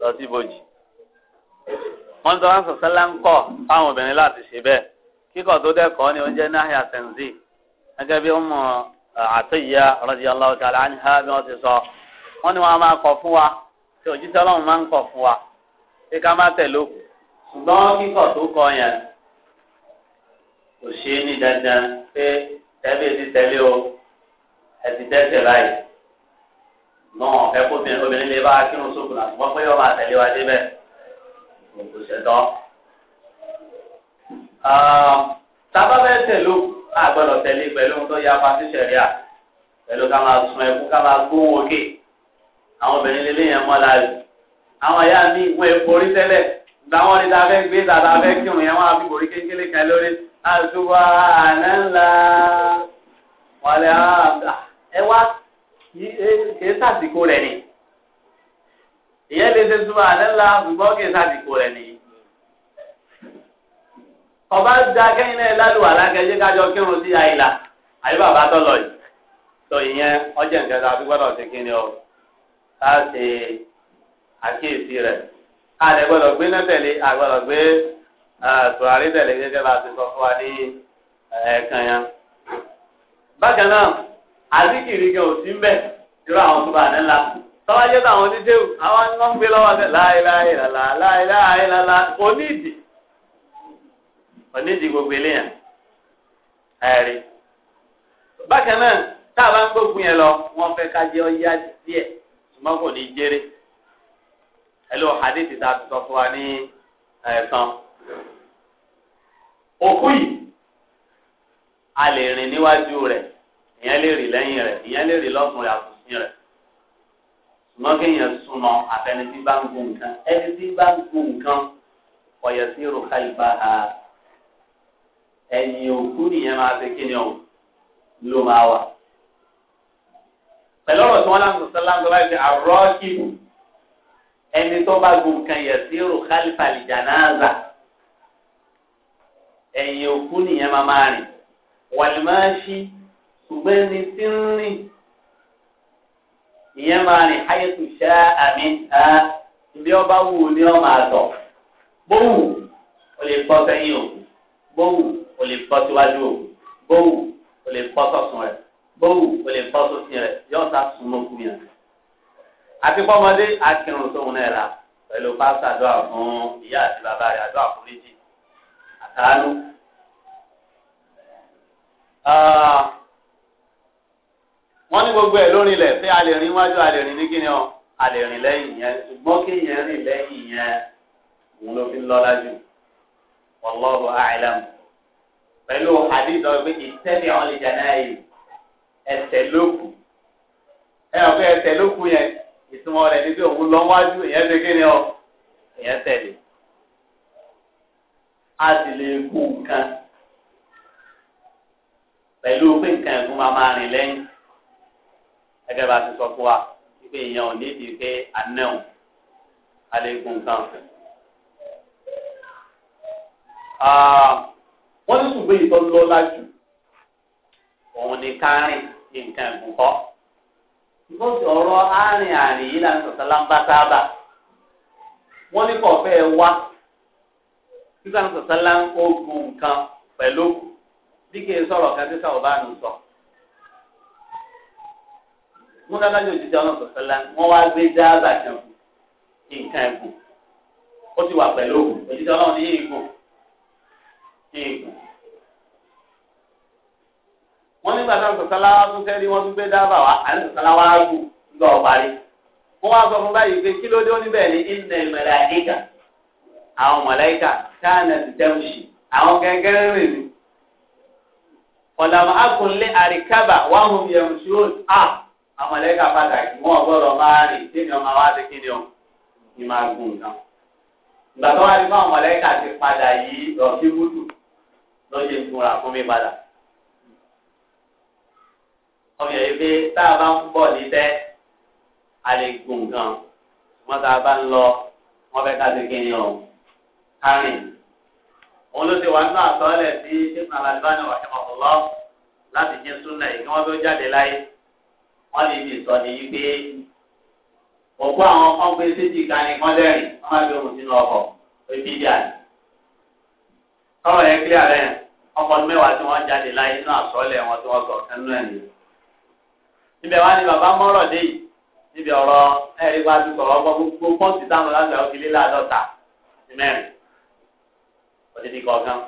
lọ sí ibojì. wọ́n sọ wọ́n sọ sẹ́lá ń fáwọn obìnrin láti ṣe bẹ́ẹ̀ kíkọ̀ tó ni oúnjẹ náà yà tẹ̀sí gẹ́gẹ́ bí ọmọ àtẹ̀yà radiyallahu ta'ala anha bí wọ́n ti sọ wọ́n wọ́n máa kọ̀ fún wa tí òjíṣẹ́ ọlọ́run máa ń fún wa kò ṣẹ̀tọ́. tábà bẹ́ẹ̀ tẹ̀lé àgbọ̀dọ̀ tẹ̀lé pẹ̀lú ohun tó yá pàṣẹ sẹ̀ríà pẹ̀lú ká máa sun ẹkú ká máa gbóhùn òkè àwọn obìnrin lè léyìn ẹmọ láàyè àwọn ìyá mi ìwọ epo orí tẹ́lẹ̀ gba wọn ní ta fẹ́ gbé ta ta fẹ́ kírun yẹn wọn á fi borí kékeré kan lórí àtúwà àná ńlá wàlẹ́ àbá ẹ wá kìí sàsìkò rẹ̀ ni ìyẹn lè ṣe súnmọ́ alẹ́ la ṣùgbọ́n kì í sàdìkò rẹ̀ nìyí. ọba da kẹ́yìn náà lálùwà lákẹ́jẹ́ kájọ kírun sí àyílà àyè bàbá tó lọ yìí tó ìyẹn ọjọ́ nǹkan tó a fi gbọ́dọ̀ ṣe kí ni o ká ṣe àkíyèsí rẹ̀ a lè gbọ́dọ̀ gbé náà tẹ̀lé a gbọ́dọ̀ gbé tùràrí tẹ̀lé gẹ́gẹ́ bá a ti sọ fún wa ní ẹ̀ẹ̀kan yẹn. bákan náà àdìkìrì gan ò sí ń bẹ̀ àwọn tó bá a tọ́wọ́ jẹ́ tàwọn oníṣẹ́wù àwọn ni wọ́n ń gbé lọ́wọ́ bẹ́ẹ̀ láìláì làlá láìláì làlá onídìí onídìí gbogbo eléyàn ẹ̀rí. bákan náà tá a bá ń gbógun yẹn lọ wọ́n fẹ́ ká jẹ́ ọyá díẹ̀ ṣùgbọ́n kò ní jẹ́rẹ́ ẹ̀lú hadith tá a ti sọ fún wa ní ẹ̀sán. òkú yìí a lè rìn níwájú rẹ̀ ìyẹn lè rìn ṣùgbọ́n kéèyàn súnmọ́ àfẹni tí bá ń gun nǹkan ẹni tí bá ń gun nǹkan ọ̀yẹ̀ sí rúkàlùbá ha ẹ̀yìn òkú nìyẹn máa ṣe kí ni o ló máa wà. pẹ̀lú ọ̀rọ̀ tí wọ́n láǹkó sọ́láǹkó báyìí àrọ́ọ̀kìbù ẹni tó bá gun nǹkan yẹ̀ sí rúkàlùbá ìjànáàzà ẹ̀yìn òkú nìyẹn máa máa rìn wàlúmáṣí ṣùgbọ́n ẹni tí ń rìn ìyẹn máa rìn ayétu ṣẹ́ àmì ẹ ibi ọba wù ni ọ máa tọ̀ bówù o lè bọ́ sẹ́yìn o bówù o lè bọ́ síwájú o bówù o lè bọ́ sọ̀tún rẹ̀ bówù o lè bọ́ sósìn rẹ̀ yóò sá súnmọ́ kú yẹn. àti pọ́mọdé akirun sóhun náà la pẹ̀lú pásítà àdúrà fún ìyá àti bàbá rẹ̀ àdúrà fún àtàánú. wọ́n ní gbogbo ẹ̀ lórí ilẹ̀ pé a lè rìn a lè rìn ní kíni ọ a lè rìn lẹ́yìn yẹn ṣùgbọ́n kí yẹn rìn lẹ́yìn yẹn òun ló fi lọ́lá jù wallahu a'lam pẹ̀lú àdìsọ pé ìtẹ́lẹ̀ ẹsẹ̀ ẹ ẹsẹ̀ yẹn ìtumọ̀ rẹ̀ ni pé òun lọ wájú ìyẹn ṣe ọ ìyẹn tẹ̀lé a sì lè kú nǹkan pẹ̀lú pé nǹkan máa máa rìn lẹ́yìn. ẹgbẹ́ bá ti sọ fún wa pé èèyàn ò ní di pé anẹ́wò alẹ́gùn kan. wọ́n ní ṣùgbọ́n ìtọ́ lọ́la jù òun ni kárìn ní nǹkan ẹ̀gùn kọ́. ìbọ̀sì ọ̀rọ̀ àárín àárín yìí láti sọ̀tà lámbá sábà wọ́n ní kọ̀ fẹ́ wá sísan sọ̀tà láńkó gun nǹkan pẹ̀lú bí kì í sọ̀rọ̀ kan tí sàwọ́ bá nù sọ̀rọ̀. n'ụlọ ní òjijì ọlọ́run sọ̀tọ́ la wọ́n wá gbé dáàbà jọ nǹkan ẹ̀gùn ó ti wà pẹ̀lú òun òjijì ọlọ́run ní ìgò ìgò. wọ́n nígbà náà sọ̀tọ́ wá tún fẹ́ẹ́ wọ́n tún gbé wá wá wọ́n wá sọ fún báyìí pé kí ló dé ní ilẹ̀ àwọn amọ̀lẹ́kà pàtàkì wọn gbọ́dọ̀ máa rìn tẹ́mi ọmọ wa ti kíni o ni máa gùn nǹkan. ìgbà tó wá ní fún amọ̀lẹ́kà ti padà yìí lọ sí bútù lọ́jọ́ ìfúnra fún mi padà. ọmọ yẹn pé tá a bá ń bọ̀ níbẹ̀ a lè gùn nǹkan wọ́n tá a bá ń lọ wọ́n fẹ́ ká ti kíni o kárìn. òun ló ti wà nínú àtọ́lẹ̀ sí ibùdó àlàlùbáni wàhálà ọ̀lọ́ láti jẹ́ súnà yìí tó jáde láyé wọ́n lè fi sọ ní pé òkú àwọn kan pé séjì kan ní kọ́ndẹ́rì wọ́n máa fi ohun sínú ọkọ̀ ebi díà ní. kọ́wọ̀ yẹn kílíà rẹ̀ ọkọ̀ mẹ́wàá tí wọ́n jáde láyé inú àsọ́lẹ̀ wọn tí wọ́n sọ kánú ẹ̀ nìyẹn. ibẹ̀ wá ní bàbá mọ́rọ̀ dé yìí níbi ọ̀rọ̀ ẹ̀rí wá ti sọ̀rọ̀ ọgbọ́n gbogbo pọ́ǹsì táwọn láti àwọn kìlí láàdọ́ta ní mẹ́rin òdìdí kọ̀ọ̀kan.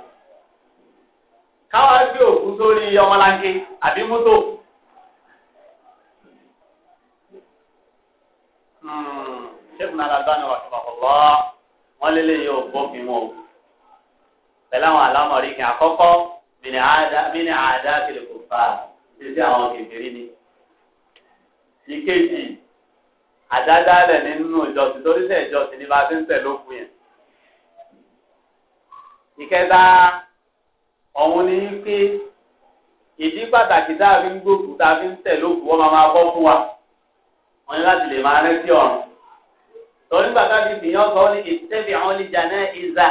káwá gbé òkú sórí ọmọlanke àbí mọ́tò ṣéèkù náà lágbá ni wà ṣùpàpọ̀lọ́ wọ́n lé léyìí ò bófin wọn o pẹ̀lú àwọn alámọ̀rí kí àkọ́kọ́ mini àdá kìlì kò fà títí àwọn kékeré ni. ìkejì àdádálẹ̀ nínú ìjọsìn torí sẹ́ ìjọsìn ni bá ti ń tẹ̀ lókun yẹn. ìkẹta ọ̀hún ni pé ìdí pàtàkì tá a fi ń gbókùn tá a fi ń tẹ̀ lókun wọ́n máa máa bọ́ fún wa wọ́n ní láti lè máa rẹ́ sí ọ̀run. torí bàbá mi fìyàn sọ ní ìtẹ́bí àwọn oníjà náà ìza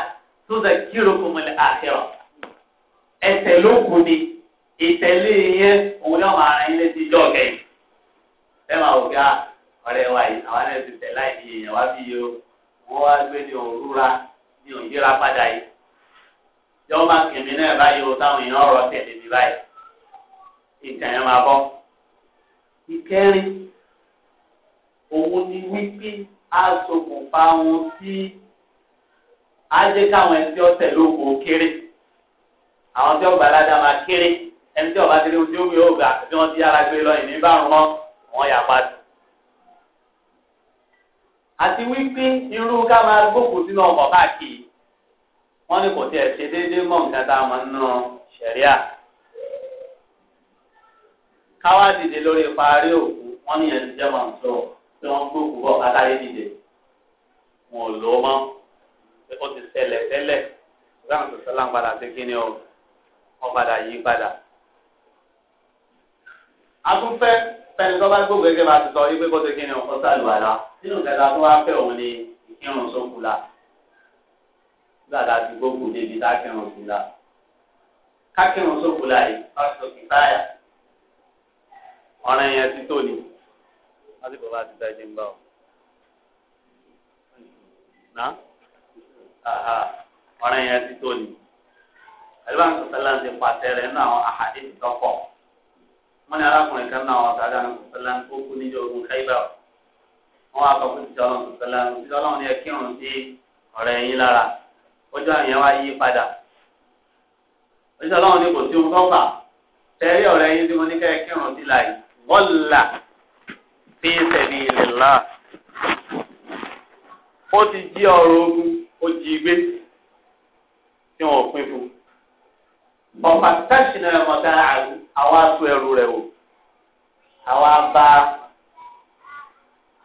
tó dẹ̀ kírò kò mọ̀lẹ́ àkẹ́rọ̀. ẹsẹ̀ ló kù ni ìtẹ̀lé yẹn òun náà máa rìn létí ìjọ kẹ́yìn. ẹ máa wò ká ah, ọ̀rẹ́ wa yìí àwọn náà ti tẹ̀ láì ní èèyàn wá bí yìí wọ́n wá gbé ní òrùra ní òyìnbá padà yìí. yọ́n máa kìnìún náà báyìí o táwọn èèyàn ọ̀rọ̀ tẹ̀lé mi báyìí. ìtẹ̀yẹ̀ máa bọ́. ìkẹrin òun ni wípé á ṣokùnfà wọn sí á jẹ́ káwọn ẹni tí ó tẹ̀ lóko kéré àwọn tí ó gbà ládàá máa kéré ẹni tí ó bá ti rí ojú ìwé ògbà tí wọ́n ti yára gbé lọ ìní bá wọn wọn yà pa àti wípé irú ká máa gbókùn sínú ọmọ káàkiri wọ́n ní kò tiẹ̀ ṣe déédéé mọ́ nǹkan tá a máa ń ná káwá dìde lórí parí òkú wọ́n ní ẹni jẹ́ màá sọ̀rọ̀ tí wọ́n ń gbókùú bọ́ kátàyé dìde wọn ò lò ó mọ́ ó ti ṣẹlẹ̀ tẹ́lẹ̀ ráhùn sọ̀sọ́lá ń padà sí kíni o wọ́n padà yí padà. Agúnfẹ́ fẹ́ni tó bá gbogbo ẹgbẹ́ bá ti sọ wípé kó ti kíni o kó sàlù àlá nínú kẹta tó wá fẹ́ òun ni ìkírun sókù la gbàdá ti gbókù débi tá kírun sí la kákírun sókù la yìí pásítọ̀ kìtáyà ọ̀rẹ́ yẹn ti tó ni wọ́n sì kọ́ bá ti dájú ń bá ọ. Ná ọ̀rẹ́ yẹn ti tó ni. Àdébàmù Sọ́sẹ́lá ti pàṣẹ rẹ̀ nínú àwọn àhàdé ìtọ́kọ̀. Wọ́n ní arákùnrin kan náà wọ́n sáré àwọn Sọ́sẹ́lá tó kú níjọ́ ogun Káíbà. Wọ́n wá sọ fún ìjọ ọlọ́run Sọ́sẹ́lá. Ìjọ ọlọ́run yẹ kírun sí ọ̀rẹ́ yín lára. Ọjọ́ àyẹ̀wò ayé padà. Ìjọ ọlọ́run ní kò sí ohun tó fà. Tẹ̀rí ọ̀rẹ́ yín tí mo ní kẹ́ kírun sí láì. Wọ́n fi sabilillah ó ti jí ọrọ̀ ogun ó jí gbé tí wọn ò pín fún ọ̀pá tẹ́sínà ẹ̀mọ́ta àwa tú ẹrù rẹ̀ wò àwa bá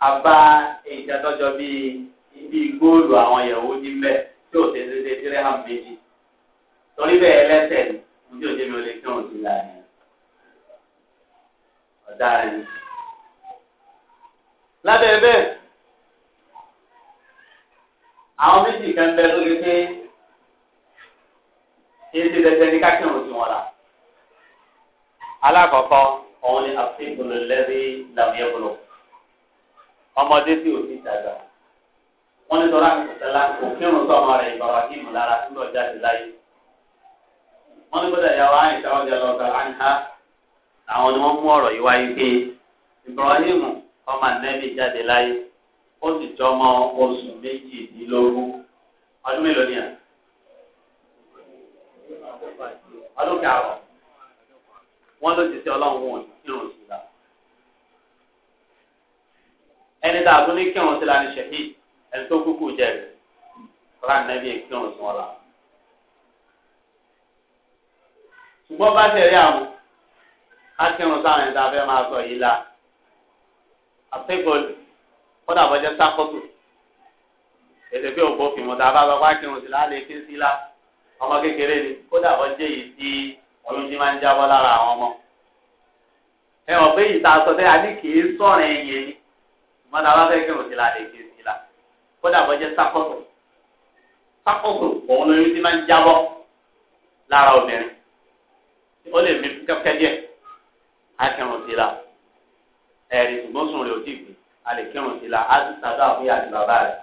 a bá ìjàdọ́jọ́ bíi ibi góòlù àwọn ìyàwó níbẹ̀ tí ò tẹ́tẹ́ tẹ́tẹ́rẹ́ hàn méjì torí bẹ́ẹ̀ lẹ́sẹ̀ ní ojú òjèmi ò kí wọn ò sí láàrin ọ̀daràn yìí lábẹ́ bẹ́ẹ̀ àwọn méjì kan bẹ lórí pé èsì tẹ̀tẹ̀ ní kákìrún sí wọn la alákọ̀ọ́kọ́ òun ni àfihàn lẹ́rí làmúyẹ́bùrọ̀ ọmọdé tí ò ti dàgbà wọ́n ní sọ́ra ìṣẹ̀lá òkèrún sọ́mọ rẹ̀ ìbára kí ìmọ̀ lára ń lọ jáde láyé wọ́n ní gbọ́dọ̀ ìyàwó àyìn ìṣàwọ́jà lọ́ta àyìn ha àwọn ni wọ́n mú ọ̀rọ̀ yìí wáyé pé Ibrahim ọmọ anẹ́bí jáde láyé ó sì jọ ọmọ oṣù méjìdínlógún ọdún mélòó ni à? ọdún kààrọ̀ wọ́n ló ti ṣe ọlọ́run wọn kírun sí la ẹni tá a tún ní kírun sí la ní ṣẹ̀hí ẹni tó kúkú jẹ̀rẹ̀ ọ̀rọ̀ anẹ́bí kírun sí wọn la. ṣùgbọ́n bá tẹ̀lé àwọn á kírun sáwọn ẹni tá a fẹ́ máa sọ yìí la àtẹ́gọ́lì kọ́dà bọ́jẹ́ sákọ́tù ètò bí òbó fi mọ̀tà bá bá wá kírun sí lálẹ́ kí sí lá ọmọ kékeré ni kódà bọ́jẹ́ yìí tí oyún ti máa ń jábọ́ lára àwọn ọmọ. ẹ mọ̀ pé ìta sọtẹ́ adé kìí sọ̀rọ̀ ẹ̀yẹ ni mọ̀tà bá fẹ́ kírun sí lálẹ́ kí sí lá kódà bọ́jẹ́ sákọ́tù sákọ́tù òun lóyún ti máa ń jábọ́ lára obìnrin ó lè mí kẹ́kẹ́ díẹ̀ á kírun sí lá ẹ̀rí ṣùgbọ́n sùn rẹ̀ ò dìgbì alẹ́kẹ́rùn sí la á ti sàdọ́ àbúyá àti bàbá rẹ̀.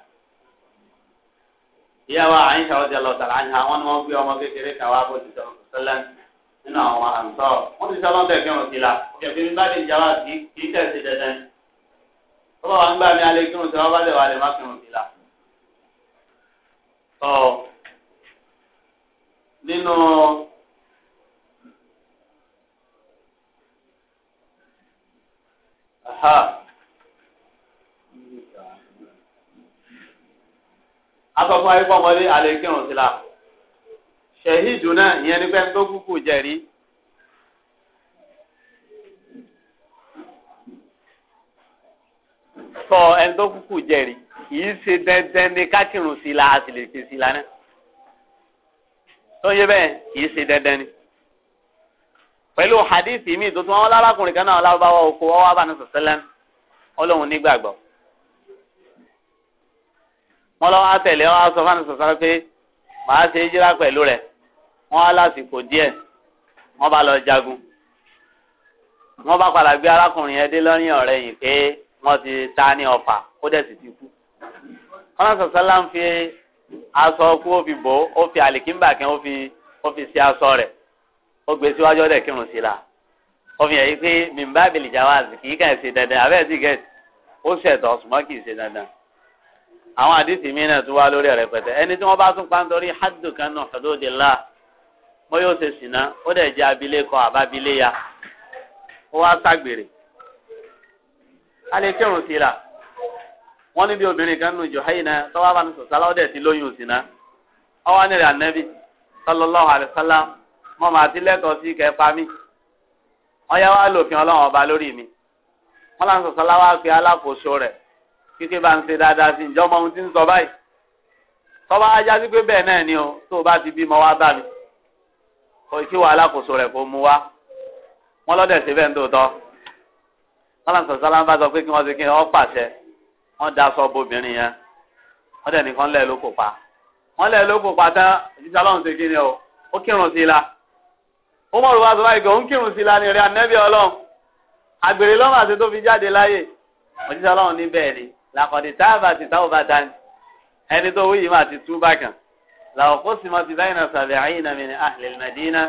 ìyàwó àyíṣà ọjà lọ sàrà àyíṣà wọn ni wọn gbé ọmọ kékeré kan wá bó ti sọ sọlẹ nínú àwọn àǹtọ wọn ti sọlọ bẹ́ẹ̀ kẹrùn sí la kẹfì mi bá lè jà wá kì í tẹ̀sí dandan tọ́ba wa ń gbà mí alẹ́kẹ́rùn sí wọn bá lè wà lè má kẹrùn sí la. nínú. asọ̀fún ayípo ọmọdé alẹ́ kírun sí la ṣèhídù náà ìyẹn ní pẹ́ tó kúkú jẹ̀rí. sọ ẹni tó kúkú jẹ̀rí kìí ṣe dandan ni ká kírun sí la a sì lè ké sí náà tó yẹ bẹ́ẹ̀ kìí ṣe dandan ni pẹ̀lú hadithi mi tuntun wọn lárakùnrin kan náà lárúbáwá oko ọwọ́ abánisọ̀ sẹ́lẹ̀m ọlọ́run nígbàgbọ́. wọn lọ́wọ́ àtẹ̀lé wọn aṣọ fánisọ̀ sáré pé màá ṣe jíra pẹ̀lú rẹ̀ wọn á lásìkò díẹ̀ wọn bá lọ jagun. wọn bá padà gbé arákùnrin yẹn dé lọ́rìn ọ̀rẹ́ yìí pé wọ́n ti ta ní ọfà ó dẹ̀ sì ti kú. fánisọ̀ sẹ́lẹ̀m fi aṣọ kú ó fi bò ó fi àlìkínbà kẹ́ ó fi ó fi ṣe aṣọ rẹ̀ ó gbé síwájú ọdẹ kírun sí la ọmọ yẹn pé mìmbá bìlì jawaz kì í kàn ṣe dandan abẹ́ẹ̀ sì gẹ̀ẹ́sì ó ṣẹ̀tọ̀ ṣùgbọ́n kì í ṣe dandan àwọn àdìsí mi náà tún wá lórí ẹ̀rẹ̀ pẹ̀tẹ̀ ẹni tí wọ́n bá tún pa nítorí haddu kan náà hududillah mo yóò ṣe sìnà ó dẹ̀ jẹ́ abilékọ ya ó wá ságbèrè a lè kírun sí la wọ́n ní obìnrin kan nù Juhayna tọ́wọ́ bá ní sọ̀sálà mo mà ti lẹ́tọ̀ọ́ sí kẹ́ pa mí wọ́n yá wá lòfin ọlọ́run ọba lórí mi wọ́n láǹ sọ̀sọ́ láwá pe alákòóso rẹ̀ kíké bá ń ṣe dáadáa sí ìjọba ohun tí ń sọ báyìí tọ́ba ajá sí pé bẹ́ẹ̀ náà ni o tó o bá ti bímọ wá bá mi kí wọ́n alákòóso rẹ̀ kó mu wá wọ́n lọ́dẹ̀ ṣe bẹ́ẹ̀ ń tó tọ́ wọ́n láǹ sọ̀sọ́ láwá sọ pé kí wọ́n ṣe kí wọ́n pàṣẹ wọ́n daṣọ bobìnrin yẹn wọ́n dẹ̀ nìkan lẹ́ẹ̀ lóko pa wọ́n lẹ́ẹ̀ lóko pa tán ìdíjà la. Umar wa sọ báyìí gan ń kírun sí lánìí rẹ̀ ànẹ́bí ọlọ́run àgbèrè lọ́mọ àti tó fi jáde láyè òjíṣẹ́ ọlọ́run ní bẹ́ẹ̀ ni làkọ̀dé táàbà ti táwọn bá dání ẹni tó wúyìí máa ti tú bákan làwọn kó sì máa ti báyìí náà sàbẹ̀ àyìn náà mi ní ahlil Madina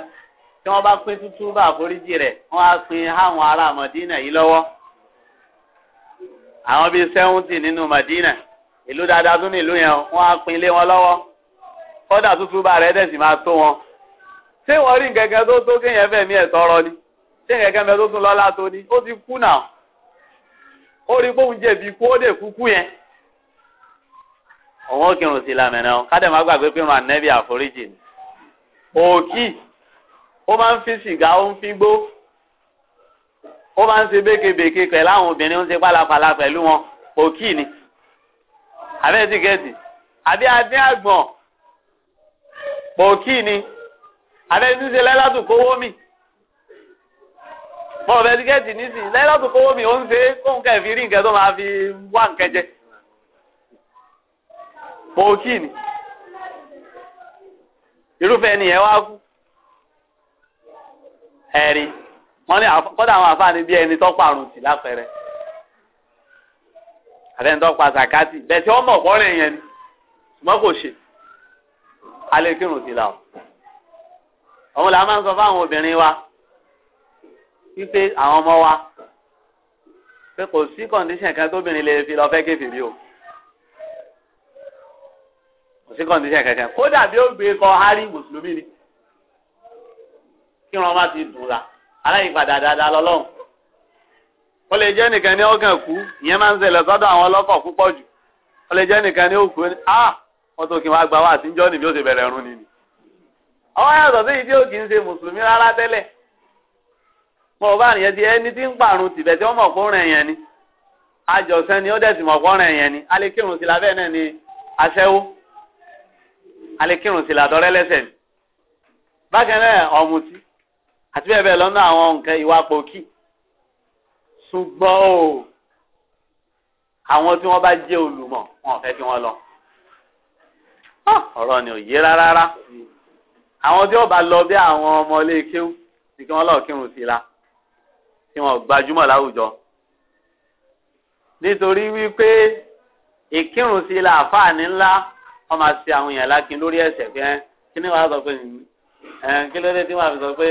tí wọ́n bá pín tútú bá àforíjì rẹ̀ wọ́n á pín àwọn ará Madina yìí lọ́wọ́ àwọn bíi sẹ́wọ́ntì nínú Madina ìlú dáadáa tún ní yẹn wọ́n á pín lé wọn lọ́wọ́ kódà tútú bá rẹ̀ dẹ̀ sì máa tó wọn ṣé wọ́n rí nǹkan kan tó tó kéèyàn fẹ̀mí ẹ̀ tọrọ ni ṣé nǹkan kan bẹ tó tún lọ́lá tó ni ó ti kú náà ó rí bóun jẹ̀bi ikú ó dé kúkú yẹn òun ó kírun sí lámẹ̀nà ọ ká dẹ̀ má gbàgbé pé irun ànẹ́bí àforíjì ni òkì ó máa ń fi sìgá ó ń fi gbó ó máa ń ṣe békebèke pẹ̀lú àwọn obìnrin ó ń ṣe pálapàla pẹ̀lú wọn òkì ni àbẹ́ẹ̀tì gẹ̀ẹ́tì àbí adé àgbọ̀n òkì ni. abẹ́ni ṣe lẹ́látù kówó mi mọ ọbẹ̀ tíkẹ́ẹ̀tì nísìnyí lẹ́látù kówó mi ó ń ṣe kóun kẹ́ fi rí nǹkan tó máa fi wá nǹkan jẹ pòókì ni irúfẹ́ nìyẹn wá kú ẹ̀rí wọ́n ní kọ́dà àwọn àfáàní bíi ẹni tó pààrùn sí lápẹẹrẹ bẹ́ẹ̀ tí wọ́n mọ̀ kọ́rin yẹn ni ṣùgbọ́n kò ṣe alẹ́ kírun sí la o. òun là máa ń sọ fáwọn obìnrin wa wípé àwọn ọmọ wa pé kò sí kọ̀ǹdíṣàn kan tóbìnrin lè fi lọ fẹ́ kéfìrí o kò sí kọ̀ǹdíṣàn kankan kódà bí ó gbé kọ hárí mùsùlùmí ni kí wọn má ti dùn la aláìpadà dáadáa lọ́lọ́run ó lè jẹ́ nìkan ní ọ̀gàn kú ìyẹn máa ń ṣẹlẹ̀ sọ́dọ̀ àwọn ọlọ́kọ̀ púpọ̀ jù ó lè jẹ́ nìkan ní òkú ni ah wọ́n tó kí wọ́n á gba wá àtijọ́ níbi ó ti bẹ̀rẹ̀ rún ni ni ọwọ́ yàtọ̀ sí ìdí òkì ń ṣe mùsùlùmí rárá tẹ́lẹ̀ mo bá nìyẹn ti ẹni tí ń pààrùn tìbẹ̀ tí wọ́n mọ̀ kó rìn yẹn ni àjọsán ni ó dẹ̀ sì mọ̀ kó rìn yẹn ni a lè kírun sí labẹ́ náà ni aṣẹ́wó a lè kírun sí ladọ́rẹ́ lẹ́sẹ̀ ni bákan náà ọ̀mùtí àti bẹ́ẹ̀ bẹ́ẹ̀ lọ́nà àwọn nǹkan ìwà pòkì ṣùgbọ́n o àwọn tí wọ́n bá jẹ́ olùmọ̀ wọn ò fẹ́ kí wọ́n lọ ọ̀rọ̀ ni ò yé rárá rárá àwọn tí wọ́n bá lọ bí àwọn ọmọ ilé kéwú ni kí wọ́n lọ kírun sí la tí wọ́n gbajúmọ̀ láwùjọ nítorí wípé ìkírun sí la àfààní ńlá wọ́n máa ṣe àwọn èèyàn lákin lórí ẹ̀sẹ̀ pé kí ni wàá sọ pé kí ló dé tí wàá fi sọ pé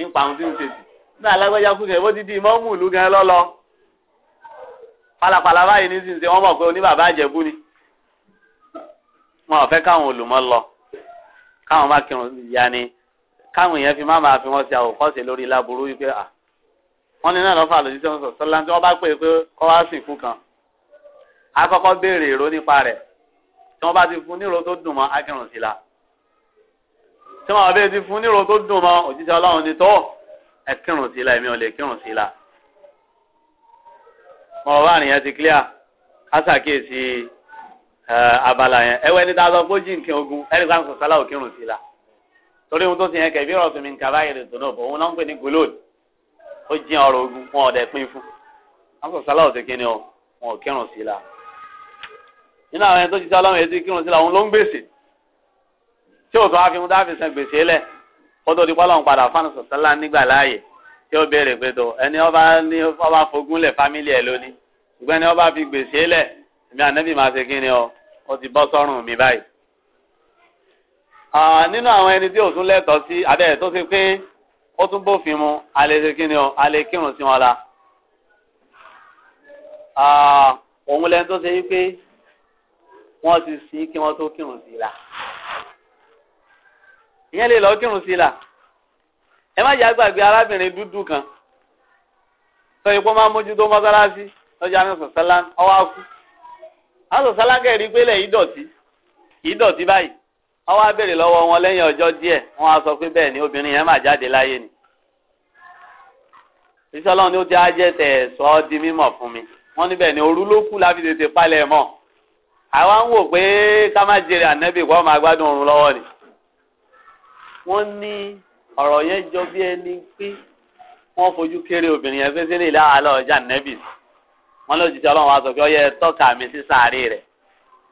ń pa àwọn tí ń tètè náà alágbèjà fún kẹ̀ bó ti di mọ́mù ìlú gan lọ́lọ́ palapala báyìí ní sísè wọ́n mọ̀ pé oníbàbá àjẹbú ni wọn ò fẹ́ káwọn olùmọ̀ lọ káwọn má kírun ya ni káwọn èèyàn fi má máa fi wọn ṣe àwòkọ́ṣe lórí láburú wípé à wọn ní náà lọ́fà lòdì sẹ́wọ̀n sọ̀tọ́ láńtí wọ́n bá pè é pé kọ́ wá sìn fún kan akọ́kọ́ béèrè èrò nípa rẹ̀ tí wọ́n bá ti fún nírò tó dùn mọ́ akírun sí la tí wọ́n bá ti fún nírò tó dùn mọ́ òjíṣẹ́ ọlọ́run ní tọ́ ẹ kírun sí la èmi ò lè kírun sí la wọn bá rìn ti clear abala yẹn ẹwẹ́ ní dáadọ́ gbójì nǹkan ogun ẹni kan sọ sálà òkèrùn sí la torí ohun tó ti yẹn kẹ̀bí rọ̀ tún nǹkan báyìí tó náà bọ̀ òun náà ń pè ní gòlóòdì ó jí ọrọ̀ ogun wọn ọ̀dẹ̀ pín fún wọn sọ sálà òsè kíni ọ wọn òkèrùn sí la nínú àwọn ẹni tó ti sá ọlọ́run ètò ìkírun sí la òun ló ń gbèsè tí òtún àfihàn dáàfin san gbèsè lẹ̀ kótó ti pọ́lọ́n padà fáànù sọ sálà nígbà láàyè tí ó béèrè pé tó ẹni ọba ní ọba fogún lẹ̀ fámílì ẹ̀ lónìí ṣùgbọ́n ẹni ọba fi gbèsè lẹ̀ èmi ànẹ́bì máa ṣe kíni ọ ó ti bọ́ sọ́rùn mi báyìí. Ah, nínú àwọn ẹni tí òtún lẹ́tọ̀ọ́ sí abẹ́ tó ṣe pé ó tún bófin mu alẹ́ ṣe kí ni ọ alẹ́ kírun sí wọn la. Ah, òun lẹ́nu tó ṣe yí pé wọ́n ti sin kí wọ́n tó kírun sí la. ìyẹn lè lọ kírun sí la. ẹ má jẹ́ àgbàgbé arábìnrin dúdú kan sọ yìí kó máa mójútó mọ́sálásí lọ́jà ní sọ̀sẹ́lá ọwọ́ á aṣọ sálágẹ̀ rí pé lẹ̀ ìdọ̀tí ìdọ̀tí báyìí wọ́n wá béèrè lọ́wọ́ wọn lẹ́yìn ọjọ́ díẹ̀ wọ́n á sọ pé bẹ́ẹ̀ ni obìnrin yẹn máa jáde láyé ni iṣẹ́ ọlọ́run ni ó ti á jẹ́ tẹ̀ sọ ọ́ di mímọ̀ fún mi wọ́n níbẹ̀ ni òru ló kù láfi tètè palẹ̀ mọ́ àwa ń wò pé ká má jèrè ànẹ́bì kó máa gbádùn òrun lọ́wọ́ ni wọ́n ní ọ̀rọ̀ yẹn jọ bí ẹni pé wọ́n fojú kéré obìnrin yẹn fẹ́ sílẹ̀ ìlà àlọ́ ọjà ànẹ́bì sí wọn lójijì ọlọ́run wa sọ pé ọyẹ tọ́ka mi sí sáré rẹ̀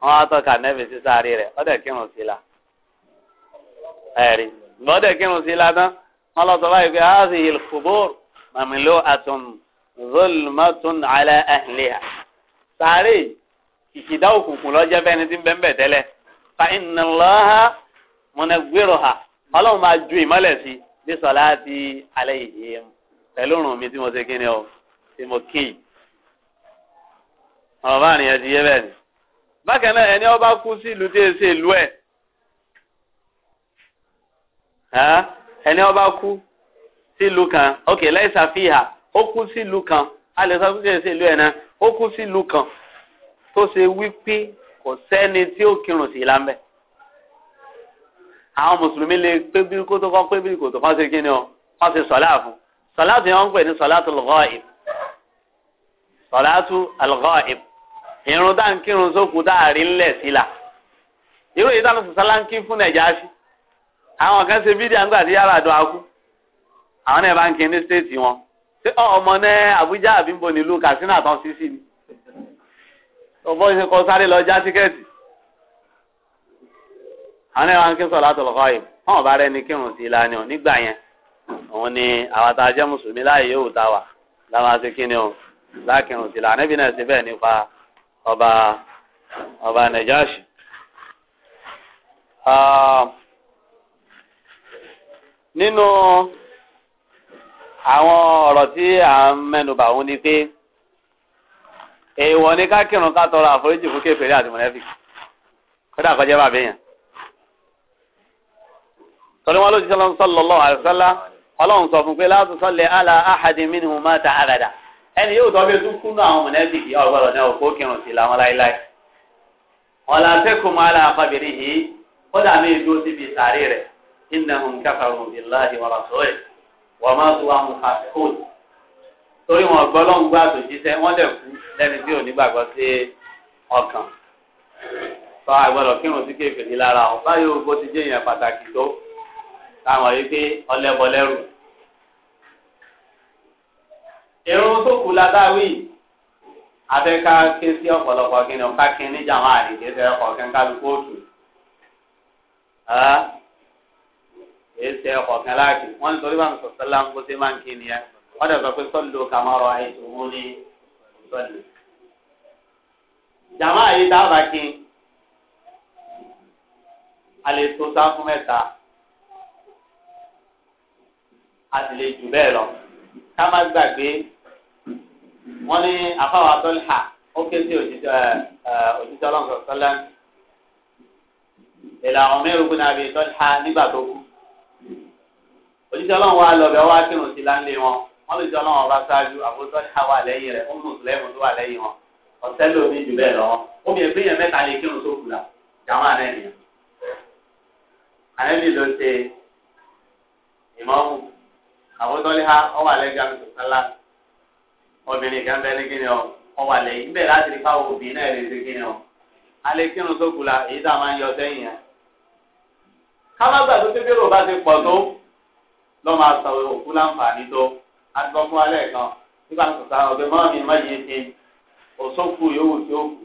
wọn wá tọ́ka nẹ́ẹ̀mí sí sáré rẹ̀ ọdẹ kírun sí la ẹ̀rí ọdẹ kírun sí la tán wọn lọ sọ báyìí pé aasi ilkubur mamilo atun zulmatun ala ahliha sáré ìkìdá òkùnkùn lọ́jọ́ bẹ́ẹ̀ ni ti ń bẹ́ẹ̀ bẹ́ẹ̀ tẹ́lẹ̀ fa inna Allaha munawwiruha ọlọ́run máa ju ìmọ́lẹ̀ sí bí sọlá ti alẹ́ yìí pẹ̀lú òrùn mi tí mo ṣe kí ni o tí mo kí yìí ọ̀rọ̀ bá rìn yẹn ti yé bẹ́ẹ̀ ni bákan náà ẹni ọba kú sí ìlú tí èsì ìlú ẹ̀ ẹni ọba kú sí ìlú kan ok lẹ́yìn ṣàfihàn ó kú sí ìlú kan a lè sọ pé èsì ìlú ẹ̀ náà ó kú sí ìlú kan tó ṣe wípé kò sẹ́ni tí ó kírun sí ìlànà àwọn mùsùlùmí lè pé bí kò tó kọ́ pé bí kò tó kọ́ sí kí ni o wọ́n ti sọ̀lá fún sọ̀lá tó yẹn wọ́n ń pè ní sọ̀lá tó lọ́ọ̀ ìb sọ̀lá tó lọ́ọ̀ ìb irun tá n kírun sókun tá a rí ńlẹ̀ sílà irú yìí táwọn sọ̀sọ́ láńkí fún Nàìjíríà àwọn kan ṣe fídíò àgbà tí yàrá àdó akú àwọn náà bá ń kí ní stéètì wọn ṣé ọmọ náà Àbújá àbí ń bo nílùú Katsina tán sí sí ni ọ̀bọ̀n ṣe kọ sáré lọ já tíkẹ́ẹ̀tì àwọn náà bá ń kí sọ̀rọ̀ àtọ̀lọ́kọ́ yìí wọn ò bá rẹ́ni kírun sí ìlànà nígbà yẹn òun ni àwọn tá a jẹ́ mùsùlùmí láàyè yóò ta wà láwọn ṣe o lákìrùn sí ìlànà ẹ̀bí náà ṣe bẹ́ẹ̀ nípa ọba ọba nàìjáàsì. Ah, nínú àwọn ọ̀rọ̀ tí à ń mẹ́nubà òun ni pé èèwọ̀ ni ká kírun ká tọrọ àforíjì fún kéferé àti mọ̀lẹ́fìkì kódà kọjá bàbá yẹn tọ́lú wọn ló ti sọ́lọ́ sallallahu alaihi wasallam ọlọ́run sọ fún pé la tusalli ala ahadin minhum mata abada ẹni yóò tọ́ bí o tún kúnnú àwọn mọ̀lẹ́bí yìí ọ̀gbọ́dọ̀ náà kó kírun sí làwọn láéláé wọn là sẹ́kùn mọ́ àlà àfàbìrì yìí kódà mí dúró síbi sàárè rẹ̀ innahum kafaru billahi wa rasulihi wa matu wa hum fasiqun torí wọn gbọ́ lọ́n gbọ́ àtòjíṣẹ́ wọ́n dẹ̀ kú lẹ́ni tí ò ní gbàgbọ́ sí ọkàn sọ àgbọ̀dọ̀ kírun sí kéfì ní ọ̀ irun tó kù ládàáwì afẹ́ká ké sí ọ̀pọ̀lọpọ̀ kí ni ọ̀ká kí ní jàmọ́ àdìgẹ́ tẹ́ ọkọ̀ kí n kálu kóòtù èyí tẹ ọkọ̀ kí n láàkì wọ́n ní torí bá mi sọ̀tọ́ láǹ kó tẹ́ máa ń kí ni ẹ wọ́n dẹ̀ sọ pé sọ́lù kàmọ́rọ̀ àìsàn òun ní sọ́lù. jàmọ́ àyè dábàá kí a lè tó sáfún mẹ́ta a sì lè jù bẹ́ẹ̀ lọ ká má gbàgbé. wọ́n ní afáwà tọ́lá ó ké sí òjijì òjijì ọlọ́run sọ́lá ìlànà mẹ́rùn-ún náà bí tọ́lá nígbà tó kú òjijì ọlọ́run wa lọ bẹ̀ wá sí láńlé wọn wọ́n lè jọ ọlọ́run ọba ṣáájú àbótọ́ ìhà wà lẹ́yìn rẹ̀ ó ń sùn tó wà lẹ́yìn wọn ọ̀sẹ́ lómi jù bẹ́ẹ̀ mẹ́ta lè kírun tó kù la àná ènìyàn obìnrin kan bẹ ní kíni ọ ọwà lẹ́yìn bẹ́ẹ̀ láti rí káwọn obìnrin náà lè ṣe kíni ọ alẹ́ kírun tó kula èyí tá a máa ń yọ sẹ́yìn yẹn. kámágbà tó tẹ́bí rò bá ti pọ̀ tó lọ́ máa sọ òkú láǹfààní tó a ti sọ fún alẹ́ kan nígbà tó sọ ọ̀gbẹ́ mọ́ mi má yé ṣe òṣòfò yòówù tí kù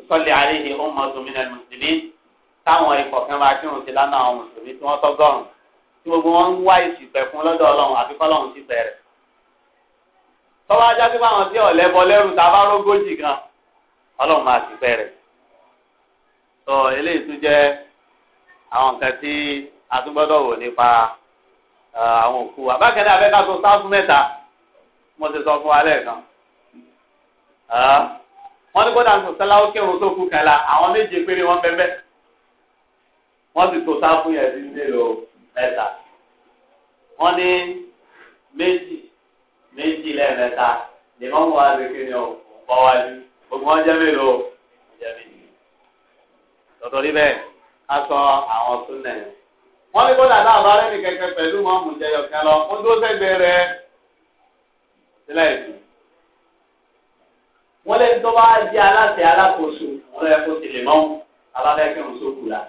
ìsọ̀lẹ̀ àlẹ́ yìí ó mọ tòmínà mùsùlùmí táwọn ikọ̀ kan máa kírun sí lánàá àwọn mùsùlùmí tí wọ́n tọ́gọ́rùn-ún tí gbogbo wọn ń wá ìsìpẹ̀ fún lọ́dọ̀ ọlọ́run àfikọ́ ọlọ́run sì bẹ̀rẹ̀ tọ́wọ́ ajá pípa àwọn tí ọ̀lẹ́ bọ lẹ́rù tá a bá rógójì kan ọlọ́run máa ti pẹ́ rẹ̀ tó eléyìí tún jẹ́ àwọn nǹkan tí a tún gbọ́dọ̀ wò nípa àwọn òkú wa bákan náà abẹ́ká tó sáfù mẹ́ta mo ti sọ fún wa lẹ́ẹ̀kan wọ́n ní kódà tó sẹ́láwó kírun tó kú kẹla àwọn méje péré wọ́n bẹ́ẹ̀ bẹ́ẹ̀ wọ́n ti tó sáfù yẹn sí nílò mẹ́ta wọ́n ní méjì méjì lẹ́ẹ̀mẹ́ta lèmọ́ mọ́ àgbèké ni ò ń bọ́ wájú gbogbo wọn jẹ́ mélòó jẹ́ méjì. tọ́tọ́rí bẹ́ẹ̀ ká sọ àwọn súnẹ̀ yẹn. wọ́n ní kódà náà bá rẹ́ni kẹ̀kẹ́ pẹ̀lú mọ́mù jẹyọ kan lọ ó dúró sẹ́gbẹ́ rẹ̀ sílẹ̀ ìlú. wọ́n lé tó bá jẹ́ aláṣẹ alákòóso wọ́n lè kó tilẹ̀ mọ́mù alábẹ́kẹ̀rún sókù la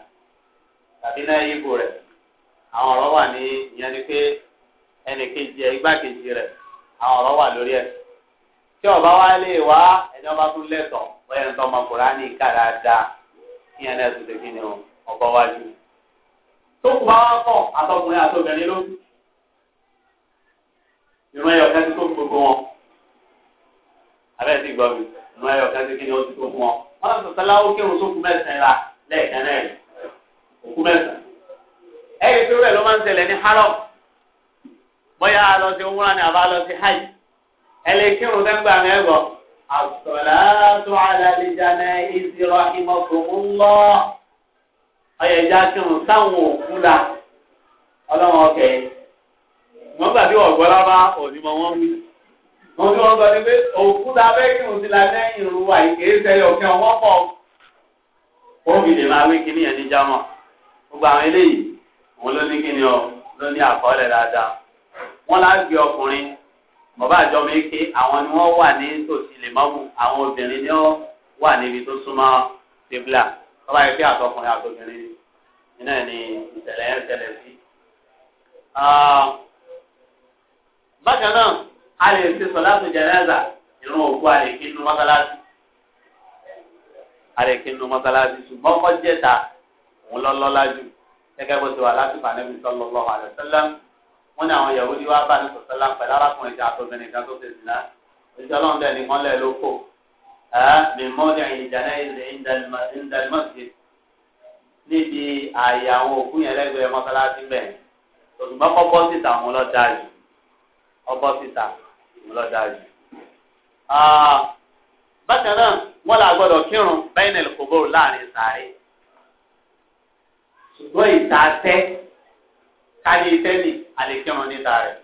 tàbí náà yíbo rẹ̀ àwọn ọ̀rọ̀ wà ní ìyẹn ni pé ẹnì kejì ẹ̀ igbákejì rẹ̀ àwọn ọ̀rọ̀ wà lórí ẹ̀ tí ọba wa lè wá ẹni ọba tún lẹ́tọ̀ bóyá ń tọ́ ọmọ kùránì kára dáa kí ẹni ẹ̀sùn tẹ̀sí ni ọba wa jù. tó kù bá wá pọ̀ àtọkùnrin àtọbìnrin ló ìrún ẹyọ kan ti tó gbogbo wọn abẹ́ẹ̀ sì gbọ́ mi ìrún ẹyọ kan kí ni ó ti tó fún wọn wọn sọ sọlá ó kírun sókù mẹ́sàn-án la lẹ́ẹ̀kan náà òkú mẹ́sàn-án ẹ̀yìn tó rẹ̀ ló máa ń tẹ̀lé ní harrow bóyá lọ sí wúrà ni àbá lọ sí hajj ẹlẹ́kírun tẹ́gbà mẹ́gbọ́ as-salatu ala al-janaiz rahimakumullah ọyẹ ìjà kírun sáwọn òkú la ọlọ́wọ́n ọkẹ́ wọ́n gbà bí ọ̀gbọ́n lábá òní mọ wọ́n wí wọ́n tí wọ́n sọ ni pé òkú la bẹ́ẹ̀ kírun sí la lẹ́yìn ìrù wa ìkéyìí sẹ́yìn ọ̀kẹ́ wọ́n pọ̀ ó fi lè máa wí kíní yẹn jámọ̀ gbogbo àwọn eléyìí òun ló ní kíni ọ ló ní àkọọ́lẹ̀ dáadáa wọ́n lá gbé ọkùnrin bàbá àjọ mi ké àwọn ni wọ́n wà ní tòsí lèmọ́mù àwọn obìnrin ni wọ́n wà níbi tó súnmọ́ tébìlà bàbá yìí pé àtọkùnrin àtọkùnrin iná ni ìṣẹ̀lẹ̀ yẹn ṣẹlẹ̀ sí. Ah, bákan náà a lè ṣe sọ̀láṣù jẹ̀nẹ́sà ìrun òkú a mọ́sálásí a mọ́sálásí ṣùgbọ́n kọ́jẹ́ta òun lọ́lọ́lá jù gẹ́gẹ́ bó ti wà lásìkò ànábì sallallahu alaihi wasallam wọ́n ní àwọn yahudi wá bá ní sọ̀tẹ́lá pẹ̀lú arákùnrin kan àtọ́bìnrin kan tó fèsì náà oṣù ọlọ́run bẹ́ẹ̀ ni wọ́n lẹ̀ ló kó mi mọ́ ní ìjànà ilẹ̀ ìdàlmọ́sì níbi ààyè àwọn òkú yẹn lẹ́gbẹ̀ẹ́ mọ́sálásí bẹ̀ òṣùgbọ́n kọ́ síta òun lọ dáa jù síta òun lọ dáa bákan náà wọ́n là gbọ́dọ̀ kírun bẹ́ẹ̀ ní ìlú kòbó káyé tẹ́lì àlèkírun níta rẹ̀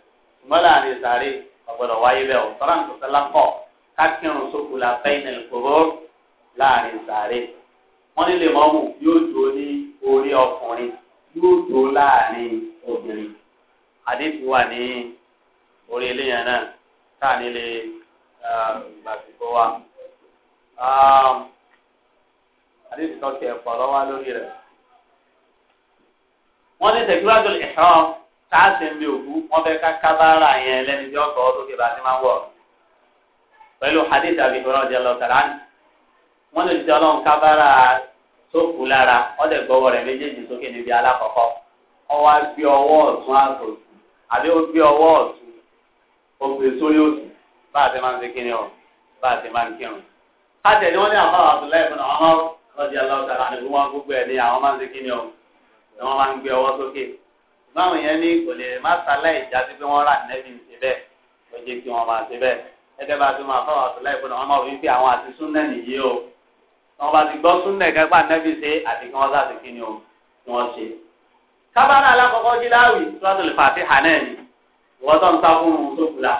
mọ́lá àrè sàrè ọ̀gbọ́dọ̀ wáyé bẹ́ẹ̀ o tọ́lá nǹkan sẹ́lá kọ̀ kákírun sókù la fẹ́yìn ẹ̀kọ́rọ́ láàrin sàrè wọ́n nílé mọ́mù yóò dúró ní orí ọkùnrin yóò dúró láàrin obìnrin àdéhùn wà ní orí eléyàn náà táà nílé ah, ìgbàsíkó wa àdéhùn ah, tó kẹ̀ pọ̀ lọ́wọ́ lórí rẹ̀ wọ́n ní tẹ̀síwájú ìṣàn káàsì ń bí òkú wọ́n fẹ́ ká kábàárà yẹn lẹ́ni tí wọ́n kọ́ ọ́ sókè bá ti máa ń wọ̀ pẹ̀lú hadith àbí ìfọ̀rọ̀ ọ̀jẹ̀ lọ tàrà ní wọ́n lè jẹ́ ọlọ́run kábàárà sókù lára wọ́n lè gbọ́wọ́ rẹ̀ méjèèjì sókè níbi alákọ̀ọ́kọ́ wọ́n wá gbé ọwọ́ ọ̀tún àtòsí àbí ó gbé ọwọ́ ọ̀tún ó gbé sórí òsì bá a ti máa ń ṣe kíni bá a máa ń kírun ni wọ́n máa ń gbé ọwọ́ sókè báwọn yẹn ní kò lè má sáláì jáde pé wọ́n rà nẹ́bí ṣe bẹ́ẹ̀ ló jẹ́ kí wọ́n máa ṣe bẹ́ẹ̀ ẹgbẹ́ bá ti máa fọwọ́ àtúnlẹ̀ ìbọn àwọn ọmọ fífi àwọn àti súnnẹ̀ nìyí o wọ́n bá ti gbọ́ súnnẹ̀ kẹ́pà nẹ́bí ṣe àti kí wọ́n sáà kí ni o kí wọ́n ṣe. kábàárà alákọ̀ọ́kọ́ jíláwì sọ́tòlì fàtíhà náà ni wọ́n tó ń sá fún un tó kula.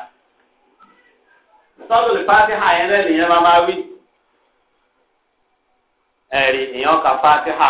sọ́tòlì fàtíhà yẹn lẹ́nu máa máa wí. ẹ̀rí ìyàn ka fàtíhà.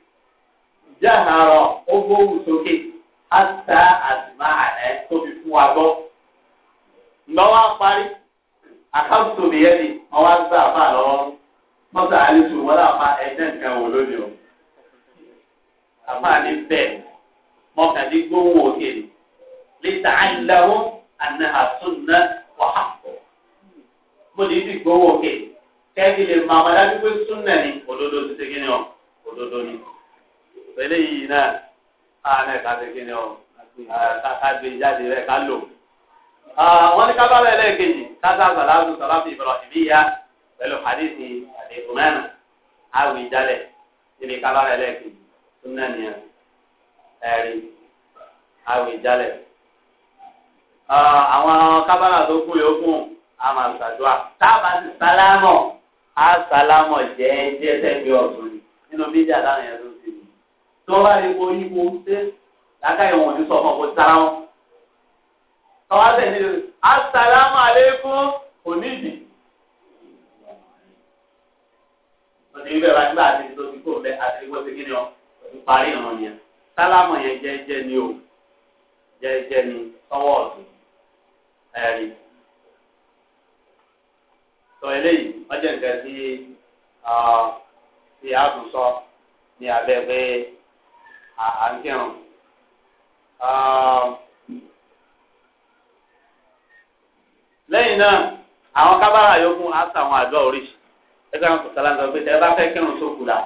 yàtàrọ̀ ó gbóhùn a àtà àtìmá àlẹ́ tó fi fún wa gbọ́. ǹgbọ́n wá parí àkáǹtò nìyẹn ni wọ́n wá gbà fà lọ́wọ́ mọ́tà àlejò òkè ni ana mo ti òkè kẹ́kì lè ni òdodo ti ni ọ òdodo pẹ̀lẹ́ yìí náà àánẹ̀ káfí kí ni ọ káfí jáde rẹ̀ ká lò. wọ́n ní kábàárà ẹlẹ́ẹ̀kejì káfí àgbàlagbà sọ̀rọ̀ fi ìbọ̀rọ̀ ìbíyà pẹ̀lú hadithi àdéhùn mẹ́rin àwìn jálẹ̀ níbi kábàárà ẹlẹ́ẹ̀kejì tún náà nìyẹn ẹ̀rí àwìn jálẹ̀. àwọn kábàárà tó kù yòókù àmà ṣàdúrà táàbà ti sálámọ̀ á jẹ́ jẹ́ tẹ́gbẹ́ ọ̀tún nínú bíjà láwọn yẹn tó tọ́ba lè kó yípo ṣe lákàyè wọn ní sọ̀mọ́ kó sára wọn. tọ́wá tẹ̀ ní asàlámù aláìkùm onídìí. wọ́n ti rí bẹ́ẹ̀ bá nígbà àti tó ti kó bẹ́ẹ̀ àti wọ́n kí ni ọ́ ti parí ìran o jẹ́jẹ́ ni ẹ̀rí. sọ eléyìí wọ́n jẹ́ nǹkan tí ìyá ah, ní abẹ́ pé. à ń kírun. lẹ́yìn náà àwọn kábàrà yòókù á sọ àwọn àdúrà oríṣi ẹgbẹ́ àwọn sọ̀tàlá ń sọ pé tẹ́ ẹ bá fẹ́ kírun sókù la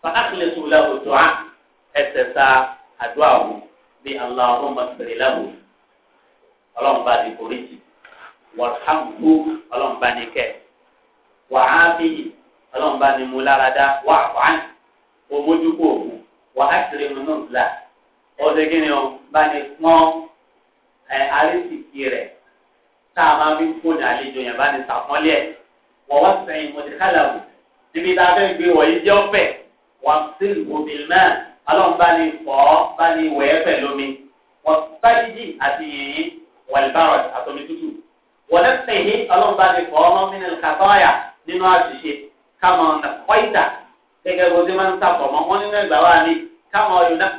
fàákìlẹ̀ sùn la òjò á ẹsẹ̀ ta àdúrà wọn bí aláwọ̀ mọ̀tẹ́rẹ́ láwùjọ ọlọ́mùbá ní oríṣi wàhámù ọlọ́mùbá ní kẹ́ wàhámì ọlọ́mùbá ní mú wàhámì òmójúkú òkú wàhásìrì nínú ìlà ọdẹ gíní o bá ní pọn ẹ arísìkì rẹ tá a máa fi kó ní àlejò yẹn bá ní sàpọ́nlé ẹ wọ́n wá sẹ́yìn mọ̀tẹ́kálàbù níbi tá a fẹ́ gbé wọ̀nyí jẹ́ ọ̀fẹ́ wọ́n sì wòmí náà alọ́n bá ní fọ́ bá ní wẹ̀ẹ́ pẹ̀ lómi wọ́n sáyidì àti yìnyín wọ̀lbárọ̀ àtọ́mi tútù wọ́n lẹ́sẹ̀ yìí alọ́n bá ní fọ́ ọmọ mínú kàtọ́yà nínú àṣìṣe kàmọ́ nàkọ́ìdà gẹ́gẹ́ bó ti máa ń sàpọ̀ mọ́ wọn nínú ìgbà wa ni káwọn ọ̀yọ́ náà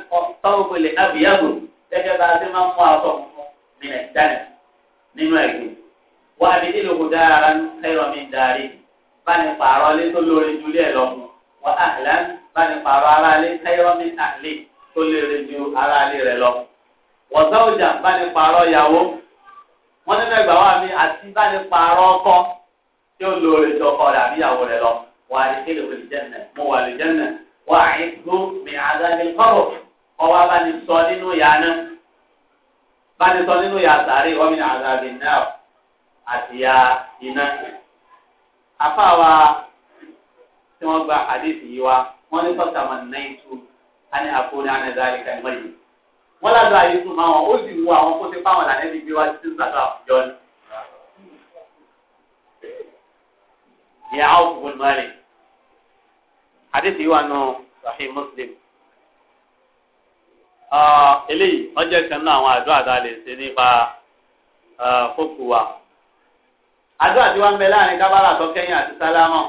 tọ́wọ́ pele abiyabo gẹ́gẹ́ bá a ti máa ń mú aṣọ funfun nílẹ̀ dání nínú ẹ̀gbẹ́ wá àbí nílò kó dára kẹrọ mi darí bá ní pààrọ̀ alẹ́ tó lóore ju ilé ẹ̀ lọ wọ́n àhìlá bá ní pààrọ̀ ara alẹ́ kẹrọ mi àlè tó lóore ju ara alẹ́ rẹ̀ lọ wọ́n sọ́ọ̀jà bá ní pààrọ̀ ìyàwó wọ́n nínú ìgbà wa mi àti bá ní pààrọ̀ ọkọ وأدخله الجنة مو الجنة وأعده من عذاب القبر ọwọ́ bá ní sọ nínú ìyá náà bá ní sọ nínú ìyá sàárè wọ́n mi ní àzàbí náà àti ìyá iná. afáwa tí wọ́n gba àdéhùn yìí wá wọ́n ní sọ́tà máa náà tú àní àkóónì ànàdá àríkà ìmọ̀ yìí. wọ́n lábẹ́ àyè tún máa wọn ó sì wú àwọn kó ti fáwọn lànà ẹbí gbé wá sí sàtọ̀ àwùjọ ni. ìyá àwọn kò gbọdọ̀ máa rìn àdéhùn yìí wà nù Sahih Muslim ah, eléyìí ọjọ́ kan náà àwọn àdó àdá lè ṣe nípa ah, fókù wa àdó àti wa ń bẹ láàrin kábàlà tó kẹ́yìn àti sálámọ̀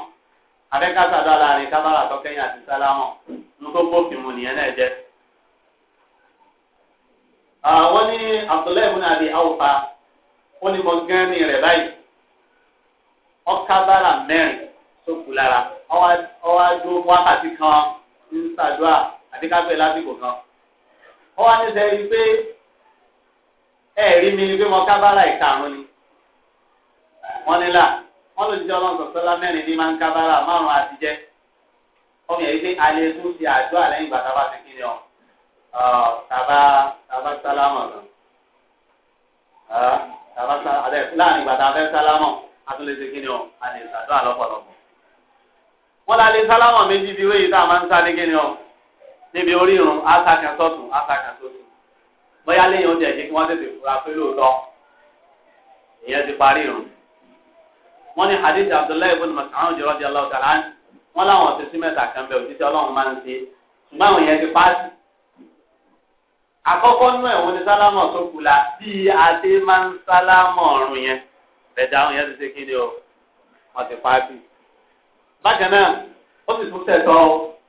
abẹ́kásàdó láàrin kábàlà tó kẹ́yìn àti sálámọ̀ nítorí bófin mu nìyẹn náà jẹ́ ah, wọ́n ní abdullahi ibn abi awfa wọ́n ní mọ̀gánni rẹ̀ báyìí ọ̀kábàrà mẹ́rin tó kù lára ọwọ́ adó wákàtí kan ń ṣàdúrà àti káfẹ́ lásìkò kan. ó wá ní sẹ́yìn pé ẹ̀rí mi ni pé mo kábàárà ìkarùn-ún ni wọ́n ní là wọ́n lò jíjẹ́ ọlọ́run sọ̀tọ́lá mẹ́rin ní máa ń kábàárà márùn-ún àtijẹ́ ọmọ yẹn pé alẹ́ tó ti àdúrà lẹ́yìn ìgbà tá a ti kí ni ọ tàbá tàbá sálámọ̀ lọ tàbá sálámọ̀ láàrin ìgbà tá a fẹ́ sálámọ̀ a tún lè ṣe kí ni ọ a lè ṣàdúrà lọ́pọ̀lọpọ̀ wọ́n la lè sálámọ̀ méjì bí wéyìí tá a máa ń sáré kí ni ọ níbi orí irun ásákan sọ́tún ásákan sọ́tún bóyá lẹ́yìn oúnjẹ yìí kí wọ́n tètè fura pé lóòótọ́ ìyẹn ti parí irun wọ́n ní hadith abdullahi ibn mas'ud jọrọ di aláwọ tàlá wọ́n láwọn ọ̀sẹ̀ sí mẹ́ta kan bẹ òjíṣẹ́ ọlọ́run máa ń ṣe ṣùgbọ́n àwọn ìyẹn ti paasi àkọ́kọ́ nú ẹ̀wọ̀n ní sálámọ̀ tó kù la bí adé máa ń sálámọ̀ ọ̀run yẹn ẹ̀dá àwọn yẹn ti ṣe kí ni o ti paasi bákan náà ó sì tún tẹ̀tọ́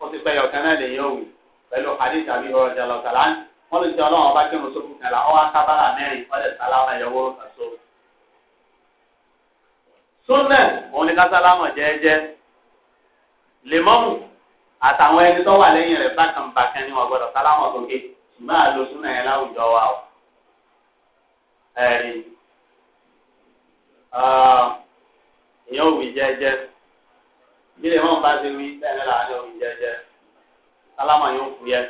ó sì pẹ̀yọ̀ kan náà lèyìn òwì pẹ̀lú hadith àbí ọ̀rọ̀ jàlọ̀ kàlá wọ́n lè jẹ́ ọlọ́run ọba kírun sókùn kàlá ọwọ́ akábàlà mẹ́rin wọ́n lè sálámà ẹ̀yọ́wó kàṣó. súnẹ̀ òun ni kásálámà jẹ́ẹ́jẹ́ lèmọ́mù àtàwọn ẹni tó wà lẹ́yìn rẹ̀ bákan bákan ni wọ́n gbọ́dọ̀ sálámà sókè ṣùgbọ́n àlọ́ súnẹ̀ yẹn láwùjọ wa o. ẹ̀rí ìyẹn òwì jẹ́ẹ́jẹ́ bí lè mọ̀ bá ṣe wí bẹ́ẹ̀ làwọn ọmọ jẹjẹ sálámà yóò kú yẹ.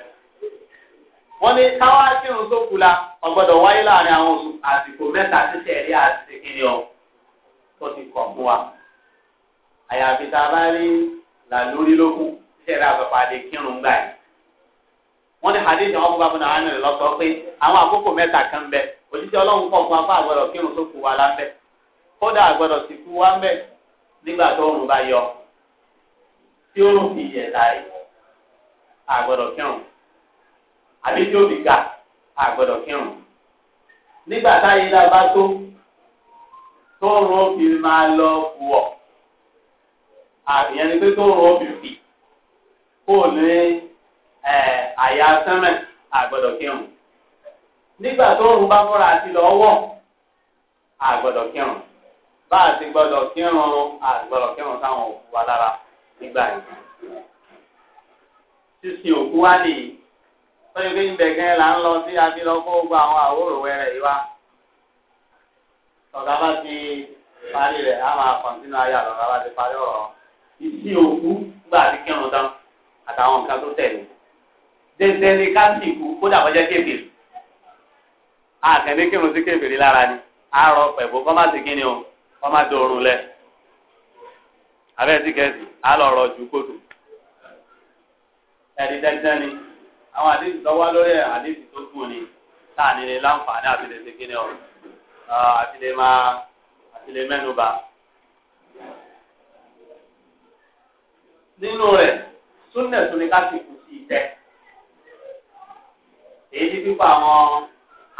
wọ́n ní káwá kírun tó kú la ọgbọ́dọ̀ wáyé láàrin àwọn oṣù àsìkò mẹ́ta títẹ̀ rí àti kíni ọ tó ti kọ̀ fún wa. àyàfi tá a bá rí làlórí lókun títẹ̀ rí àpapàdé kírun gbà yìí. wọ́n ní hadith àwọn búba fúnra wọn lọ sọ pé àwọn àkókò mẹ́ta kan bẹ òjijì ọlọ́run pọ̀ fún afọ àgbọ̀dọ̀ kírun tó kú wa lábẹ́ kódà àgbọ̀dọ̀ sì kú wa ń bẹ̀ nígbà tó òòrùn bá yọ tí ó fi yẹ láì àgbọ̀dọ̀ kírun àbí tí ó fi ga àgbọ̀dọ̀ kírun nígbà táyé dá bá tó tóorùn ó fi máa lọ kú ọ àbíyẹn ni pé tóorùn ó fi kó o ní àyà sẹ́mẹ̀ àgbọ̀dọ̀ kírun nígbà tóorùn bá fọ́ra àti lọ́wọ́ àgbọ̀dọ̀ kírun bá a ti gbọ́dọ̀ kírun àgbọ̀dọ̀ kírun sáwọn òkú wa lára. nígbà yìí sísìn òkú wá nìyí fi ń là ń lọ sí abilọ́kọ́ gbogbo àwọn àwòrán rẹ̀ yìí wá bá ti parí rẹ̀ á máa kọ̀ǹtínú ayé àlọ́gá bá ti parí ọ̀rọ̀ ìsìn òkú gbà ti kírun tán àtàwọn nǹkan tó tẹ̀lé dẹ́sẹ̀ kódà kébìrì kírun sí kébìrì lára ni àárọ̀ o abẹ́ẹ̀sì kẹ́sì alọ̀rọ̀ ju kótó ẹ̀rí dẹ́gbẹ́ ni àwọn àdéhùn tó wá lórí àdéhùn tó gùn ni táà nílé láǹfààní àti lè ṣe kíni ọ̀rọ̀ àti lè máa àti lè mẹ́nu bà. nínú rẹ̀ súnẹ̀ tó ní ká sì kù sí ìtẹ́ èyí tí pípa àwọn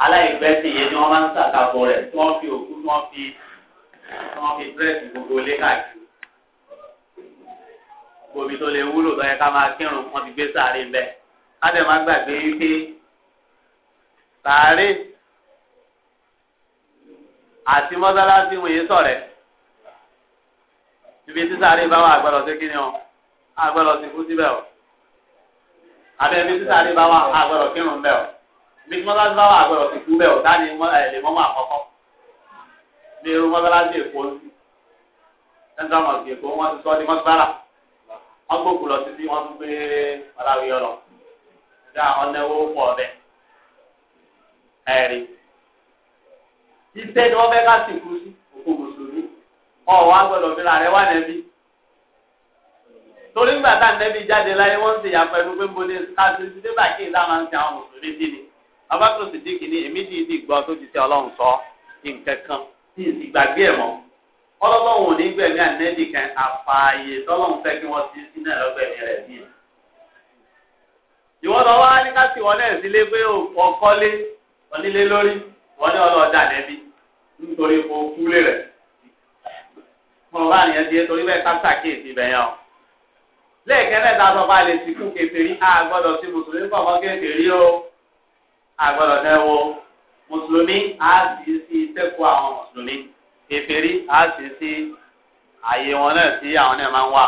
aláìgbẹ́sìn yẹn ni wọ́n máa ń ṣàkàbọ̀ rẹ̀ tí wọ́n fi òkú tí wọ́n fi tí wọ́n fi dírẹ́sì gbogbo lé káàkiri omi tó lè wúlò tó yẹ ká máa kírun wọn ti gbé sàárè ńbẹ ká dẹ̀ máa gbàgbé wípé sàárè àti mọ́sálásí wòye sọ̀rẹ́ ibi tí sàárè bá wà àgbàlọ́ sí kíni o àgbàlọ́ sí kú síbẹ̀ o àbẹ̀ ibi tí sàárè bá wà àgbàlọ́ kírun bẹ̀ o ibi tí mọ́sálásí bá wà àgbàlọ́ sí kú bẹ̀ o dání lè mọ́mọ́ àkọ́kọ́ bí irú mọ́sálásí èkó ń sìn ẹ̀ńtọ́ mọ̀ sí èkó wọ́n ti sọ́ di mọ́sálásí wọ́n gbókù lọ títí wọ́n tún gbé ọ̀làwìyọ lọ dá ọ̀nẹ́wó pọ̀ ọ̀bẹ ẹ̀rí. iṣẹ́ ni wọ́n fẹ́ ká sìnkú sí òkú mùsùlùmí ọ̀wọ́ agbọ́dọ̀ fi rà rẹ wà nẹ́bí. torí ńgbà tá nẹ́bí jáde láyé wọ́n ń ṣe ìyá pẹ̀lú pé mo lè ká sí i síbà kí ìlà máa ń ṣe àwọn mùsùlùmí dì ní. abákùrọ̀sì dìkì ni èmi dì í dì gbọ́ tó ti ṣe ọlọ́run sọ nǹkan kan tí ì ọlọ́lọ́wọ́ ò ní gbẹ̀mí ànẹ́bì kan àfààyè tọ́lọ́hún fẹ́ kí wọ́n ti sí náà lọ́gbẹ̀mí rẹ̀ bí i. ìwọ́n lọ wá ní ká sì wọlé ìdílé pé ọkọ́lé onílé lórí wọ́n ní ọlọ́ọ̀dà nẹ́bí nítorí kò kúlé rẹ̀. mo bá nìyẹn di torí bẹ́ẹ̀ ká sàkíyèsí ibẹ̀ yẹn o. lẹ́ẹ̀kẹ́ náà ta sọ fún alẹ́ sìnkú kẹfẹ́rí àgbọ̀dọ̀ sí mùsùlùmí kọ̀ọ̀kan mùsùlùmí á sì sí kèfèrí á sì sí àyè wọn náà sí àwọn náà máa ń wà.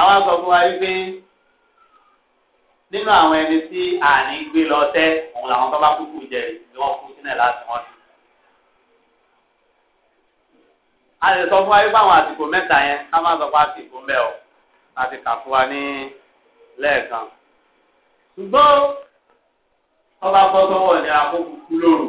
àwọn sọ fún wa wípé nínú àwọn ẹni tí àní gbé lọ tẹ́ òun làwọn tó bá kúkú jẹ ni wọ́n kú sílẹ̀ láti wọ́n sí. a lè sọ fún wa wípé àwọn àsìkò mẹ́ta yẹn ká má sọ pé àsìkò ń bẹ̀ ọ́ láti kà fún wa ní lẹ́ẹ̀kan. ṣùgbọ́n ọba bọ́ ni àkókò kú lóru.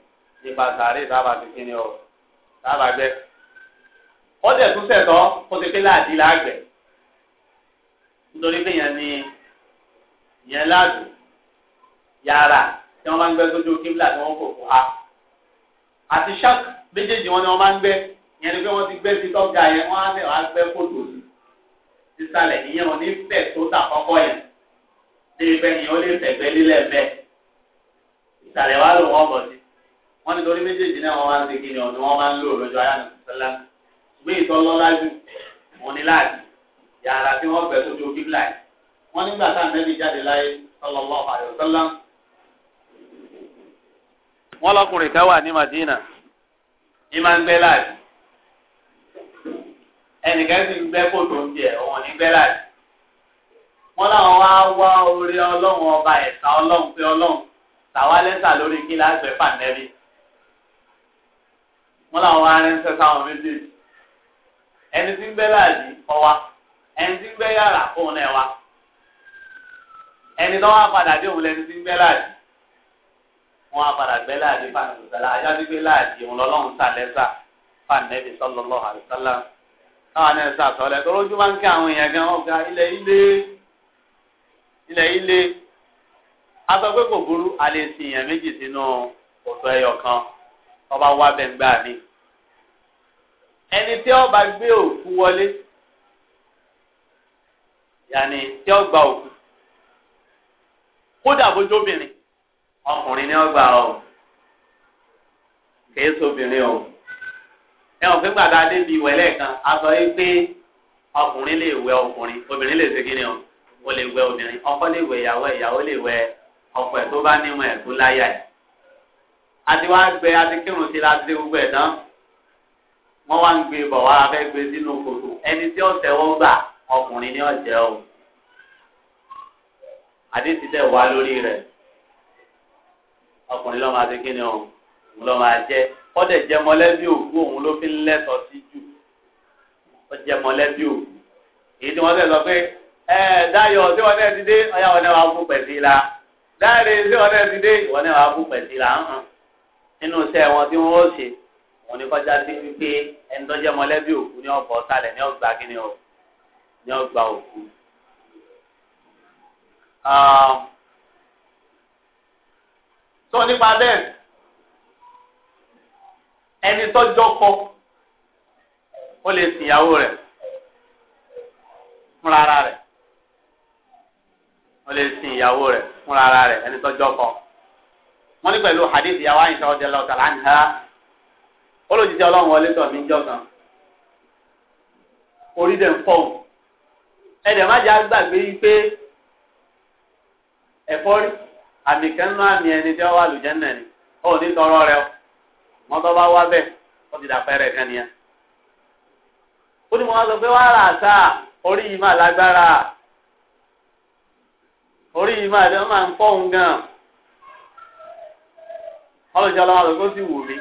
nípa sàárè sábà ti kíni o sábà gbẹ. wọ́n tẹ̀ tún sẹ̀tọ́ kó ti pé láàdí láàgbẹ̀ nítorí pé yẹn ni yẹn láàdù yàrá tí wọ́n máa ń gbẹ sójú kíbla tí wọ́n kò fún ha àti shark méjèèjì wọn ni wọ́n máa ń gbẹ yẹn ni pé wọ́n ti gbẹ sí tọ́ga yẹn wọ́n á fẹ́ wọ́n á gbẹ fótó sí ìyẹn wọn ní fẹ̀ tó tà kọ́kọ́ yẹn débi pé yẹn ó lè fẹ̀gbẹ́ lílẹ̀ bẹ́ẹ̀ ìsàlẹ̀ wa ló wọ́n bọ̀ sí wọ́n ní torí méjèèjì náà wọ́n máa ń segin ní ọdún wọ́n máa ń lò lọ́jọ́ ayé àti sọ́lá gbé ìtọ́lọ́lá jù wọ́n ní láàbì yàrá tí wọ́n bẹ̀ sójú bíbélà yìí wọ́n nígbà tá àmẹ́bí jáde láyé sọlọ́lọ́ àyọ̀ sọ́lá. wọ́n lọkùnrin ká wà ní Madina ní máa ń gbẹ́ láàbì ẹnìkan sì ń gbẹ́ kòtò ń jẹ ní gbẹ́ láàbì wọ́n láwọn wá wá orí ọlọ́run ọba ẹ̀sà ọlọ́run pé ọlọ́run tàwa lórí kí láàgbẹ́ fàǹdẹ́bí wọn làwọn wá ránṣẹ́ sáwọn méjèèjì ẹni tí ń bẹ láàdì ọwa ẹni tí ń bẹ yàrá òun náà wá ẹni tó wá padà dé òun lẹni tí ń bẹ láàdì wọn á padà gbẹ láàdì fanẹsọsọlá ajáde gbé láàdì òun lọ́lọ́run sàlẹsà fanẹbi sọlọlọ àlùsọlá káwọn náà sàtọlẹ tó lójú máa ń kí àwọn èèyàn gan ọgá ilẹ̀ ilé ilẹ̀ ilé aṣọ kò burú a lè èèyàn méjì sínú òtò ẹyọ kan ọba wá bẹ̀ǹgbà mi ẹni tí ọba gbé òkú wọlé yàní tí ọgbà òkú kódà bójóbìnrin ọkùnrin ni ọgbà ọ kìí sobìnrin o ẹ ò fi gbàgbà débi ìwẹ̀lẹ̀ kan a sọ yìí pé ọkùnrin lè wẹ ọkùnrin obìnrin lè ṣe ni o o lè wẹ obìnrin ọkọ lè wẹ ìyàwó ìyàwó lè wẹ ọkọ ẹ tó bá níwọn ẹ tó láyà ẹ àti wá gbé àti kírun sí la e ti gbogbo ẹ̀ tán wọ́n wá ń gbé bọ̀ wá fẹ́ gbé sínú kòtò ẹni tí ọ̀sẹ̀ wọ́n gbà ọkùnrin ní ọ̀jẹ̀ o àdéhùn tẹ̀ wá lórí rẹ̀ ọkùnrin lọ́ọ́ máa ti kí ni o òun lọ́ọ́ máa jẹ́ kọ́dẹ̀ jẹ́ mọ́lẹ́bí òkú òun ló fi ń lẹ́tọ̀ọ́ sí jù ó jẹ́ mọ́lẹ́bí òkú èyí tí wọ́n tẹ̀ sọ pé ẹ dáyọ̀ tí wọ́n tẹ̀ ti dé ọ̀yà wọn náà wàá fún pẹ̀sí la dáre tí wọ́n tẹ̀ ti dé ìwọ́n náà wàá fún pẹ̀sí la hàn nínú iṣẹ́ wọn tí wọ́n ó ṣe òun ni kọjá sí wípé ẹni tó jẹ́ mọ̀lẹ́bí òkú ní ọ̀bọ̀ sálẹ̀ ní ọ̀gbà kíni o ní ọ̀gbà òkú. tó nípa bẹ́ẹ̀ ẹni tó jọ́kọ ó lè sìyàwó rẹ̀ fúnra ara rẹ̀ ó lè sin ìyàwó rẹ̀ fúnra ara rẹ̀ ẹni tó jọ́kọ wọ́n ní pẹ̀lú hadith yàwá yìí sọ̀rọ̀ jẹ́lá ọ̀tàlá ń ha olójijì ọlọ́run wọlé tọ̀ mí jọ kan orí dẹ̀ ń fọ́ o ẹ̀dẹ̀ má jẹ́ àgbàgbé yìí pé ẹ̀fọ́rí àmì kan àmì ẹni tí wọ́n wà lùjẹ́ náà ni ó ní tọrọ rẹ o wọ́n bá wá bẹ́ẹ̀ ó ti dàpẹ́rẹ́ kan nìyẹn ó ní mo wá sọ pé wàá rà sáà orí yìí máa lágbára orí yìí máa ń fọ́ òun gan-an. ọlọ́jọ́ lọ́wọ́ lọ́kọ́ sì wù na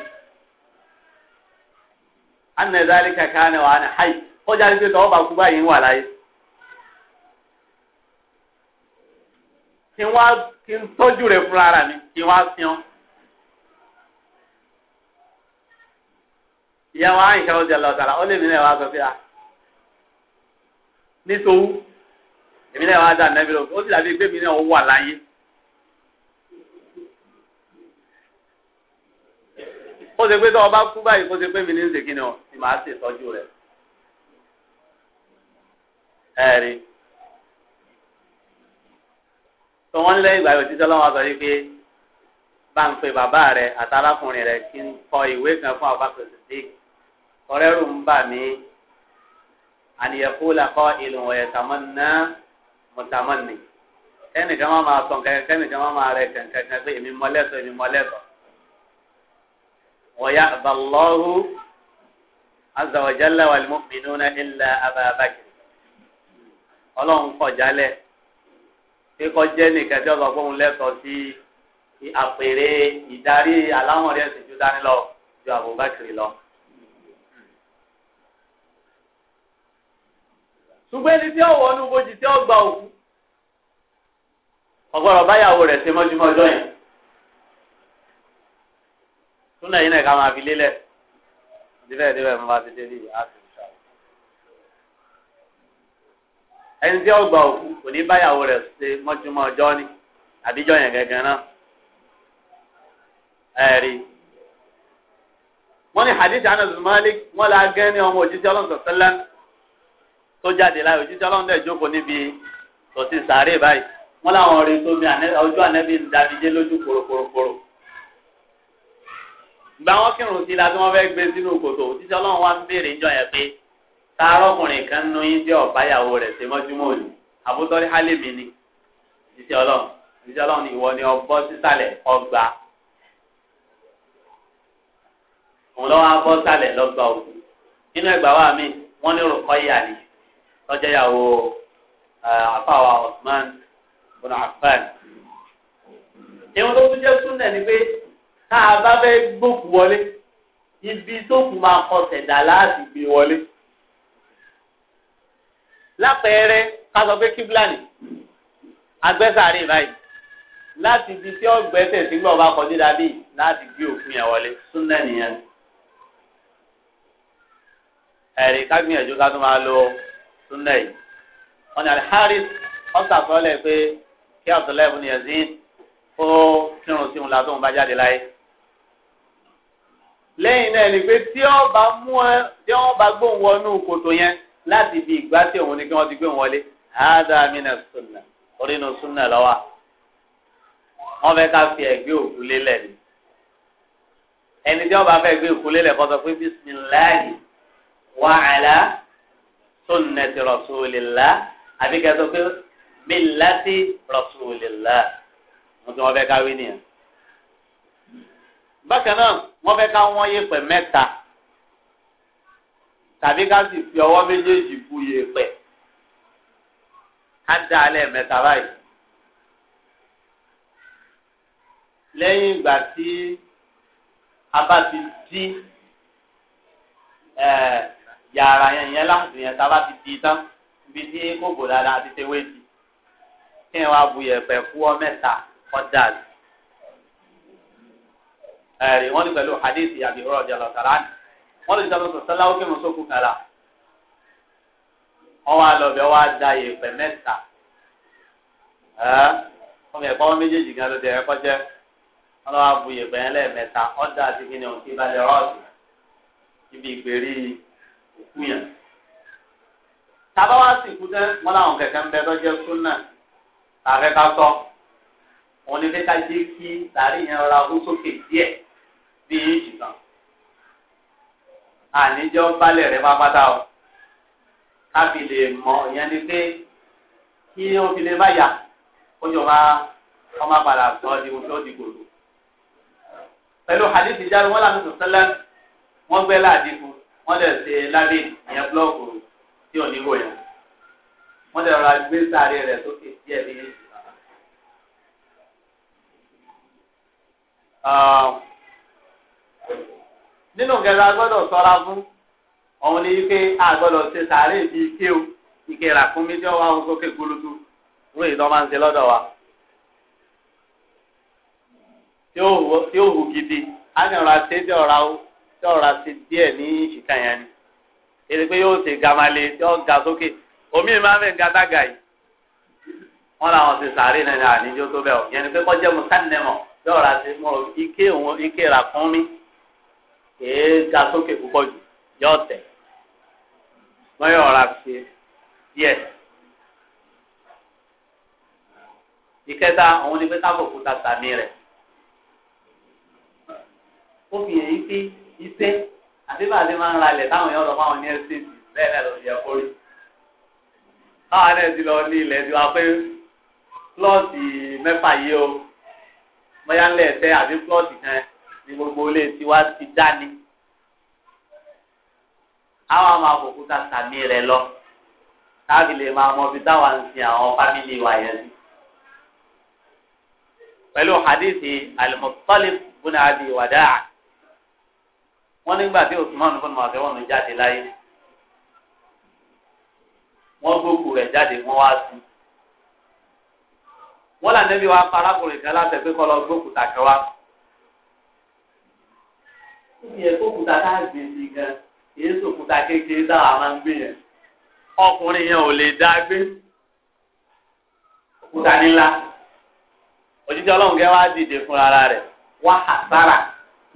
anna ìdárí kàkà ni wàá ní hayi ọjà ní pé tọ́wọ́ bá kú wà láyé. kí wá kí n tọ́jú rẹ̀ fúnra rà mí kí wá fi a ah, nítorí èmi náà wá dà nẹ́bí lọ ó sì dàbí pé ó ṣe pé tó ọba kú báyìí kó ṣe pé mi ní ń ṣe kí ni ọ ni màá ṣe ìtọ́jú rẹ̀ ẹ̀rí tó wọ́n lé ìgbà yóò títí ọlọ́wọ́ sọ yìí pé bá ń pe bàbá rẹ̀ àtàlákùnrin rẹ̀ kí n kọ ìwé kan fún ọba kòsìtì ọ̀rẹ́ rù ń bà mí àníyẹ̀kú làkọ́ ìlú ọ̀yẹ̀ tàmọ́nà mọ̀tàmọ́nì kẹ́nìkan máa sọ kẹ́nìkan máa rẹ̀ kẹ́nìkan pé èmi mọ́lẹ́sọ̀ èmi mọ́lẹ́sọ̀ wọ̀yá àbàlọ́hù azawajalla wal mu'minuna illa ababakir ọlọ́run kọ̀ jálẹ̀ kíkọ́ jẹ́ nìkan tí ọ̀sán fóun lẹ́tọ̀ọ́ sí àpèrè ìdarí aláwọ̀n ẹ̀sìn ju dání lọ ju Abubakar lọ. ṣùgbọ́n ẹni tí ọ̀wọ́ ọdún bójì tí ó gba òkú ọgbọ́dọ̀ báyàwó rẹ̀ ṣe mọ́júmọ́ ọjọ́ yẹn súnà yìí náà ká máa fi lélẹ̀ díbẹ̀ díbẹ̀ mo bá ti dé bíi á sì sọ. ẹni tí ó gba òkú kò ní báyàwó rẹ̀ ṣe mọ́júmọ́ ọjọ́ ni àbíjọ yẹn gẹ́gẹ́ náà ẹ̀rí. wọ́n ní hadith Anas Malik wọ́n la gẹ́ ní ọmọ òjíṣẹ́ ọlọ́run sọ̀tẹ́lẹ̀ tó jáde láyé òjíṣẹ́ ọlọ́run dẹ̀ jókòó níbi tòsí sàárè báyìí wọ́n láwọn rí tómi ojú ànẹ́bí ń dábìjẹ́ lójú kòròkòròkòrò gba wọn kírun sí la tí wọn fẹ́ gbé sínú kòtò títí Ọlọ́run wá ń béèrè ńjọ́ yẹn pé taarọkùnrin kan nu yín tí ọbáyàwó rẹ̀ ṣe mọjúmọ òní àbútọrí hálèmí ni títí Ọlọ́run títí Ọlọ́run ni ìwọ ni ọbọ sísàlẹ̀ ọgbà òun lọ́wọ́ abọ́ sálẹ̀ lọ́gbà òkú nínú ẹgbàá wa mi wọ́n ní rògbòyà ni lọ́jọ́yàwó àfàwà Osman bin Affan. tó tún jẹ́ súnà ni pé tá a bá fẹ́ gbòkú wọlé ibi tó kù máa kọsẹ̀ dà láti gbé wọlé. lápẹẹrẹ ká sọ pé kíbláni agbẹ́sàárè báyìí láti ibi tí ọ̀gbẹ́sẹ̀ sígbà ọba kọjú dàbí láti gbé òfin yẹn wọlé súnlẹ̀ nìyẹn. ẹ̀rí ká gbìyànjú ká tún máa lo súnlẹ̀ yìí. wọ́n ní Al-Harith ọ̀sà sọ́lẹ̀ pé kí Abdullahi ibn Yazid kírun sí òun látọ̀ bá jáde láyé lẹ́yìn náà ni pé tí wọ́n bá mú ẹ tí wọ́n bá gbóhùn wọnú kòtò yẹn láti fi ìgbà tí òun ni kí wọ́n ti gbóhùn wọlé hada mina sunna orinu sunna lọ́wọ́ wọ́n fẹ́ ká fi ẹ̀gbẹ́ òkú lélẹ̀ ni ẹni tí wọ́n bá fẹ́ gbé òkú lélẹ̀ kó sọ pé bisimilahi wa ala sunnati rasulillah àbí kẹ́ pé millati rasulillah wọ́n ti wọ́n fẹ́ ká wí nìyẹn bákan náà wọ́n fẹ́ ká wọ́n yẹ̀pẹ̀ mẹ́ta tàbí ká sì fi ọwọ́ méjèèjì bu yẹ̀pẹ̀ ká dá alẹ́ mẹ́ta báyìí lẹ́yìn ìgbà tí a bá ti dí yàrá yẹn yẹn láǹtì yẹn tá a bá ti di tán ibi tí kò bò dáadáa ti ṣe wéjì kí n wá bu yẹ̀pẹ̀ fún ọ mẹ́ta kọ́ dáadáa ẹ̀rí wọ́n ní pẹ̀lú hadith àbí ọ̀rọ̀ ọ̀jà lọ́sàrá ni wọ́n lè sọ́dọ̀ sọ́sọ́lá ó kírun sókun kàlà wọ́n wá lọ bẹ́ẹ̀ wá da ìpẹ́ mẹ́ta ọmọ ẹ̀kọ́ wọn méjèèjì gan ló ti ẹ̀kọ́ jẹ́ wọ́n lọ́wọ́ bu ìpẹ́ yẹn lẹ́ẹ̀mẹ́ta ọ̀dà àti kíni ohun tí ìbàdàn rọ́ọ̀sì ibi ìgbèrí òkú yẹn tábà wá sì kú tẹ́ wọ́n láwọn kẹ̀kẹ́ ń bẹ lọ́jọ́ súnà tàfẹ́ ká sọ òun ni fẹ́ ká jẹ́ kí tàrí yẹn rọra ó sókè díẹ̀ bí ìjì kan àníjọ́ balẹ̀ rẹ pápátá o kábì lè mọ ìyẹn ni pé kí ó fi lè má yà ó jọ máa ọmọ àpàlà sọ di ohun tó di gbòòrò pẹ̀lú hadithi jáde wọn làwọn sọ sẹlẹ̀ wọn gbẹ́ láàdín fún wọn dẹ̀ ṣe lábẹ́ ìyẹn búlọ́ọ̀kù tí ò ní wò yẹn wọn dẹ̀ rọra gbé sáré rẹ̀ sókè díẹ̀ bí nínú kẹta gbọ́dọ̀ ṣọ́ra fún ọ̀hún ni wípé a gbọ́dọ̀ ṣe sàárè bíi ike o ike rà fún mi tí wọ́n wá wọn sókè gbólótó èyí tó máa ń ṣe lọ́dọ̀ wa tí ó hù gidi á ní ọ̀rọ̀ àti tí ọ̀rọ̀ àwọ̀ tí ọ̀rọ̀ àti díẹ̀ ní ìṣìkà yẹn ni èdè pé yóò ṣe gamale tí ó ga sókè omi máa ń fẹ́ gàdágà yìí wọ́n làwọn ti sàárè náà ní àníjó tó bẹ́ẹ̀ yẹn ni pé kọ́jẹ́ kèé ga sókè púpọ̀ jù yọ tẹ̀ mọ́yọ̀ ọ̀rá ṣe díẹ̀. ìkẹta òun ni pé káfọ̀ òkúta sàmì rẹ̀ ó fi èyí pé iṣẹ́ àti bàtí máa ń ralẹ̀ táwọn èèyàn lọ fáwọn ní ẹ̀sìn bẹ́ẹ̀ náà lọ yẹ kórè káwọn náà ti lọ ní ilẹ̀ tí wàá pé plọ́ọ̀tì mẹ́fà yìí o mọ́yá ẹ̀sẹ̀ àti plọ́ọ̀tì kan ní gbogbo ilé tiwa ti dání àwọn àmọ́ àkókòtà sàmì rẹ̀ lọ táàbì lè máa mọ ibi táwa ń sin àwọn fámìlì wa yẹn sí. pẹ̀lú hadithi al-Muttalib bùnà àbí wàdáà wọ́n nígbà tí Usman bùnà àbẹ̀wọ̀n jáde láyé wọ́n gbókù rẹ̀ jáde wọ́n wá sí i. wọ́n wa parákùnrin kan láti ẹgbẹ́ kọ́ lọ gbókù tàkẹ́ wa. òkúta tá gan èyí sì òkúta kékeré dáhà máa ń gbé yẹn ọkùnrin yẹn ò lè dá gbé òkúta nílá òjijì ọlọ́run gẹ́ wá dìde fún ara rẹ̀ wá àsára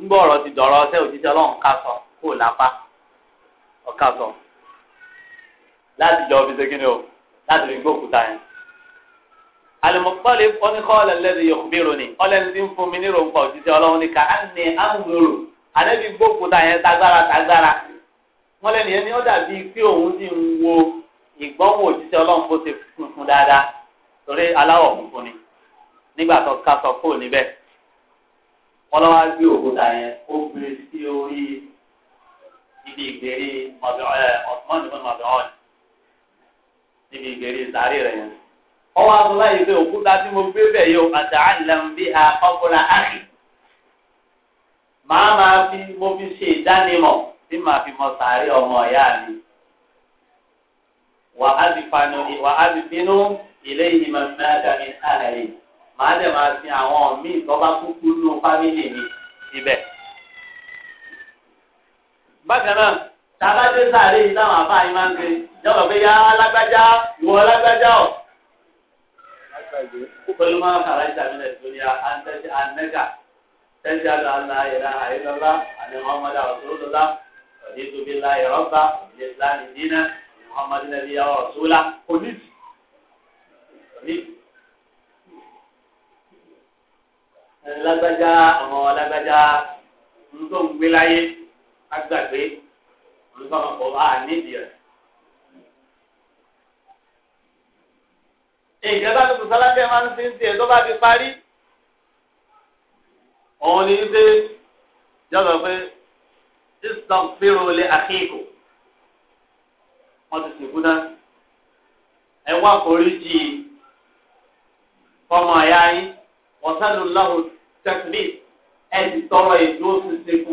ńgbọ́ ọ̀rọ̀ ti dọ̀rọ̀ ọsẹ́ òjijì ọlọ́run ká sọ kó lápá ọ̀ká sọ láti jọ fi o láti yẹn tí ń fún mi àlẹ́bí gbókúta yẹn tagbára tagbára wọ́n lẹ́nu yẹn ni ó dàbí pé òun sì ń wo ìgbọ́wò òjíṣẹ́ ọlọ́run bó ṣe funfun dáadáa torí aláwọ̀ funfun ni nígbà tó ká sọ fóònù níbẹ̀ wọ́n lọ́wọ́ gbé òkúta yẹn ó gbé sí orí níbi ìgbèrí ọ̀tún ọ̀dùnmọ́ mọ̀bẹ́ọ̀nì níbi ìgbèrí sàárè rẹ̀ yẹn. ọwọ́ àbúrò láyé pé òkúta tí mo gbé bẹ̀ yóò àtàlẹ́ ń bí àkọ́kọ́ra áàkì màá máa fi mo fi ṣe ìdánimọ̀ tí màá fi mọ sàárẹ̀ ọmọ ìyá mi. wà á ti fanu wà á ti finú ilé yìí máa fi máa dàbí àlàyé màá dẹ̀ máa sin àwọn míì tó bá kúkú nú fámìlì mi síbẹ̀. bákan náà tàbádé sàárẹ̀ yìí táwọn àbá yìí máa ń ṣe yọ̀bà pé yá alágbájá ìwọ alágbájá ọ̀. pẹ̀lú máa ń kàrà ìjàmílẹ̀ lórí àǹtẹ̀jà àǹtẹ̀jà sẹ́ńtì àlọ́ àlá ìlà àìlọ́lá àti muhammadu àwòsúlọ́lá ọ̀dẹ́tò bíi la ìrọ́bà ilé ìlànà ìdínà muhammadu nàbí yàwó ọ̀ṣúlá onídìí onídìí. lágbájá ọmọ lágbájá ntọ́ ń gbé láyé agbàgbé olùfọwọ́pọ̀ á nídìí rẹ̀. ìjọba tuntun sálábẹ́ máa ń ti ń tiẹ̀ tó bá ti parí òun ni pé jọba pé istanbiro lè àkíkò wọn ti sìnkú náà ẹ wá foríjì fọmọ àyà yín wọn sálù láhùn tẹsílì ẹ ti tọrọ ìdúró sí sẹkù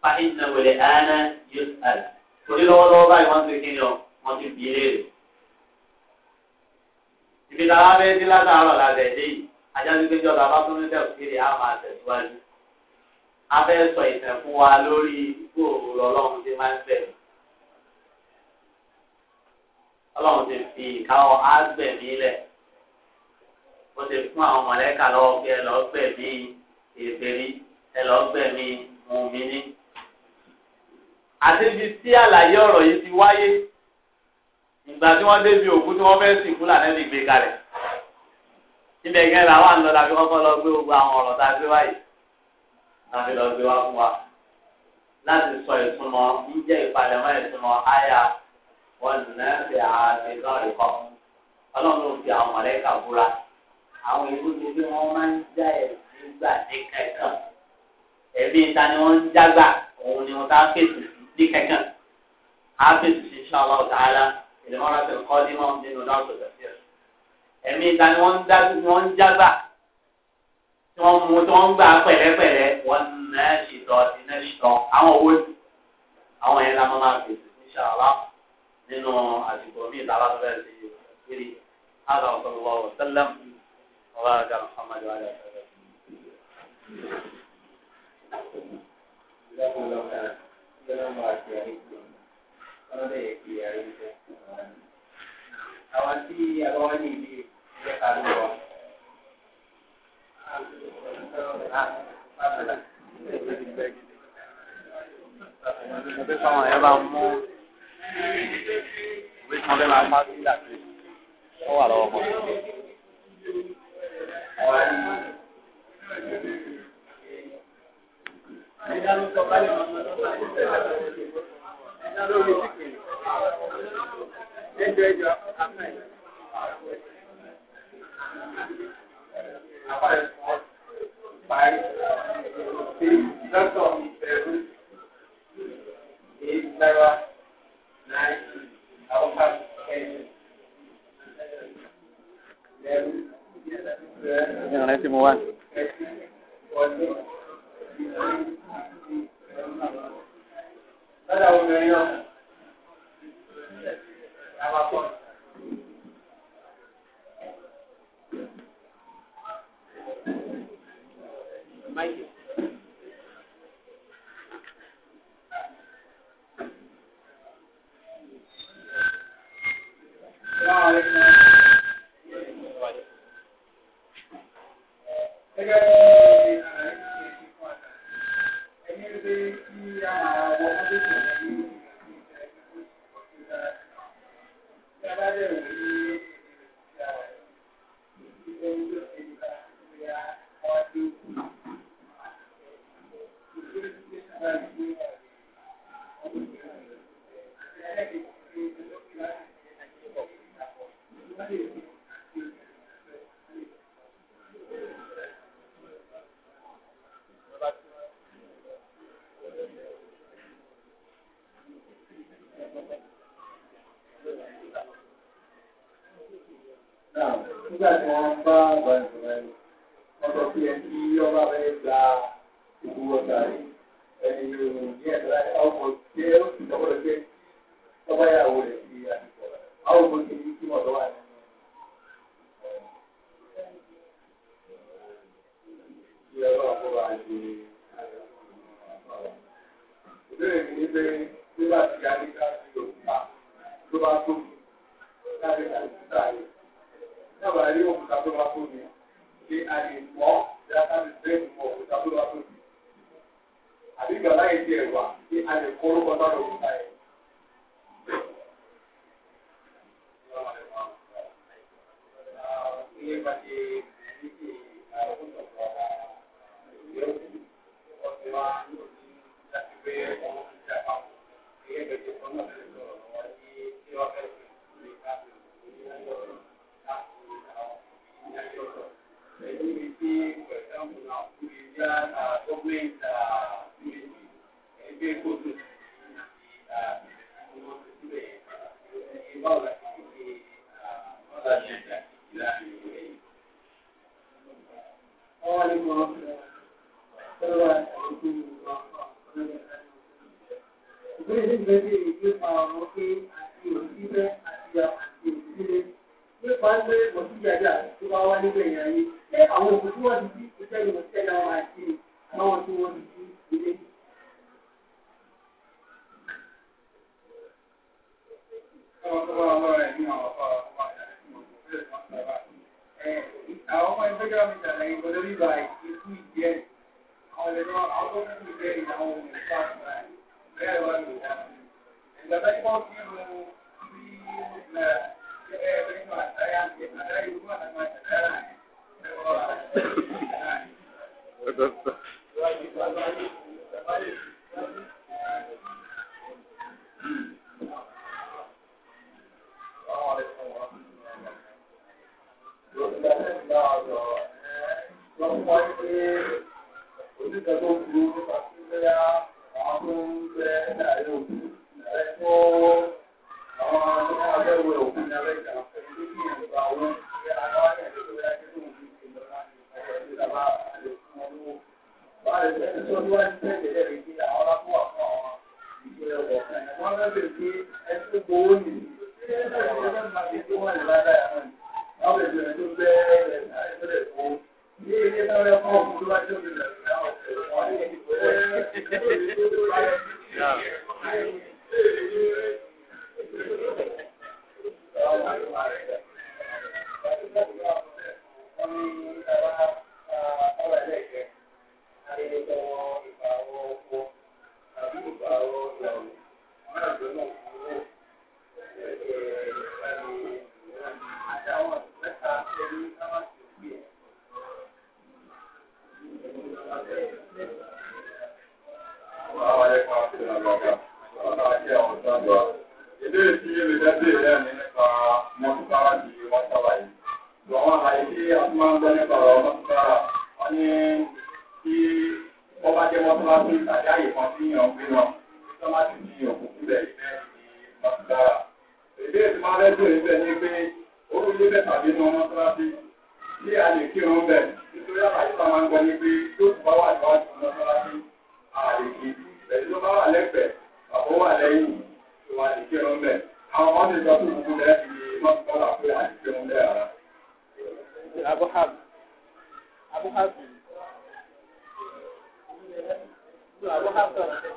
fàáyìn náà wẹlẹ àná yóò sàlẹ torí lọ́wọ́lọ́wọ́ báyìí wọn ti kí ni ọ wọn ti bìí léèrè ibi táwa bẹ látàárọ̀ làbẹ dé yìí àjọyọ̀ ìgbẹ́jọ́ bàbá tó ní tẹ̀síkiri á máa tẹ̀síwájú. a fẹ́ sọ ìtàn fún wa lórí ikú òwúrọ̀ ọlọ́run tí máa ń bẹ̀rù. ọlọ́run ti fi ìkáwọ́ ágbẹ̀mí lẹ̀ ó ti fún àwọn mọ̀lẹ́kà lọ́wọ́ pé ẹ lọ́ọ́ gbẹ̀mí ìbèrí ẹ lọ́ọ́ gbẹ̀mí mùmíní. àti ibi tí àlàyé ọ̀rọ̀ yìí ti wáyé ìgbà tí wọ́n débi òkú tí wọ́n fẹ́ sìnkú lànà ìgbé kalẹ̀ ilẹ̀ yẹn làwọn àlọ́ làbí kọ́kọ́ lọ gbé gbogbo àwọn ọ̀rọ̀ tá wáyé láti lọ gbé wá fún wa láti sọ ìtumọ̀ jíjẹ́ ìpalẹ̀mọ́ ìtumọ̀ àyà wọn nìyẹn fi àti lọ́ọ̀rì kọ́ ọlọ́run ló fi àwọn mọ̀lẹ́kà búra àwọn ìlú ti fi máa ń já ẹ̀sìn gbà ní kẹ̀kàn ẹ̀mí ìta ni wọ́n ń jágbà òun ni wọ́n tá fèsì ní kẹ̀kàn á fèsì sí ṣáwá ọ̀tá ara ìdí wọn rà sí kọ́ nínú nínú náà tó tẹ̀sí ẹ̀mí ìta ni wọ́n ń dá ni wọ́n ń jábà tí wọ́n mú tí wọ́n ń gbà pẹ̀lẹ́pẹ̀lẹ́ wọ́n nà ẹ́ ṣìtọ̀ ti nà ṣìtọ̀ àwọn owó ni àwọn yẹn la máa máa fèsì inṣàlá nínú àsìkò mi ìta láti bẹ́ẹ̀ sí kiri hàlà ọ̀sọ̀lọ́wọ́ sẹ́lẹ̀m ọ̀rọ̀ àjà muhammadu alayhi wa sallam. Ọbẹ̀ fáwọn ẹ̀ bá mú ìwé kan lẹ́nu apá sí ìdàgbé. Wọ́n wà lọ́wọ́ Lọ́dọ̀ obìnrin náà, àwọn akọ́ni. Mike. Thank you. nígbà tí wọ́n bá ọ̀gá ìsọ̀rọ̀ wọ́n sọ pé ẹni ọba rẹ̀ gba ìlú ọ̀gá rẹ̀ ẹni yóò ní ẹ̀dá ọkọ̀ tí ó sì sọ́kọ̀ pé ọba ìyàwó rẹ̀ ti àdìpọ̀ àwọn ọmọ kìíní tí wọ́n lọ́wọ́ àná. Ìbéèrè mi ní pé nígbà tí a ní ká fi òkúta ló bá tóbi láti ṣàlùkúta rẹ̀ sábà rí òkúta tó bá fún mi ṣe àyèpọ̀ látàbí bẹ́ẹ̀ mọ òkúta tó bá fún mi. àbí gbàláyé tiẹ̀ wà ṣe àyèkọ́ orúkọ bẹ̀ mọ́tàlára ìbéèrè tí máa fẹ́ bèrè bẹ́ẹ̀ ni pé orú ilé mẹ́ta bí ndị a lè kí wọn bẹ̀ nítorí àlàyé a máa ń gbọ́ ni pé tó kù bá a lè kí bẹ̀ẹ́ tó bá a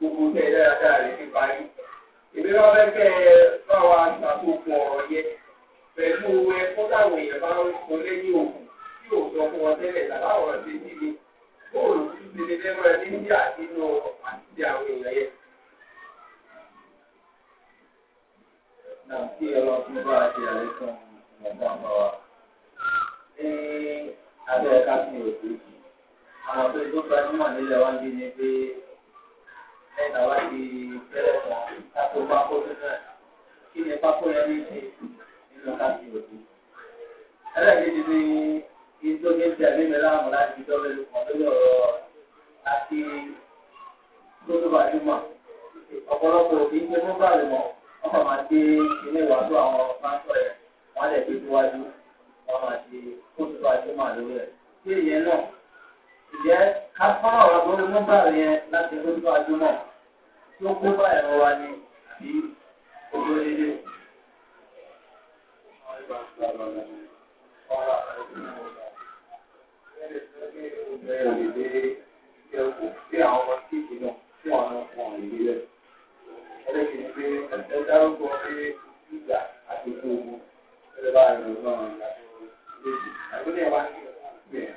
gbogbo tẹ́ dáadáa rẹ̀ ti parí. Èmi wá fẹ́ kẹ́ ẹ bá wa ṣàkóso ọ̀rọ̀ yẹn pẹ̀lú ẹ̀kọ́ táwọn èèyàn bá ń sọ lẹ́yìn òkú tí ò sọ fún wọn tẹ́lẹ̀ lábáwọ̀ ṣe sí mi. Bóòlù ti ṣe lè máa ní sí àdínú àti àwọn èèyàn yẹn. Nà kí ọlọ́run bá a ṣe àlékún ọ̀gbọ́n àbá wa. Ní abẹ́rẹ́ ká sí òkú, àwọn tó gbajúmọ̀ nílẹ̀ wá ń bí ni pé lẹ́yìn wá di fẹ́rẹ̀ kan kátó pákó sísè kí ni pákó yẹn ní ṣe nínú káàkiri òkú. ẹlẹ́ẹ̀kejì ni ìdókèjì àbímẹ láàmú láti dọ́lẹ̀ lùkọ́ lórí ọ̀rọ̀ àti lóṣùbàjúmọ̀ ọ̀pọ̀lọpọ̀ òbí ń gbé fún báàlì mọ́ wọ́n máa máa dé ilé ìwádó àwọn pásítọ̀ yẹn wọ́n á lẹ̀ dé síwájú wọ́n máa ṣe lóṣùbàjúmọ̀ lórí ẹ̀ kásọ̀rọ̀ ọ̀rọ̀ tó mú báyìí yẹn láti lójú àjùmọ̀ tó kó báyìí lọ wa ni àbí olóyèlé. Yeah.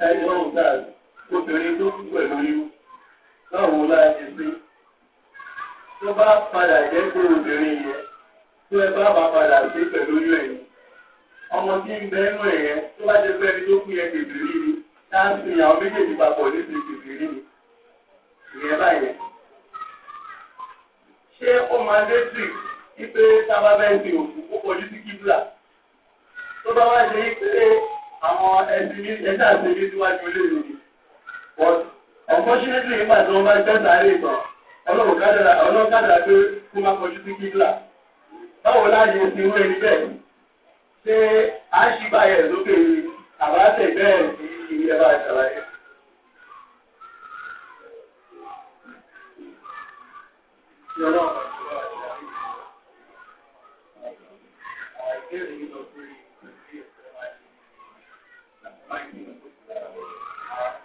ẹgbẹ́ òun gbà obìnrin tó kú pẹ̀lú yín báwo láà ti pé tó bá padà jẹ́ pé obìnrin yẹn tó ẹ bá wà padà sí pẹ̀lú yín ẹ̀yìn ọmọ tí ń bẹ nù ẹ̀yẹ tó bá jẹ́ pé ẹni tó kú yẹn kèbè rí ni táàsì àwọn méjèèjì papọ̀ níbi kèbè rí ni ìyẹn báyẹn. ṣé ó máa dé tì í pé òkú ó kọjú sí kíbla tó bá wá ṣe é àwọn ẹbí ẹ̀dá àtẹ̀lé níwájú ilé ìlú. unfortunately nígbà tí wọ́n bá tẹ́sà ayé ìtàn ọlọ́run kádàrà ọlọ́run kádàrà pé kó má kọjú sí kíbla. báwo láàyè ti rú a ṣì bá lókè àbáṣe bẹ́ẹ̀ sí ṣàlàyé.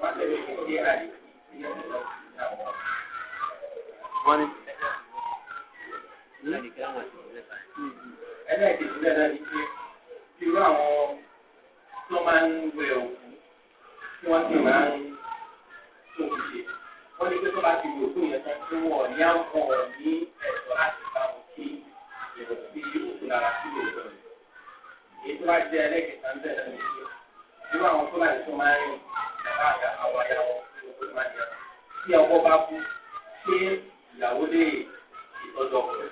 wọ́n ní. ẹlẹ́ẹ̀kejì ni pé irú àwọn tó máa ń wẹ òkú tí wọ́n sì máa ń tó kù ṣe wọ́n ní pé tó bá ti wò tó yẹn tán tí wọ́n ní àwọn ní ẹ̀tọ́ láti bá wọn kí ìrọ̀sí òkú lára sí lè sọ̀rọ̀ èyí tó bá jẹ́ ẹlẹ́ẹ̀kẹta ń bẹ̀rẹ̀ nìyí irú àwọn tó láti tó máa ń rìn àbáàdà àwọn àyàwó tó máa ń tí ọkọ bá kú ṣé ìyàwó lè ìtọ́jú ọkọ rẹ̀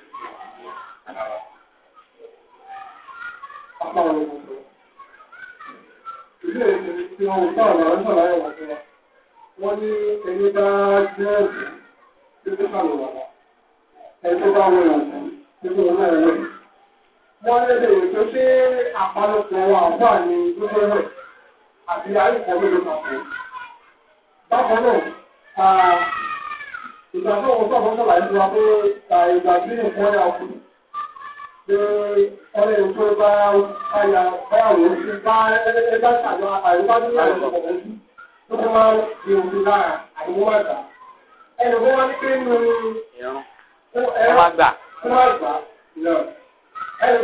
ní ara. ọkọ rẹ̀ kò tó ilé ìwé tí ohun táwọn ọ̀rọ̀ náà láyọ̀ wọ́n fún wa wọ́n ní ẹni bá jẹ́ ẹ̀sìn tí ó kà lọ́wọ́ ẹni tó bá wọ ìrànwọ́ nínú ọ̀nà ẹ̀wẹ̀ wọ́n lé lè tó ṣe àpalọ̀pọ̀ àbúrò àní gbogbo ẹ̀wẹ̀ àti àìsàn mélòó kan fún. Bákan náà, ìgbà tó wọ́n sọ̀rọ̀ sọ̀rọ̀ àìsàn wa pé ìgbà tí ní ìfún ọ̀yà ọkùnrin pé ọ̀rẹ́ ìfún ọba ayà báyàwó ti bá ẹgbẹ́ ṣàjọ àìwájú náà lọ́wọ́ tó kọ́ máa di òfin lára àìwọ́ máa gbà. Ẹnì kan wá ní pé nínú ẹ̀rọ máa gbà. Ẹnì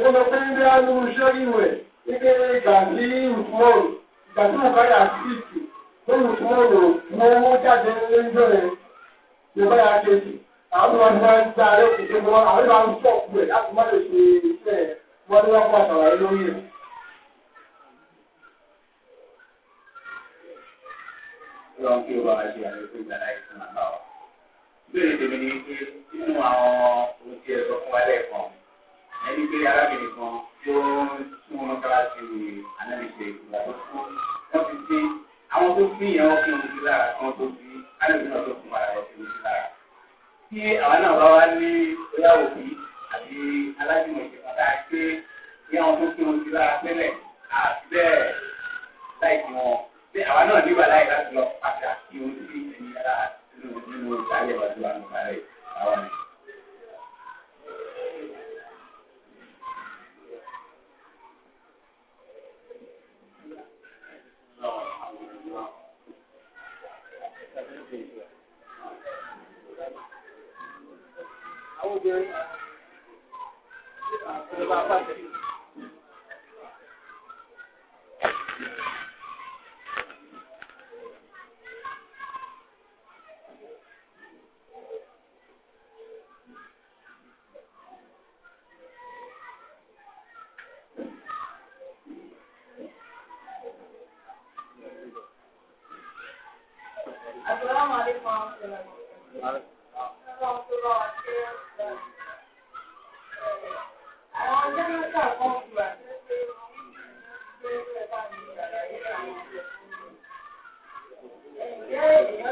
kan lọ pé ń bí a iṣẹ́ ìwẹ̀ ní pé gbà ní gbàtí mo báyà síìtì lórí ìfowórò mo owó jáde lóńjọ yẹn mo báyà kejì àwọn ọmọ ọmọ ń gba ayé òkùnkùn mọ àwọn ìlànà ń pọ̀ pé láti má lè ṣe o bá ṣe àlékún ìgbàlá ìsìn àná ọ̀. Béèrè tèmi ni pé nínú àwọn ohun tí fún wa lẹ́ẹ̀kan, ẹni pé arábìnrin kan tí ó fún wọn lọ́kọ́ láti ànábìsẹ̀ ìgbà tó kú. Wọ́n ti sí àwọn tó fi ìyẹn wọ́n fi wọn sí lára kan tó fi ànábìsẹ̀ náà tó fún wọn àrẹ̀ fi wọn sí lára. Tí àwọn náà bá wá ní bóyá òbí àti alájùmọ̀ ìjọba dá pé obìnrin. Assalamu alaikum. Assalamu alaikum.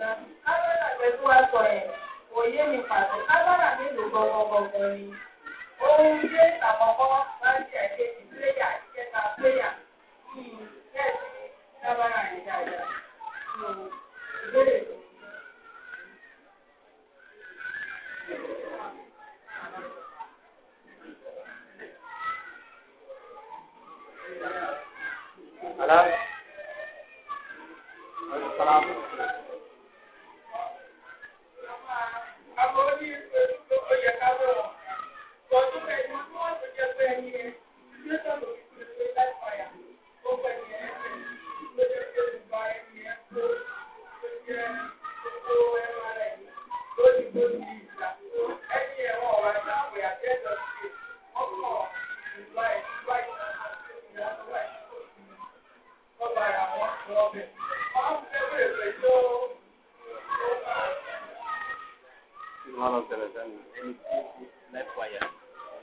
agbára pẹ̀lú aṣọ ẹ̀ òye mi pàtó agbára Hello? One of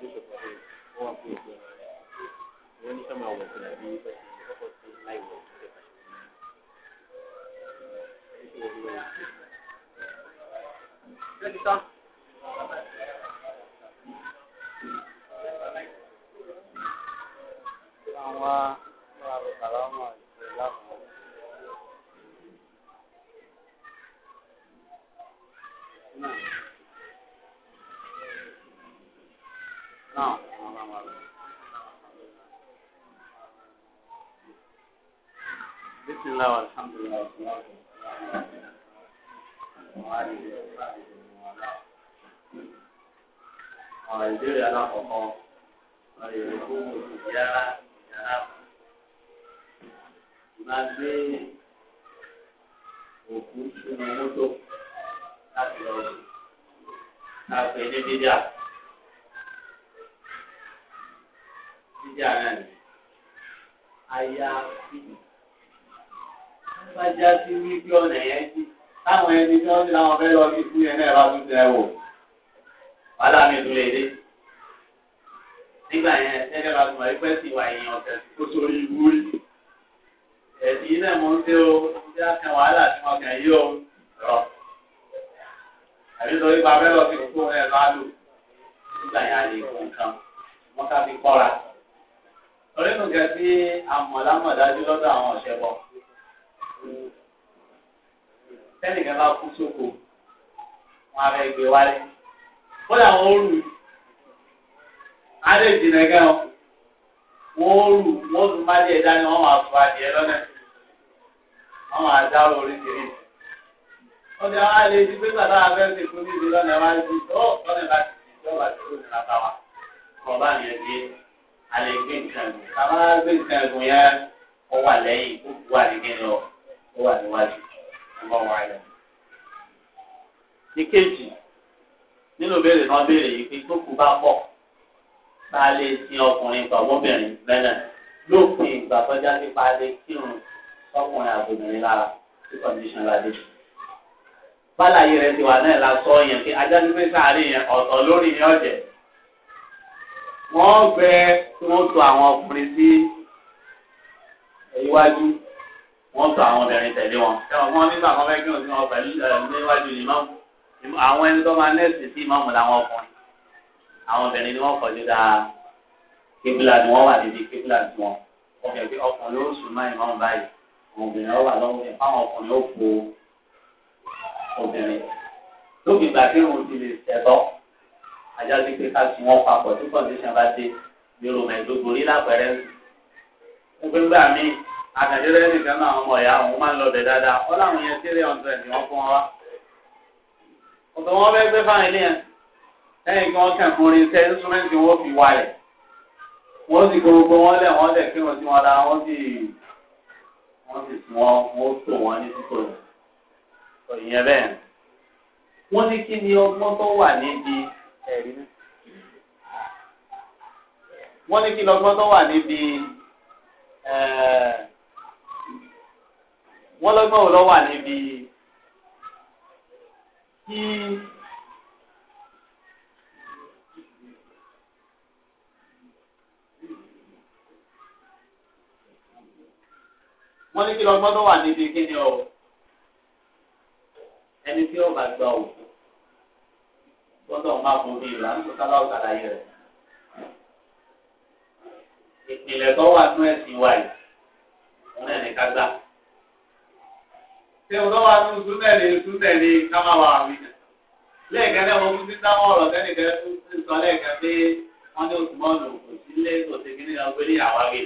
bishop ṣe ó wà fún ìgbẹ́ wọn ní sọ́mà wọ̀ fún àbí bẹ́ẹ̀ kọ́kọ́ sí láì tó ní. Àwọn ọ̀rọ̀ kàlámà Thank you. بسم sí ara rẹ̀ àyàfi bá já sí wípé ọ̀nà yẹn sí táwọn ẹni tí wọ́n ti láwọn fẹ́ lọ sí fún yẹn náà bá tún tẹ̀ wò wàhálà mi tún lè dé nígbà yẹn ẹgbẹ́ bá tún wà ẹgbẹ́ sì wà èèyàn ọ̀sẹ̀ tó sórí ìwú rí ẹ̀sìn iná mọ̀ ń dé o ṣé a kan wàhálà tí wọ́n kàn yí o rọ̀ àbí lọ fẹ́ lọ sí fún ẹ̀ lọ́ọ́ nígbà yẹn a lè kó nǹkan wọ́n ká fi kọ́ra ọ̀rẹ́nu gẹ̀ sí amọ̀lámọ̀dájú lọ́dọ̀ àwọn ọ̀ṣẹ́ bọ̀. sẹ́nìkan bá kú sóko wọn abẹ́ gbé wálé kódà wọn ó rù alẹ́ ìdìnnà gan wọn ó rù wọn ó tún má díẹ̀ dání wọn máa fọ adìẹ lọ́nà wọn máa dárò oríṣiríṣi wọ́n ti àwọn àlè ti pé bàbá abẹ́ ti fún níbi lọ́nà wọn á ti ìjọba tó nira alẹ́ gbé nǹkan gùn kàmá gbé nǹkan gùn yẹn ó wà lẹ́yìn ó wà nìkan lọ ó wà níwájú ọmọ wa lọ. ìkejì nínú béèrè náà béèrè yìí pé tó bá pọ̀ bá a lè sin ọkùnrin pàbọ́bìnrin lẹ́nà lópin ìgbà tọ́já nípa lè kírun ọkùnrin àbòmìnrin lára tí kọ́ndíṣàn la dé bálàyé rẹ ti wà náà la sọ yẹn pé ajá nígbèsà àárín yẹn ọ̀tọ̀ lórí ni ọ̀jẹ̀ wọ́n fẹ́ kí wọ́n tọ̀ àwọn ọkùnrin sí iwájú wọ́n tọ̀ àwọn obìnrin tẹ̀lé wọn. ẹ̀wọ̀n wọn nígbà kan fẹ́ kí wọ́n ti wọn pẹ̀lú níwájú ni máa àwọn ẹni tó máa nẹ́ẹ̀sì sí ìmáàmù làwọn ọkùnrin àwọn obìnrin ni wọ́n kọjú dáa kébìlà ni wọ́n wà níbi kébìlà tí wọ́n ọkẹ́ pé ọkùnrin ó sùn máa ìmáàmù báyìí àwọn obìnrin ó wà lọ́wọ́ ẹ̀ fáwọn ọkùnrin ó po obìnrin lókè gbàgbé òun ti lè ṣẹ̀tọ́ àjọṣe pé ká sùn wọn papọ̀ tí condition bá dé nírò mẹ́ẹ̀ẹ́dógórí lápẹ̀rẹ́ ń pé gbà mí àtẹ̀jẹ́rẹ́ nìkan náà àwọn ọmọ ìyá òun máa ń lọ bẹ̀ dáadáa ó láwọn yẹn three hundred ni wọ́n fún wa. ọ̀sán wọn fẹ́ gbé fáwọn ilé yẹn lẹ́yìn kí wọ́n kàn fún orin iṣẹ́ instrument wọn fi wálẹ̀ wọ́n sì gbogbo wọn lẹ̀ wọ́n lẹ̀ kí wọ́n ti wọn dára wọ́n sì wọ́n sì sùn wọn wọ́n tò wọn ní títò ìyẹn bẹ́ẹ̀. wọ́n ní kí ni ọgbọ́n tó wà níbi ẹ̀rí ní. wọ́n ní kí lọ́gbọ́n tó wà níbi wọ́n lọ́gbọ́n ò lọ́ wà níbi kí. wọ́n ní kí wọ́n tọ̀ máa bọ̀ bíi ìlànà tó sábà ṣàlàyé rẹ̀. ìpìlẹ̀ tó wà nú ẹ̀sìn wa yìí òun náà ní kágbá. ṣé òun tó wà nú súnẹ̀lì súnẹ̀lì kámá wà wí nà. lẹ́ẹ̀kan náà wọ́n ti sáwọn ọ̀rọ̀ tẹ́nìkan tó ń sọ lẹ́ẹ̀kan pé wọ́n ní oṣù mọ́ọ̀nù kò sí ilé kò kí nínú ọgbẹ́ níyàwó rí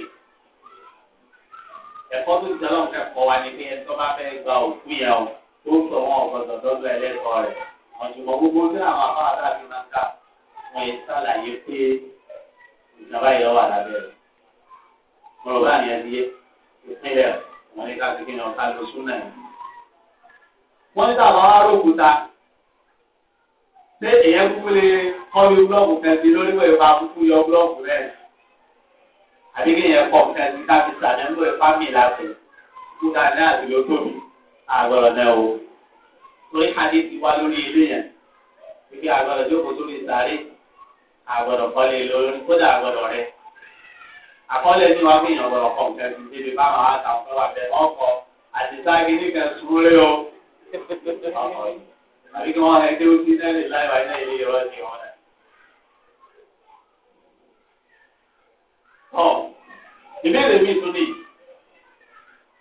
ẹ̀kọ́ tó ti sọ́lọ́ọ̀ fẹ́ kọ́ wa ni pé ẹni tó bá fẹ́ gba òkú yẹn o ọ̀ṣùgbọ́n gbogbo ní àwọn àbá àdáàbí máa ń ká wọn yìí sàlàyé pé ìjọba yìí wà lábẹ́ rẹ̀. mo rò báyìí ẹni yé ìpínlẹ̀ wọn ní káàkiri ní ọ̀ká ló sún náà. wọ́n ní tàbá wá rókúta ṣé èèyàn kúkú lè kọ́lu búlọ́ọ̀kù kẹsì lórí wọ̀ ìfà kúkú yọ búlọ́ọ̀kù rẹ̀ àbí kí èèyàn pọ̀ kẹsì káfíńsà náà ń lò ìfà mi láti kúta torí adé ti wá lórí ilé yẹn ibi àgbọ̀dọ̀ jókòó sórí sàárè àgbọ̀dọ̀ kọ́lé lórí kódà àgbọ̀dọ̀ rẹ̀ àkọọ́lẹ̀ ní wàá gbìyànjú ọ̀rọ̀ kọ̀ nǹkan ti débi bá máa ta ọ̀pẹ́ wà bẹ́ẹ̀ wọ́n kọ àtìsáàgì nìkan súnlé o àbí kí wọ́n ẹgbẹ́ ó ti sẹ́lẹ̀ láìwá iná ilé ìrọ́ ti wọn. ìbéèrè mi tún nìyí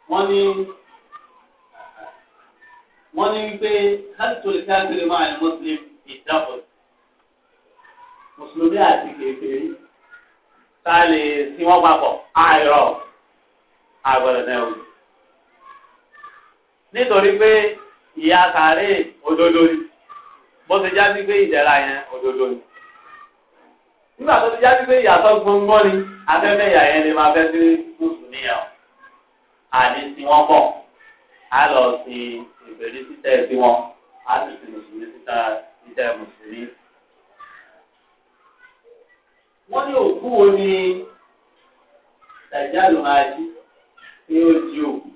wọ́n ní wọ́n ní wípé hàtòlì káàkiri máa ní muslim ìdáfọ̀ mùsùlùmí àti kèfèrí tá a lè sí wọn papọ̀ àìrọ̀ àgbọ̀dọ̀ náà wù. nítorí pé ìyá sàárè òdodo ni bó ti já sí pé ìdẹ̀ra yẹn òdodo ni nígbà tó ti já sí pé ìyàtọ̀ gbọ̀ngbọ̀n ni afẹ́fẹ́ ìyá yẹn lè máa fẹ́ sí mùsùlùmí yẹn àní sí wọn pọ̀ á lọ sí ìbèrè títẹ̀ sí wọn á sì sí mùsùlùmí títà títẹ̀ mùsùlùmí. wọ́n ní òkú wo ni dàjálù máa jí ní ó di òkú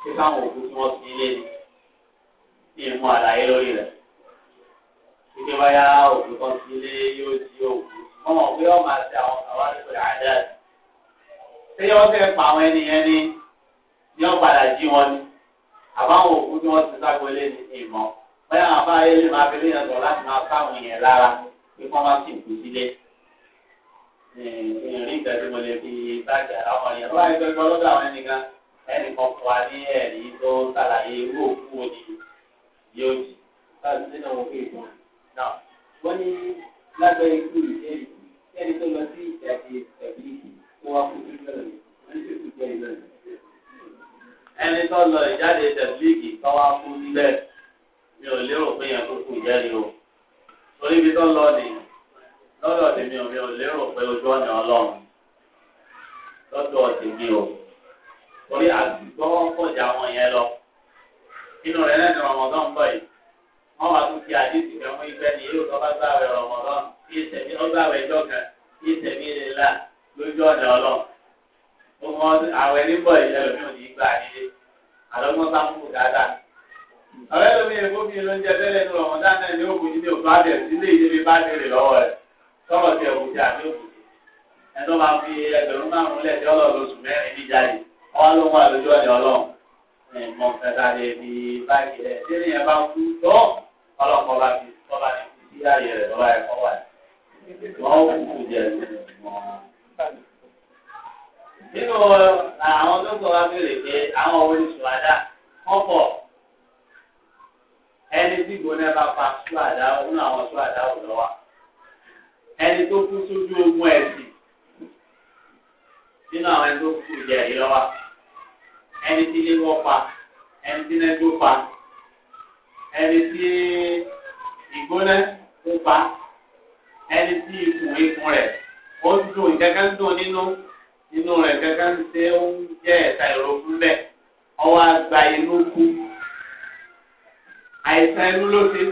ṣé káwọn òkú tí wọ́n fi ilé ni ní ìmú àlàyé lórí rẹ̀ ìdí wáyà òkú kan sí ilé yóò di òkú wọ́n mọ̀ pé wọ́n máa ṣe àwọn àwárí pẹ̀lú àdáyé. ṣé yọ́n fẹ́ pa àwọn ẹni yẹn ní yọ padà jí wọn ni àbáwọn òkú tí wọn ti ságbélé ní ìmọ̀ bẹ́ẹ̀ àwọn afárá yẹn lè máa fi léyìn ọ̀dọ̀ láti máa fáwọn yẹn lára pé kí wọ́n má sì kú sílé ìrìn ìgbà tí mo lè fi báàgì àwọn ọ̀rẹ́ tó bá yẹ lọ́dọ̀ àwọn ẹnìkan ẹnìkan fún wa ní ẹ̀rí tó ṣàlàyé irú òkú wo ni yóò jì láti nínú àwọn òkú ìbọn náà wọ́n ní lábẹ́ ikú ìjẹ́rìí ẹni tó lọ sí ìjà ẹni tó lọ ìjáde tẹ̀síìkì tó wá kú síbẹ̀ mi ò lérò pé yẹn tó kù jẹ́ ni o torí ibi tó lọ ni lọ́dọ̀ tèmi ò mi ò lérò pé ojú ọ̀nà ọlọ́run lọ́dọ̀ tèmi o torí àgbọ̀ wọn kọjá wọn yẹn lọ inú rẹ̀ lẹ́nu ọmọdún bọ̀ yìí wọ́n wá tún fi àdéhùn kan fún ìfẹ́ ni yóò tọ́ba gbàwé ọmọdún kí ìsẹ̀mí ọgbàwé ẹjọ́ kan kí ìsẹ̀mí la lójú ọ̀nà ọlọ́run ó mọ àwọn ẹni bọ̀ yìí ẹlòmíì ò ní gbà nílé àlọ́gbọ́n sá fún bùkátà. ọ̀rẹ́ lómi èèmó mi ló ń jẹ tẹ́lẹ̀ ní ọmọ dáná ní òkú nílé òkú àbẹ̀ sílé ìdílé bá tẹ̀lé lọ́wọ́ rẹ̀ sọ̀rọ̀ tẹ òkú tẹ àbí òkú ẹ̀tọ́ máa fi ẹgbẹ̀rún márùn-ún lẹ̀ tí ọlọ́run oṣù mẹ́rin ní jáde ọwọ́ ló ń wà lójú ọ̀dẹ ọlọ́run ẹ̀mọ́ kẹta lè fi báyìí rẹ̀ tí ènìyàn bá kú tó ọlọ́pàá bá fi tọ́ba ní kú sí ààyè rẹ̀ lọ́wọ́ ẹ̀kọ́ wà nínú àwọn tó ń wá béèrè pé àwọn òwe ní wọn pọ ẹni tí gbóná bá pa sùwádà nínú àwọn sùwádà ò lọ wa ẹni tó kú sójú ogun ẹ̀sìn nínú àwọn ẹni tó kú jẹ ìlọwa ẹni tí ilé wọn pa ẹni tí nẹgbó pa ẹni tí ìgbóná ń pa ẹni tí ikùn ikùn rẹ̀ ó dùn ìkẹkẹ ń dùn nínú inú rẹ̀ kẹ́kẹ́ ń ṣe ń jẹ́ ẹ̀ka ìrọ̀kúnlẹ̀ ọwọ́ àgbà inú kú àìsàn inú ló ti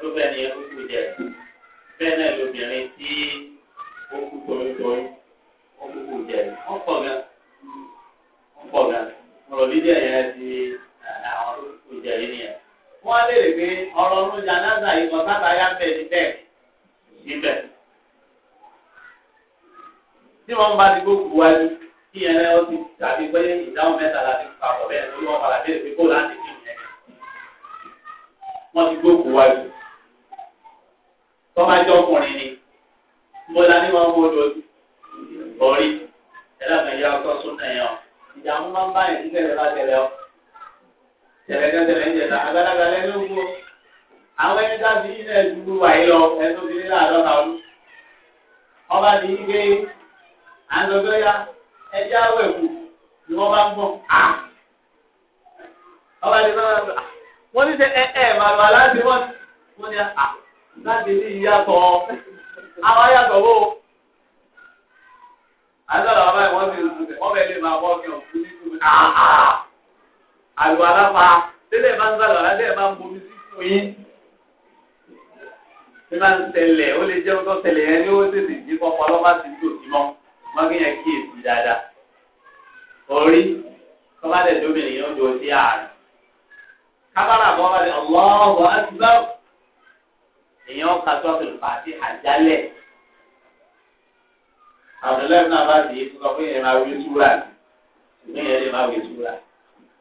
ló bẹ̀ ní ẹkú kú jẹ bẹ́ẹ̀ náà lóbìnrin tí ó kú torítorí ó kú kú jẹ wọ́n pọ̀ gan wọ́n pọ̀ gan ọ̀rọ̀ dídẹ̀ yẹn ti àwọn tó kú jẹ yìí nìyẹn wọ́n lè rí pé ọ̀rọ̀ ọ̀run jàǹdà yìí kọ́ sábà yá bẹ̀ níbẹ̀ níbẹ̀ tí wọ́n bá ti gbókù wájú kí yẹn lẹ́yìn ọtí tàbí pé ìdáhùn mẹ́ta láti papọ̀ bẹ́ẹ̀ lórí wọn padà bẹ́ẹ̀ pé kó láti kí yẹn. wọ́n ti gbókù wájú. tọ́májọ́ ọkùnrin ni mo la ní wọn bó lójú bọ́rí ẹlẹ́gbẹ̀yà ọkọ̀ súnà yẹn o ìdààmú máa ń bá yẹn síbẹ̀ lọ́la tẹ̀lé o tẹ̀lẹ́kẹ́tẹ̀lẹ́ ń jẹta àgbàlagbà lẹ́nu àwọn ẹni tá ilẹ̀ dúdú wáyé lọ ẹ̀sùn ti ní láàdọ́ta ọdún ọba ní ike àlọ́gbẹ́yà ẹjẹ́ awẹ́ kù ni wọ́n bá ń gbọ́n. ọba ní bá wọ́n ní sẹ́ ẹ ẹ màlúwà láti wọ́n wọ́n ní à láti ní ìyàtọ̀ àwọn ayàtọ̀ wò ó. àtàlà ìwọ́n ti rùn sẹ̀ wọ́n lè máa wọ́ọ̀kì ọ̀fun ní ìlú àlùwà láfa tẹ́lẹ̀ máa ń sàlọ̀ lálẹ́ máa ń bomi sí fún yín bí ń tẹ̀lẹ̀ ó lè jẹ́ ọkọ̀ tẹ̀lẹ̀ yẹn ní ó tètè jí kọ́ ọpọlọ wọ́n gbé yẹn kí èkú dáadáa orí kọ́mádé dómìnì yóò dúró sí ààrẹ kábàrà bọ́ wọlé ọlọ́wọ́ àtúbà èèyàn ka sọ́ọ̀tù pàtí àjálẹ̀ àbẹ̀lẹ̀ náà bá di sọ pé yẹn máa wí túra ní yẹn lè máa wí túra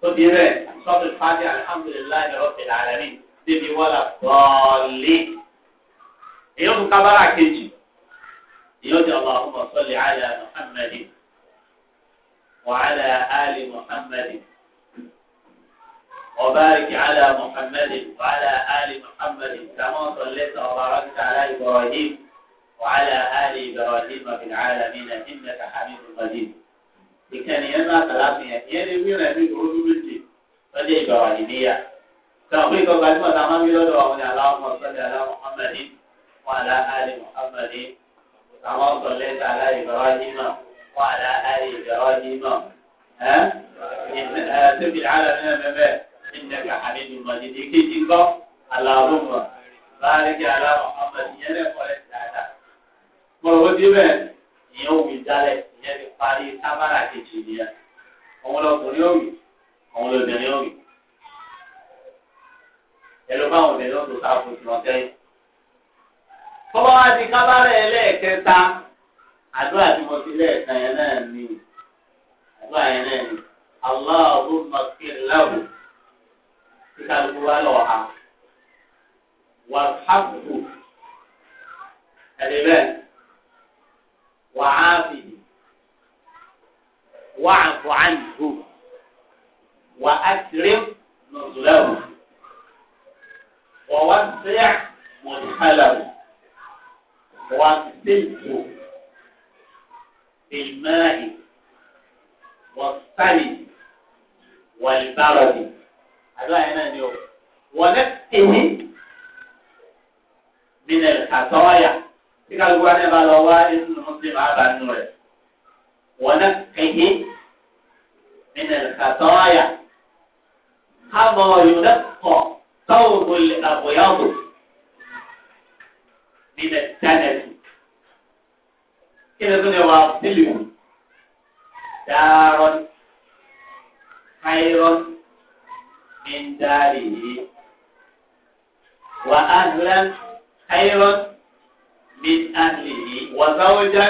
tóbi rẹ̀ sọ́ọ̀tù pàtí alihamudulilayi ni ọ̀fẹ́ làlẹ́ mi débi wọ́lá bọ́ọ̀lì èèyàn tún kábàrà kejì. يدي اللهم صل على محمد وعلى آل محمد وبارك على محمد وعلى آل محمد كما صليت وباركت على إبراهيم وعلى آل إبراهيم في العالمين إنك حميد مجيد لكن ينا ثلاثة يعني مين أبي غرور بنتي فدي إبراهيمية تأخذ قلبي ما تمام يلا اللهم صل على محمد وعلى آل محمد àwọn ọ̀sọ̀lẹ́ta aláìbọ̀rọ̀ nímọ̀ wọ́n àlá aláìbọ̀rọ̀ nímọ̀ ẹ́ tóbi àlọ́ nínú mẹ́fẹ́ ìnẹ̀kà àmínú mọ̀lẹ́dẹ́ kéjì ńkọ́ aláàbọ̀mọ̀ báàrẹ́kì aláàbọ̀ ọmọ ìyẹn lẹ́kọ̀ọ́ rẹ̀ dáadáa. mo rò ó dé bẹ́ẹ̀ ìyẹn òwì dálẹ̀ ìyẹn ti parí sábàrà kejì nìyẹn òun lọkùnrin òwì òun lóbìnrin òwì. ẹ ló bá àwọn obìnrin ó tó sáà fún ìtumọ̀ sẹ́yìn. kọ́bá wá di kábàárẹ̀ ẹlẹ́ẹ̀kẹta àdúrà tí mo fi lẹ́ẹ̀kan yẹn náà ní àdúrà yẹn náà ní Wa kir lahu kí Wa wá lọ́wọ́ ha wàhábù ẹ̀dẹ̀bẹ̀ wàhábì wàhábù ànìhù wàhásírì nùsùlẹ̀hù والثلث في الماء والصلب والبرد هذا هنا اليوم ونفسه من الخطايا تقال قوانا بالله اسم المسلم هذا النور ونفسه من الخطايا كما ينقى ثوب الأبيض ilẹ̀ jánẹ̀tì kí ni tó ní wa sílìwù dárọ́ káírọ́ ní dárì yìí wà á nílẹ̀ káírọ́ ní àlè yìí wà záwọ́jà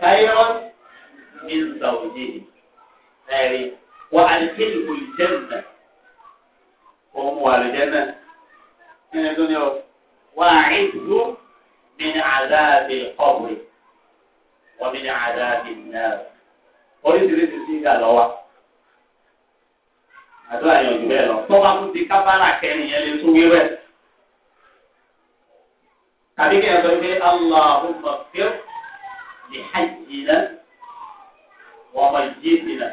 káírọ́ ní zàwọ́jì ẹ̀rí wà á ní sílìwù jẹ́nà òun wà lójẹ́ náà kí ni tó ní واعده من عذاب القبر ومن عذاب النار oríṣiríṣi sígà lọ́wọ́ الله. yẹn ojú bẹ́ẹ̀ lọ tó bá tún ti kábàárà kẹrin yẹn lè tún wíwẹ̀ tàbí kí ẹ sọ pé allahumma fir li hajjina wa majidina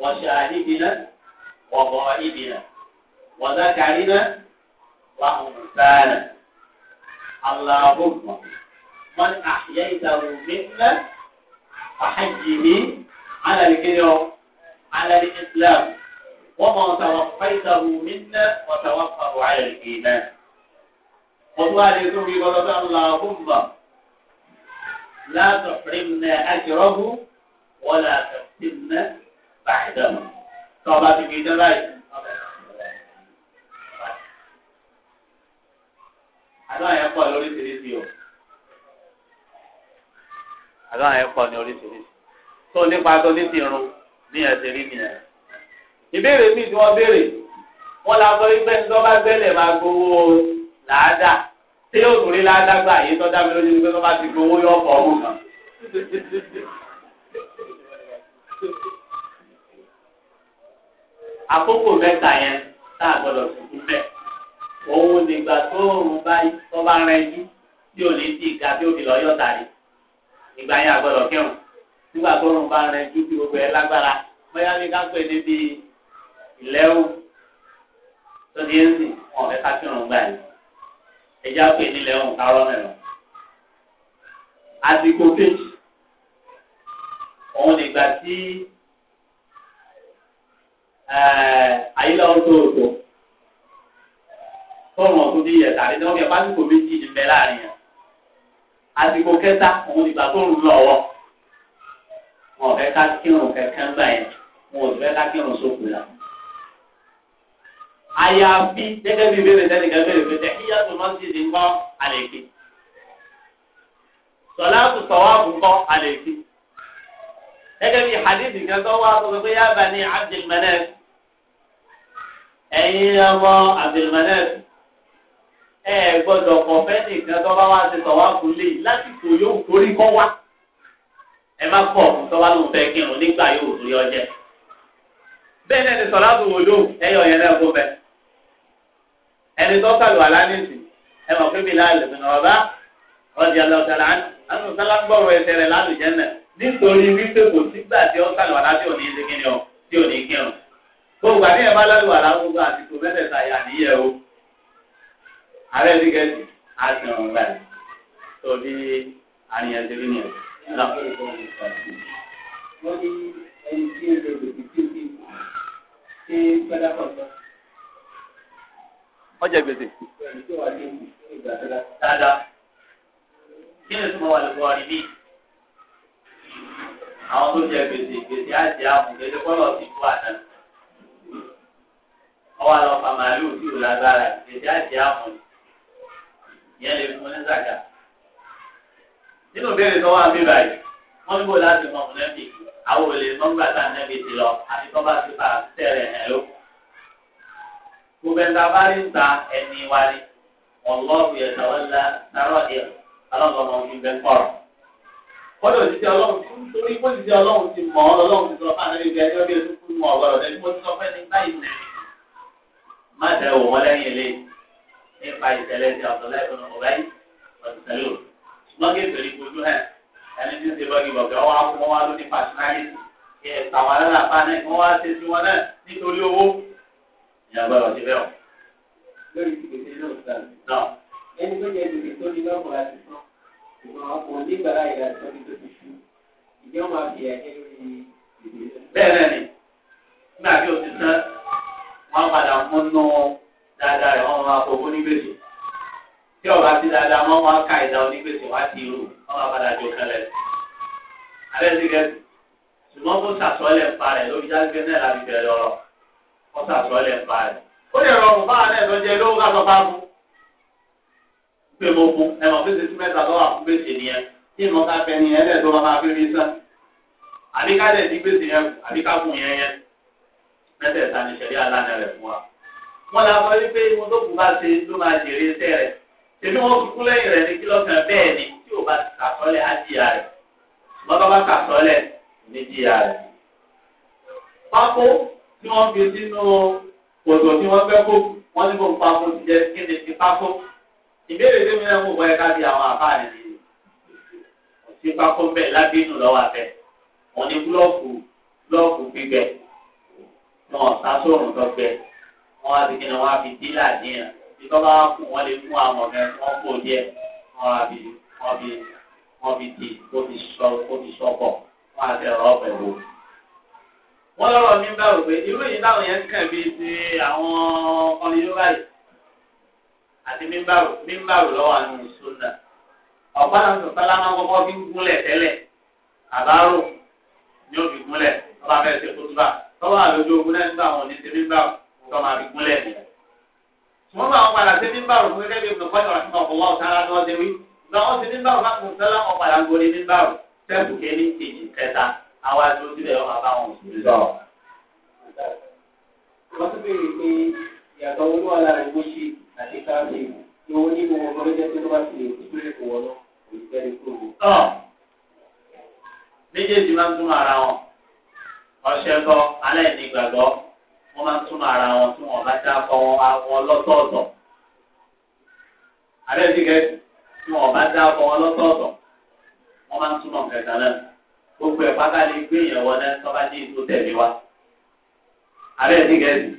wa shahidina wa ba'idina wa zakarina. وأنفالا اللهم من أحييته منا فحيه على الكرم على الإسلام وما توفيته منا وتوفه على الإيمان والله عليكم بقول اللهم لا تحرمنا أجره ولا تفتنا بعده طبعا في كده àdúrà yẹn pọ̀ lóríṣiríṣi o àdúrà yẹn pọ̀ ní oríṣiríṣi tó nípa tó ní ti rún ní ẹsẹ̀ rí nìyẹn. ìbéèrè mi tí wọ́n béèrè wọ́n la sọ wípé ní tó bá gbẹ́lẹ̀ máa gbowó làádá tí yóò tún rí làádá gbà yìí tó dá mi lójú pé tó bá ti gbowó yóò pọ̀ ọ̀hún kan. àkókò mẹ́ta yẹn tá a gbọ́dọ̀ tuntun bẹ́ẹ̀ òun nígbà tó òun bá tó bá rẹ jí tí ò ní ti ga tí ó fi lọ yọ tàrí ìgbà yẹn àgbọ́dọ̀ kírun nígbà tó òun bá rẹ jí tí gbogbo ẹ lágbára bóyá bí ká pè níbi ìlẹ́wù tó di ẹ̀sì wọn fẹ́ ká kírun gbà yìí ẹjẹ́ àpè nílẹ̀ ọ̀hún kárọ́ mẹ́rin àsìkò kejì òun nígbà tí ayélujára tó o fọ́ọ̀mù ọ̀tún ti yẹ̀ tàbí tẹ́wọ́n kẹ́ pásítọ̀ méjì ní bẹ́ẹ̀ láàrin yẹn àsìkò kẹta òun ìgbà tó ń lọ ọwọ́ wọn ò fẹ́ ká kírun kẹ̀kẹ́ ń gbà yẹn wọn ò fẹ́ ká kírun sókù la. àyàfi gẹ́gẹ́ bí bẹ́ẹ̀ bẹ́ẹ̀ nìkan bẹ́ẹ̀ bẹ́ẹ̀ tẹ̀ kíyà tó máa ń ṣe ńkọ́ àlè fi sọlá tó sọ̀wá ńkọ́ àlè fi gẹ́gẹ́ bí hadithi kan tó wá sọ pé yá ẹ gbọ́dọ̀ kọ fẹ nìkan tó bá wá ṣe tọwá kú lé lásìkò yóò torí kọ wá ẹ má kọ ọkùn tó bá lóun fẹ́ kírun nígbà yóò torí ọjẹ bẹ́ẹ̀ náà ni sọlá tó wọlé o ẹyọ yẹn náà kó fẹ ẹni tó kàlù alánìsì ẹ mọ fún mi láàlẹ mi nà ọba ọdí alọtara ánú sálá gbọrọ ẹsẹ̀ rẹ̀ lálùjẹ náà nítorí wípé kò sígbà tí ó kàlù alá tí ò ní í ṣe kí ni ọ tí ò ní í kírun gbogbo àti ẹ bá lálù àlá gbogbo ààrẹ ti gẹ̀ẹ́sì báyìí tó bí àníyàn ti wọ́n jẹ gbèsè. dáadáa kí ni ìtumọ̀ wà lóko ọ̀rìn àwọn tó jẹ gbèsè gbèsè á jẹ àbùkẹ́jọ kọ́lọ̀ ti kú àná ọwọ́ àlọ́ fàmàlú tí ò lágbára gbèsè á jẹ ìyẹn lè fún wọn ní zaka nínú béèrè tó wà ń bí báyìí wọn níbo láti mọ mọlẹbi àwọn olè nọ́mbà tá a nẹbi ti lọ àti tó bá ti fà tẹrẹ ẹ ló gbogbo ẹ̀ta bá rí ń ta ẹni wá ní ọlọ́ọ̀bù ẹ̀ta wọn la sárọ̀ ẹ̀ alọ́gbọ̀n ọmọ mi bẹ́ẹ̀ kọ̀rọ̀ kọ́dọ̀ ti di ọlọ́run torí kó ti ọlọ́run ti mọ̀ ọ́ lọ́run ti sọ fún àná ibi ẹjọ́ bí ẹtú fún lẹ́yìn mo sọ fún ẹni báyìí nẹ̀ má dẹ̀ wò wọ́n lẹ́yìn eléyìí nípa ìṣẹ̀lẹ̀ ti àtọ̀lá ìfọ̀nà ọ̀gá yìí ọ̀sẹ̀lẹ̀ ṣùgbọ́n kí ètò ìfojú hàn ẹni tí ń ṣe bọ́ọ̀gì bọ̀gẹ́ wọn á fún wọn wá lóní pàṣínáyìí kí ẹ̀ tàwọn alálàpá náà wọ́n wá ṣe sí wọn náà nítorí owó ìyàgbọ́ ọ̀rọ̀ ti bẹ́ẹ̀ lórí ìpèsè náà sàn. ẹni tó yẹ ìdòdì tó ní lọ́kọ̀ láti tán ìgbọ̀n bẹ́ẹ̀ ni nígbà tí o padà mú nú dáadáa rẹ̀ wọ́n máa fowó nígbèsè tí ọba ti dáadáa wọ́n máa ka ìdá onígbèsè wá sí irú wọ́n máa padà jó kẹlẹ̀ alẹ́ ti gẹ̀ ṣùgbọ́n kó sàtọ́lẹ̀ pa rẹ̀ lórí jáde náà láti bẹ̀rẹ̀ ọ̀rọ̀ kó sàtọ́lẹ̀ pa rẹ̀ ó lè rọrùn báwa náà lọ jẹ lówó ká lọ bá mú pé mo mú ẹ mọ̀ pé ṣètì mẹ́ta lọ́wọ́ àfún gbèsè nìyẹn tí mo ká fẹ́ ní gbèsè wọn la sọ wípé ìwọ̀n tó kù bá ṣe ló máa jèrè iṣẹ́ rẹ̀ tèmi wọn fi kú lẹ́yìn rẹ̀ ní kílọ̀kan bẹ́ẹ̀ ni tí o bá ti sàtọ́lẹ̀ á jìyà rẹ̀ lọ́dọ̀ bá sàtọ́lẹ̀ ní jìyà rẹ̀. pákó tí wọ́n fi sínú kòtò tí wọ́n fẹ́ kó wọ́n ní kó ń pákó ti jẹ́ kí ni ti pákó. ìbéèrè tó mi náà mú bọ́yẹ káàdì àwọn àbáàdì ni ti pákó bẹ́ẹ̀ lábínú lọ́wọ́ àfẹ́ wọ́n ní búlọ́ọ̀kù búlọ́ọ̀kù gbígbẹ náà sásọ̀rùn tó gbẹ wọn wá fi kí ni wọn á fi dílà díẹ̀ bí tó bá kù wọn lè fún àwọn ọmọ wọn kò díẹ̀ wọn á fi wọn fi wọn fi tì kó fi sọ kó fi sọkọ wọn á fi ọ̀rọ̀ pẹ wò. wọn lọ́rọ̀ mi bá wò pé irú yìí táwọn yẹn kàn bí ti àwọn ọkùnrin yóò báyìí àti mímbàrò mímbàrò lọ́wọ́ àwọn ìṣúná ọ̀pá náà sọ̀tà lánàá kọ́kọ́ fi ń gúnlẹ̀ àbárò ni ó fi gúnlẹ̀ ọba fẹ́ẹ́ ṣe kótóbà tọ́wọ́ àlejò ogun náà nígbà wọn ní ti mímbàrò tọ́mà fi kúnlẹ̀ mi. wọ́n bá wọn padà sí níbàrún fún gẹ́gẹ́ bí olùkọ́ ìrọ̀ àti ọ̀pọ̀ wọn sára ní ọdẹ wí. lọ wọn ti níbàrún bá kún sẹ́lá wọn padà ń gorí níbàrún sẹ́kù kéde kejì kẹta àwọn adúró síbẹ̀ wọn máa bá wọn sùn lọ. wọ́n tún béèrè pé ìyàtọ̀ owó wà lára ìwé ṣe àti káàdì ìwọ nínú ọmọ lọ́jọ́ tó bá ti ìpínlẹ̀ kò wọ́n lọ méjèèjì máa ń tún ara wọn ọ̀ṣẹ́ bọ́ alẹ́ ní ìgbàgbọ́ wọ́n máa ń ara wọn tí wọ́n bá dá kọ́ wọn lọ́tọ̀ọ̀tọ̀. Àbẹ́rẹ́ ti gẹ̀ẹ́sì tí bá dá kọ́ wọn wọ́n máa ń kẹta náà. Gbogbo ẹ̀ pátá lè gbé èèyàn wọn náà tọ́ bá dé tẹ̀lé wa. Àbẹ́rẹ́ ti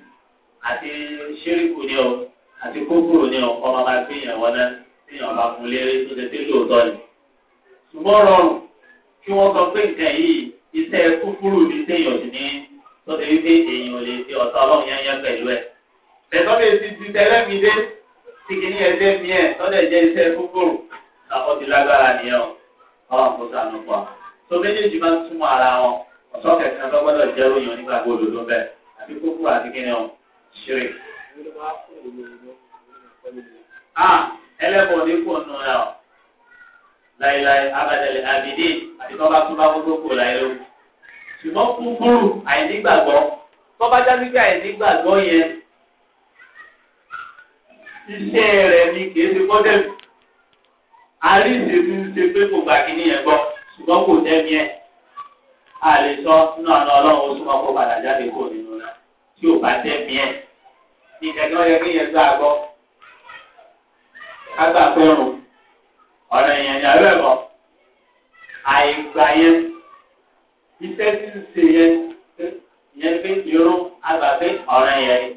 àti ṣíríkù ni o àti kókòrò ni o kọ́ máa gbé èèyàn wọn náà tí èèyàn bá fún léré tó ṣe tí lóòótọ́ ni. Ṣùgbọ́n rọrùn kí wọ́n sọ pé nǹkan yìí iṣẹ́ kúkúrú ni téèyàn sì ní tó wípé èyàn ò lè fi ọ̀tá ọlọ́run yẹn yẹn pẹ̀lú ẹ̀. Bẹ̀tọ́ lè ti ti tẹ́lẹ̀ mi tí kìíní ẹ̀jẹ̀ mi ẹ̀ tọ́lẹ̀ jẹ́ iṣẹ́ kúkúrú àpò ti lágbára nìyẹn o ọ̀hún sànù pa. Tó méjèèjì máa ń túmọ̀ ara wọn ọ̀tọ́ kẹ̀kẹ́ tó gbọ́dọ̀ jẹ́ ròyìn nípa gbòdòdó bẹ́ẹ̀ àti kúkúrú àti kíni o ṣeré. ẹlẹ́bùn ní kò nù ẹ̀ láìláì abẹ́dẹ̀lẹ̀ àbídí àti tọ́ bá tún bá gbogbo láìlóhùn ṣùgbọ́n kúkúrú àìnígbàgbọ́ tó bá já wípé àìnígbàgbọ́ yẹn iṣẹ́ rẹ̀ ni kì í ṣe kọ́dẹ̀lù àríṣe ti ń ṣe pé kò gbà kíní yẹn gbọ́ ṣùgbọ́n kò dẹ́mi ẹ̀ a lè sọ nínú àná ọlọ́run ó súnmọ́ kó padà jáde kó nínú náà tí ò bá dẹ́mi ẹ̀ ní ìdájọ́ kí yẹn gbà gbọ́ ká gbà pé rùn ọ̀rọ̀ èèyàn yàrá ẹ̀kọ́ àìgbà yẹn iṣẹ́ tí ń ṣe yẹn yẹn pé irun agbàgbé ọ̀ràn yẹn ni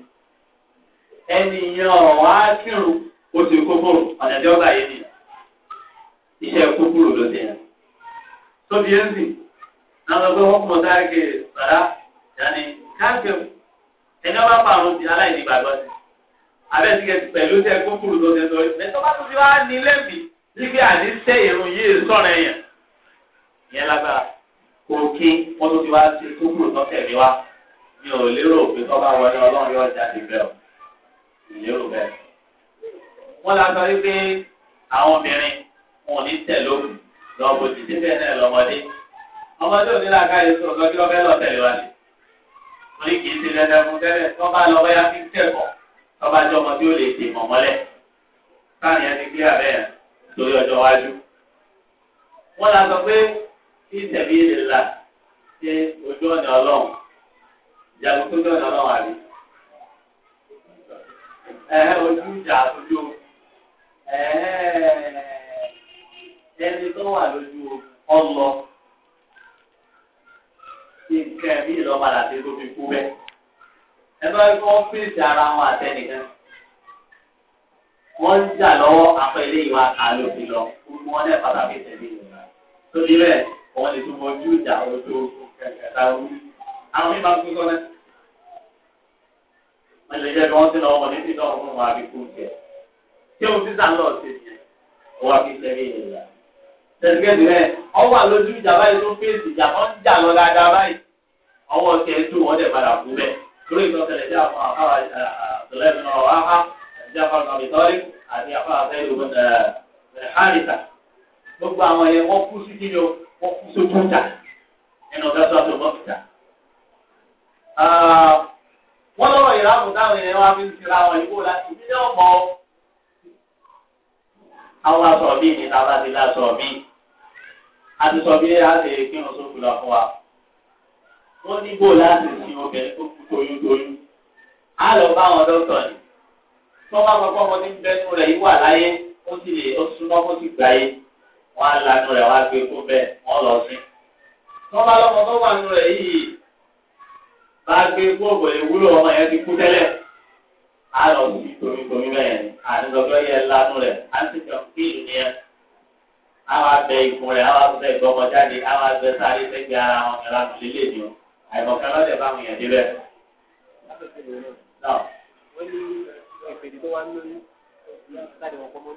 ẹni yẹn ọ̀wá kírun ó ti kókòrò ọ̀nà tí ó bá yẹn ni iṣẹ́ kókòrò ló ti yẹn. tóbi ẹ̀ ń sìn náà lọ́gbẹ́ wọn kọ́ sáré kiri sàrà yanni káàkiri ẹni ọba pààrọ̀ ti aláìní gbàgbọ́ sí abẹ́síkẹ́ pẹ̀lú iṣẹ́ kókòrò tó ti sọ ẹ̀tọ́ bá tó ti wá ní lẹ́bi nígbà àdíṣẹ́ ìrùn yìí sọ̀rọ̀ òkè wọn tó ti wá sí kúkúrú tọ́tẹ̀ mi wá mi ò lérò pé tọ́ bá wọlé ọlọ́run yóò jáde bẹ́ẹ̀ o lérò bẹ́ẹ̀. wọ́n la sọ wípé àwọn obìnrin wọn ò ní tẹ̀lé òkú lọ́bù títí bẹ́ẹ̀ náà lọ́mọdé ọmọdé òní làákà yìí sọ̀rọ̀ lọ́kí lọ́bẹ̀ lọ tẹ̀lé wa lè. orí kìí ti lẹ́nu fún tẹ́lẹ̀ tọ́ bá lọ bẹ́yà fi kẹ́kọ̀ọ́ tọ́ bá jọ ọmọ tí ó lè dè mọ̀mọ́lẹ̀ sáà yẹn ti gbé àbẹ́yẹn torí ọjọ́ wájú. wọ́n la sọ pé tí ìtẹ̀bí rẹ̀ là ṣe ojú ọ̀nà ọlọ́run ìyàgò tó ọlọ́run ojú ìjà ojú ẹni tó wà lójú ọlọ bí ìlọ́padà ti tó ara wọn àtẹnìkan. Wọ́n ń jà lọ́wọ́ ìwà lọ. Gbogbo wọn náà pàtàkì tẹ̀lé wọn lè tó mọjú ìjà ọ̀rọ̀ tó kẹta wú. àwọn mímọ tó sọ náà wọn lè jẹ́ bí wọ́n ti lọ ọmọ níbi náà fún wọn àbí fún jẹ. tí òun ti sàn lọ sí ìyẹn wọn àbí tẹ̀lé ìyẹn yá. tẹ̀síkẹ́sì rẹ̀ ọwọ́ àlójú ìjà báyìí tó fèsì ìjà kan ń jà lọ dáadáa báyìí. ọwọ́ tiẹ̀ tó wọ́n dẹ̀ padà kú bẹ́ẹ̀ lórí ìtọ́sẹ̀lẹ̀ jẹ́ àwọn àfáà àtọ̀lẹ́bí náà wà eh, gbogbo àwọn yẹn wọ́n kú sí kí ni o wọ́n kú sójú ọjà nínú ọ̀gáṣọ́ wọ́n lọ́rọ̀ ìráàmù táwọn èèyàn wá fi ń tira àwọn ìbò láti ìdílé ọmọ àwọn aṣọ mi ní tábà ti láṣọ mi àti sọ bí a ṣe kí wọn sókù lọ fún wa. wọ́n ní bò láti sin obìnrin tó kú toyún a lọ bá àwọn dókítà ni. tí bá sọ pé ọmọ ní bẹ́ẹ̀ nù rẹ̀ yìí láyé ó sì lè ó súnmọ́ ó sì gbáyé wọn á lanu rẹ̀ wọn á gbé kú bẹ́ẹ̀ wọn lọ sí. wọn bá lọmọ tó wà nù rẹ̀ yìí bá gbé kú òbò ìwúlò ọmọ yẹn ti kú tẹ́lẹ̀ á lọ sí tòmítòmí bẹ́ẹ̀ ni àdìsọgbẹ yẹn lanu rẹ̀ á sì jọ kí ìlú ni yẹn àwọn abẹ ikùn rẹ̀ àwọn abẹ ìgbọmọjáde àwọn abẹ sáré sẹgbẹ ara wọn kẹlẹ àtúnṣe lè ní o àìmọkàn lọdẹ bá wọn yẹn débẹ̀. wọ́n ní ìpèdè tó wá lórí láti wọn kọ́ mọ́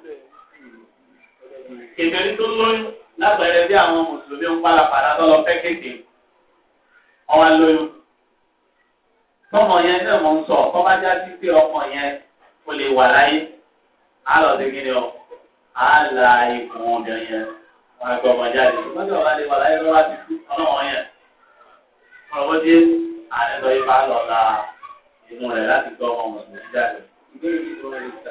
kèfèrí tó lóyún lágbẹ̀rẹ̀ bí àwọn mùsùlùmí ń pàlàpàlà lọ́lọ́ fẹ́ kéèké ọwọ́ lóyún tọmọ yẹn náà mọ̀ ń sọ tọ́ba já sí pé ọmọ yẹn kò lè wà láyé á lọ sí kí ni ọ á la ikùn obìnrin yẹn wọn àgbẹ̀ ọmọ jáde lọ́jọ́ ọba lè wà láyé lọ́wọ́ àti kú ọlọ́wọ́ yẹn ọ̀rọ̀ dé àlẹ́lọ́ ibà lọ la ìmú rẹ̀ láti gbọ́ ọmọ mùsùlùmí jáde. ìbéèrè mi ló ń rí ìta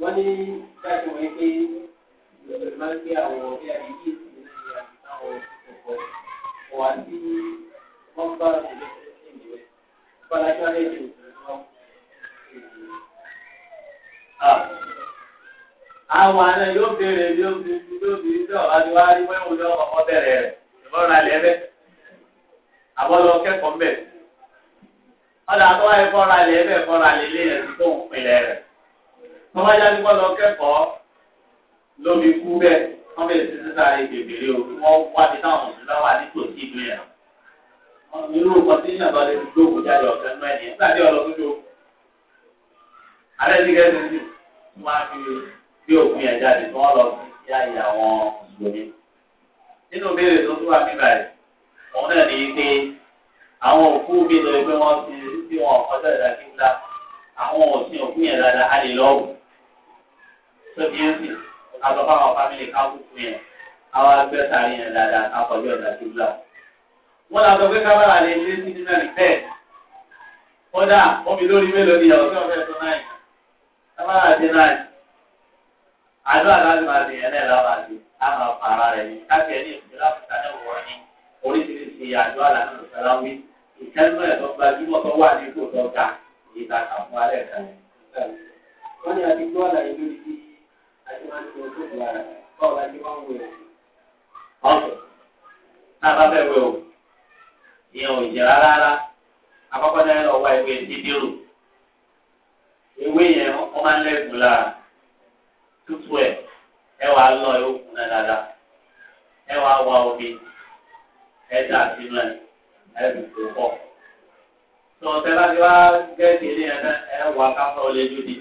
wọ́n ìrántí àwọn ọ̀rẹ́ àna yóò béèrè yóò ọ̀rọ̀ ọkọ̀ bẹ̀rẹ̀ rẹ̀ ìmọ̀ràn alẹ́ bẹ́ẹ̀ kẹ́kọ̀ọ́ mbẹ̀ ọ̀dà alẹ́ bẹ́ẹ̀ alẹ́ ló kú bẹ́ẹ̀ wọ́n bẹ̀rẹ̀ sí sísá rẹ̀ o kí wọ́n wá di táwọn mùsùlùmí wà ní tòsí ìlú yẹn. irú kọ́ńtínà bá lè fi gbóòkù jáde ọ̀fẹ́ náà ẹ̀yìn nígbà tí ọlọ́gbọ́n tó alẹ́ ti kẹ́ sí wọ́n á fi gbé òkun yẹn jáde kí wọ́n lọ sí ayé àwọn mùsùlùmí. nínú béèrè tó tún wà mí báyìí òun náà ní pé àwọn òkú mi lọ pé wọ́n ti sí wọn ọ̀kọ́jọ́ ìdákíńdá àwọn òsìn òkú yẹn dáadáa á lè lọ́wọ́ tó ti ń àtọ́ fáwọn fámìlì káwù fún yẹn àwọn agbẹ́ sàárì yẹn dáadáa akọjú ọ̀dà tó gbà. wọ́n lọ sọ pé kámẹ́rà lè ṣe sí nínú ẹ̀rí bẹ́ẹ̀ kódà omi lórí mélòó ni ìyàwó tí wọ́n fẹ́ tó náà yìí kámẹ́rà ti náà yìí àdó àdáni máa ti yẹn náà lábàá ti á máa fa ara rẹ̀ ní káfíẹ́ ní ìpínlẹ̀ àfíìsà náà wọ̀ ní oríṣiríṣi àdó àdáni ìsàlámì ìtẹ́lẹ́mọ̀ ẹ̀ tó gbajúmọ̀ tó wà ní ipò tó ga fún alẹ́ kan. wọ́n ní àti gbọ́ àlàyé ọ̀sùn tábà fẹ́ wẹ̀ o ìyẹn ò jẹ́ rárá rárá akọ́kọ́ náà lọ wá ewé dídírò ewé yẹn máa ń lẹ́gùn lára tútù ẹ̀ ẹ wà á lọ náà dáadáa ẹ wà á wá omi ẹ dà ẹ dùn tó pọ̀ ti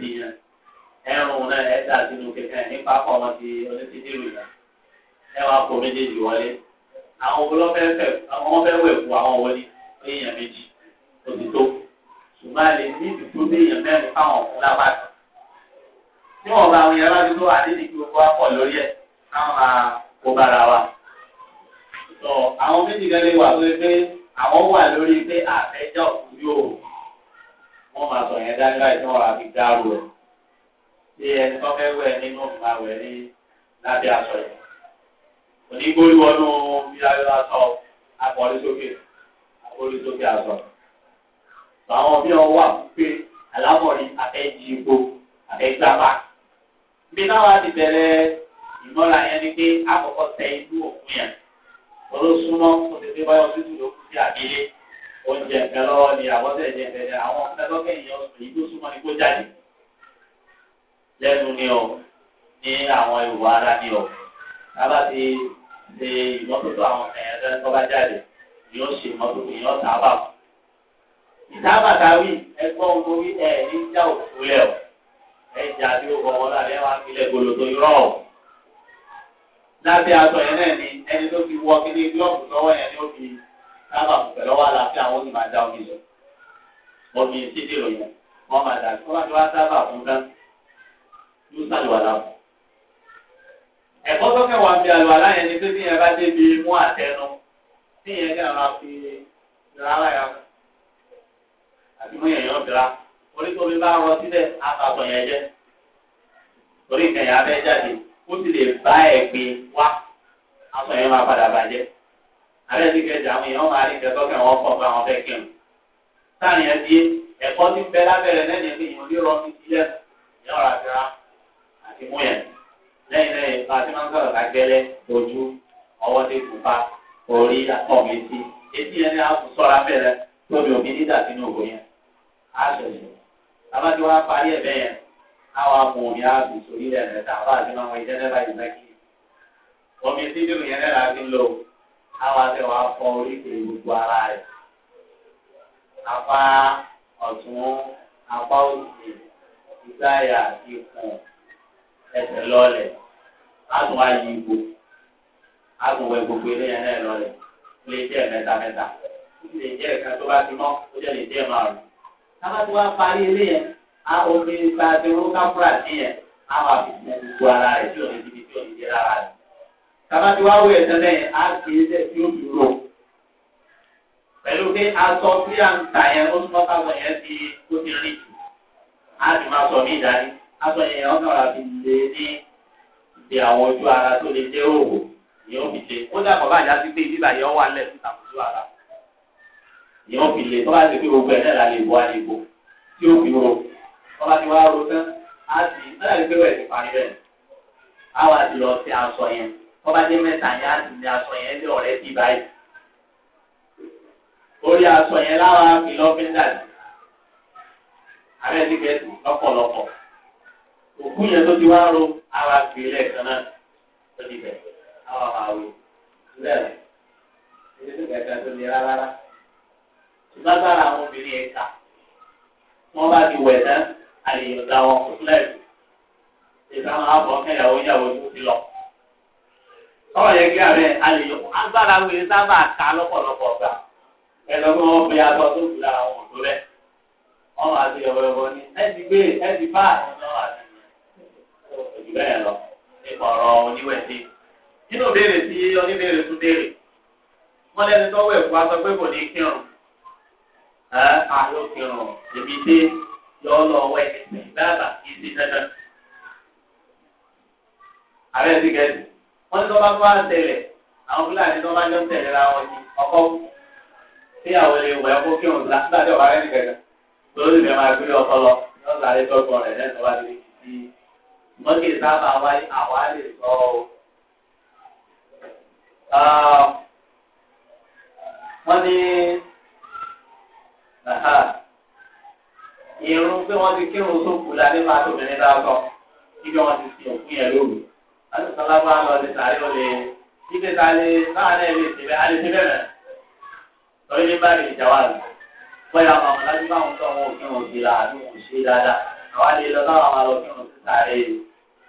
ẹrùn náà ẹ dà sínú kẹ̀kẹ́ nípa kọ wọn ti onísìdìrì yẹn ẹ wàá kó méjèèjì wọlé àwọn olófẹfẹ àwọn ọfẹwẹ fún àwọn wọlé èèyàn méjì òtítọ́ ṣùgbọ́n àlè ní ìdìbò léèyàn mẹ́rin fáwọn ọkùnrin lábàtà tí wọn bá àwọn yẹn bá dúró àdéhùn kí gbogbo wa pọ̀ lórí ẹ káwọn máa kó bára wa sọ àwọn méjì gẹ́gẹ́ wà lórí pé àwọn wà lórí pé àfẹjọ yóò wọn máa sọ yẹn dáńgá ìtàn àfi dárò ẹ tí ẹni tó nínú ìgbà wẹ̀ ní lábẹ́ aṣọ yìí. onígbórí wọnú bíláyọ̀ aṣọ akọ̀rí sókè akọ̀rí sókè aṣọ. àwọn bí wọn wà pé alámọ̀rí afẹ́jì igbó afẹ́gbàgbà. bí táwọn ti bẹ̀rẹ̀ ìmọ̀ra yẹn ni pé àkọ́kọ́ tẹ inú òkun yẹn. olóṣùmọ́ kò tètè báyọ̀ ló kú sí àgbélé oúnjẹ nǹkan lọ́wọ́ ni àbọ̀tẹ̀ ìjẹ̀bẹ̀rẹ̀ àwọn ọ̀pẹ̀lọ́kẹ̀ ìyẹn oṣù yìí tó súnmọ́ ni kó jáde lẹ́nu ni o ní àwọn ìwà ara ni o lábà ti ṣe ìmọ́tótó àwọn ẹ̀yẹ́dẹ́ tọ́ba jáde ni ó ṣe ìmọ́tótó ìyọ́ sábà fún. ìsábà táwí ẹgbọ́n orí ẹ̀ ní ìjà òkú lẹ̀ o ẹ̀jẹ̀ àti òkò wọn lálẹ́ wá kílẹ̀ gbòlòtò irọ́ lábẹ́ aṣọ yẹn náà ni ẹni tó fi wọ kíní gílọ́ọ̀bù lọ́wọ́ yẹn ni ó fi sábà fún pẹ̀lú ọwọ́ àlàáfíà wọn ló sàlùwàlà fún. ẹ̀kọ́ tó kẹwàá fi àlùwàlà yẹn ni pé bí yẹn bá débi mú àtẹnu tí yẹn kẹ́ ọ̀rọ̀ fi rárá yà fún. àti mú yẹn yọ̀ bìrà orí bá rọ sílẹ̀ àfàtọ̀ yẹn jẹ́ jáde sì lè bá ẹ̀gbin wá yẹn máa padà bàjẹ́ ti máa rí wọ́n fẹ́ di ẹ̀kọ́ ti bẹ lábẹ́rẹ́ lẹ́yìn àti mú yẹn lẹ́yìn lẹ́yìn bá a ti máa ń sọ̀rọ̀ kágbẹ́lẹ́ ojú ọwọ́ tí kò bá orí àtọ̀ mi sí etí yẹn ni a kò sọ̀rọ̀ abẹ́rẹ́ tóbi òbí dídà sínú ògbó yẹn á ṣẹlẹ̀ abájọ́ wa parí ẹ̀bẹ̀ yẹn àwọn amò omi á bù sórí rẹ̀ mẹ́ta àbá àti máa wọ ìjẹ́ nẹ́bà yìí lẹ́kì omi tí bírù yẹn lẹ́la ti ń lò àwọn àti wàá fọ orí kiri gbogbo ara rẹ̀ apá ọ̀tún apá òsì ìgbáyà ikùn ẹsẹ̀ lọ́ọ̀lẹ̀ àtún ayé ibo àtún wẹ gbogbo eléyàn náà lọ́ọ̀lẹ̀ ó lè jẹ́ mẹ́ta mẹ́ta ó lè jẹ́ ẹ̀ka tó bá ti mọ́ ó jẹ́ lè jẹ́ márùn. tábà tí wọ́n parí eléyàn á omi gba abẹ́wò káfúrà sí yẹn á máa fi sinmi gbogbo ara rẹ̀ tí ò ní síbi tí ò ní jẹ́ lára rẹ̀. tábà tí wọ́n wé ẹ̀sẹ̀ lẹ́yìn á kì í sẹ́ tí ó dúró. pẹ̀lú pé aṣọ tí à ń tà yẹn ó tún mọ́ káwọn yẹn ti ó ti rìn jù á sì máa sọ ní ìdarí aṣọ yẹn ọkàn rà fi lè ní ìdí àwọn ojú ara tó lè jẹ́ òwò ìyẹn òbí ṣe ó dàpọ̀ bá àjà sí pé bíbà yẹn wà lẹ̀ fún àkójú ara ìyẹn òbí lè tọ́ka sí pé gbogbo ẹ̀ náà la lè bo àlebo tí ó fi ro tọ́ka ti wá ro tán á sì náà lè gbéwẹ̀ ti parí rẹ̀ á wà sí lọ sí aṣọ yẹn tọ́ka dé mẹ́ta yẹn á sì ní aṣọ yẹn lé ọ̀rẹ́ bí báyìí orí aṣọ yẹn láwọn á fi lọ́ọ́ fi ń dàdí àbẹ́ẹ̀dì gẹ̀ẹ́sì lọ́pọ̀lọpọ̀ òkú yẹn tó ti wá ro ara gbé lẹ́ẹ̀kan náà tó ti bẹ̀ àwọn àwẹ̀ lẹ́ẹ̀ ẹni tó gàgà tó lè rárá lágbára àwọn obìnrin yẹn kà wọ́n bá ti wẹ̀ tán àlèyànjá wọn kò tún lẹ́ẹ̀dù ìtàn àbọ̀ kẹyàwó yàwó tó ti lọ ọ̀rọ̀ yẹn kí ààrẹ àlèyàn agbára wẹ̀ sábà ká lọ́pọ̀lọpọ̀ gbà ẹlọgbọn wọn fi aṣọ tó fi lára wọn tó rẹ wọn máa ti yọbọyọbọ ní ẹdí gbé ẹdí bá àtúntò àti òjò bẹ́ẹ̀ lọ nípa ọ̀rọ̀ oníwẹ̀sí. nínú béèrè tí oníbèrè tún béèrè wọ́n lẹ́ni tọ́wọ́ ẹ̀kú aṣọ pé kò ní kírun ẹ̀ àlọ́ kírun èmi dé lọ́ọ́lọ́ ọwọ́ ẹ̀kẹ́ bàbà kì í sí dandan. ààrẹ ti gẹ̀ẹ́sì wọ́n ní tọ́ bá wá tẹ̀lẹ̀ àwọn fúlàní tó bá jọ tẹ̀lé ra wọn ni ọkọ̀ tíyàwó lè wẹ̀ kó kírun nígbà tí ọ̀bá rẹ̀ nìkẹ́kẹ́ lórí ìbẹ̀rẹ̀ máa gbé ọkọ̀ lọ lọ́sàárẹ̀ tọ́gbọ̀n wọ́n kì í sábà wá àwa lè sọ ọ́. Ah, wọ́n ní irun pé wọ́n ti kírun sókù lálẹ́ máa tó obìnrin dáadọ́ níbi wọ́n ti sin òkú yẹn lóru. láti sọ lábá lọ lè sáré ó lè níbi tá a lè láàárín ẹ̀ lè tẹ̀lé a lè ti bẹ̀rẹ̀ lórí ní báyìí ìjà wà lọ. bóyá àwọn ọmọ lájú báwọn tó àwọn òkè wọn ò sí la àbí wọn dáadáa àwọn àlè lọ báwọn máa lọ sí sáré yìí.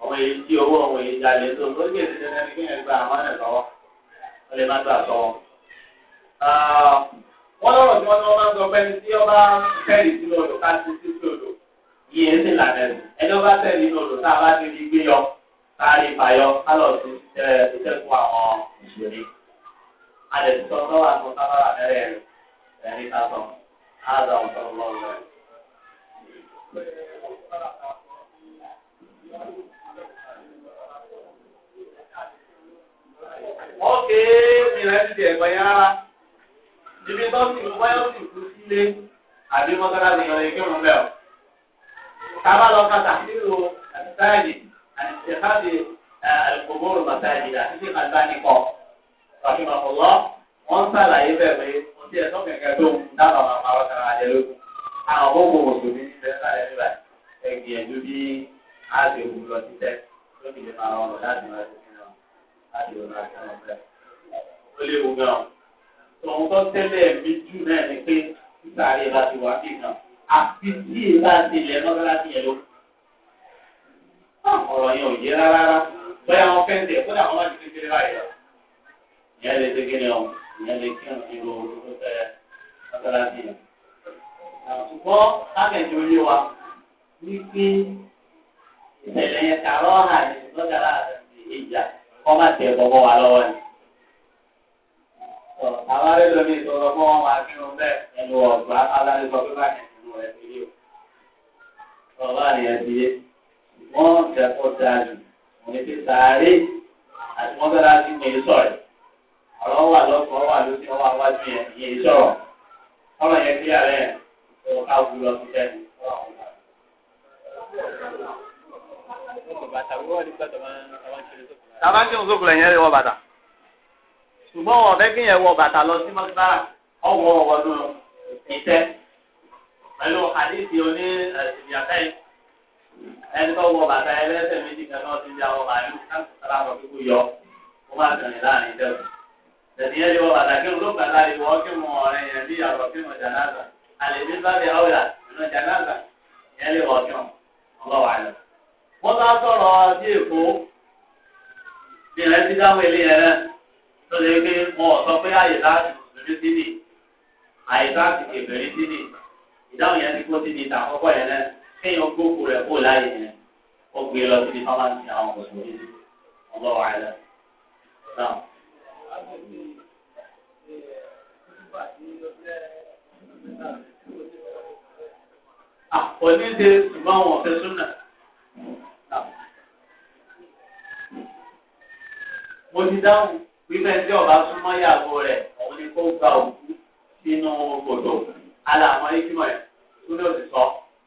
àwọn èyí tí owó àwọn èyí jalè tó ó lè ṣe ṣẹlẹ̀ ní kéèyàn gba àwọn ẹ̀ lọ́wọ́ ó lè má gbà sọ wọn. Ah, wọ́n lọ́rọ̀ tí wọ́n ní wọ́n máa ń sọ pé tí ọba fẹ́ẹ̀rì sínú odò ká sí sí sí odò yìí ń sì lànà ẹ̀sìn ẹni ọba fẹ́ẹ̀rì sínú odò tá a bá ti di gbé yọ tá a rí ìfàyọ ká lọ sí iṣẹ́ fún àwọn ìṣòrí. a sọ lọ́wọ́ àwọn sábàrà mẹ́rẹ̀ ẹ̀rí ká wọ́n ké mìíràn ti ẹ̀gbọ́ yẹn rárá ibi tó ti mú báyọ̀ sì kú sílé àbí mọ́tàlá ti yọ̀rọ̀ ìgbé wọn bẹ́ẹ̀ o. Tábà lọ ka tàkìlò àtìsáyàjì àtìsáyàjì àlùkòmórò màsáyàjì àti sí àlùbáni kọ. Ràfihàn ọ̀lọ́ wọ́n sàlàyé bẹ́ẹ̀ pé mo ti ẹ̀tọ́ kẹ̀kẹ́ tó ń dábàá máa parọ́ tara àjẹ lógún. Àwọn gbogbo mùsùlùmí ó léwu gan o tòun tó tẹ́lẹ̀ mi jù náà ni pé sáré láti wá bí kan àfi tí ìlà tilẹ̀ mọ́tàláṣí yẹn ló. ọ̀rọ̀ yẹn ò yé rárá bóyá wọn fẹ́ tẹ̀ kódà wọn má ti kékeré báyìí lọ. ìyẹn lè ṣe kíni o ìyẹn lè kí ọ̀sìn ìlú olùkọ́ tẹ mọ́tàláṣí yẹn. ṣùgbọ́n kákẹ́jì ó yé wa wípé ìṣẹ̀lẹ̀ yẹn kàrọ́ hàn ní lọ́jà láàrin ìjà kọ́ má tẹ̀ bọ́bọ́ wa lọ́wọ́ ni. àwọn arẹ́ lómi ìṣòro fún wọn máa fi hàn bẹ́ẹ̀ ẹnu ọ̀gbà alárìsọ pé bá yẹn nínú rẹ̀ ti yé o. ọba nìyẹn ti yé wọ́n tẹ̀ kó dáa jù òní ti sàárè àti wọ́n tẹ̀lé àti ìpè sọ̀rọ̀ ọ̀rọ̀ wà lọ́kọ̀ wà lókè wà wájú yẹn ìyẹn sọ̀rọ̀ ọ̀rọ̀ yẹn kí ààrẹ ọ̀rọ̀ ká wù lọ sí sẹ́ni ọ̀rọ̀ bàtà tàbá kí n sókò lẹ́yìn ẹ̀rẹ́ wọ bàtà ṣùgbọ́n wọn ọ̀fẹ́ kí yẹn wọ bàtà lọ sí mọ́sára ọwọ́ ọdún ìtẹ́ pẹ̀lú àdéhìí oní ìyàtẹ́ ẹni tó wọ bàtà ẹlẹ́sẹ̀ méjì kan náà ti di àwọn màálù káàkiri sára àwọn kíkú yọ ó máa tẹ̀lé láàrin ìtẹ́ tẹ̀sí yẹn lè wọ bàtà kí n ló gbàgbà lè wọ́ kí n mọ ọ̀rẹ́ yẹn bí àrọ̀ kí n mọ àlè bí sábẹ́ ọ̀yà èkó ní ìrántí dáhùn ilé yẹn náà tó lè gbé wọn sọ pé àyè láti mùsùlùmí sí ni àyè láti kèbèrè sí ni ìdáhùn yẹn ti kó sí ni ìtàkọ́kọ́ yẹn náà kéèyàn gbókù rẹ̀ kó láyè yẹn ó gbé lọ sí ni fámáǹtì àwọn mùsùlùmí ọlọ́wọ́ àìlẹ́ náà. Àpọ̀lídé ṣùgbọ́n àwọn ọ̀fẹ́ súnà. mo ti dáhùn wípé ẹni tí ọba súnmọ́ yàgò rẹ̀ òun ni kó gba òkú sínú kòtò alàmọ́ ìkímọ̀ ẹ̀ tó ní òsì sọ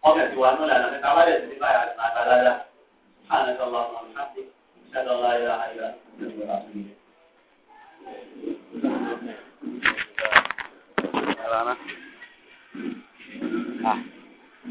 ọkàn ti wà ní ọ̀làdà mẹ́ta wá dẹ̀ sí ní báyà àti màgbà dáadáa sùhánà sọlá ọmọ mi láti ṣẹlẹ̀ ọlá ìlà ìlà ìlà ìlà. Ah.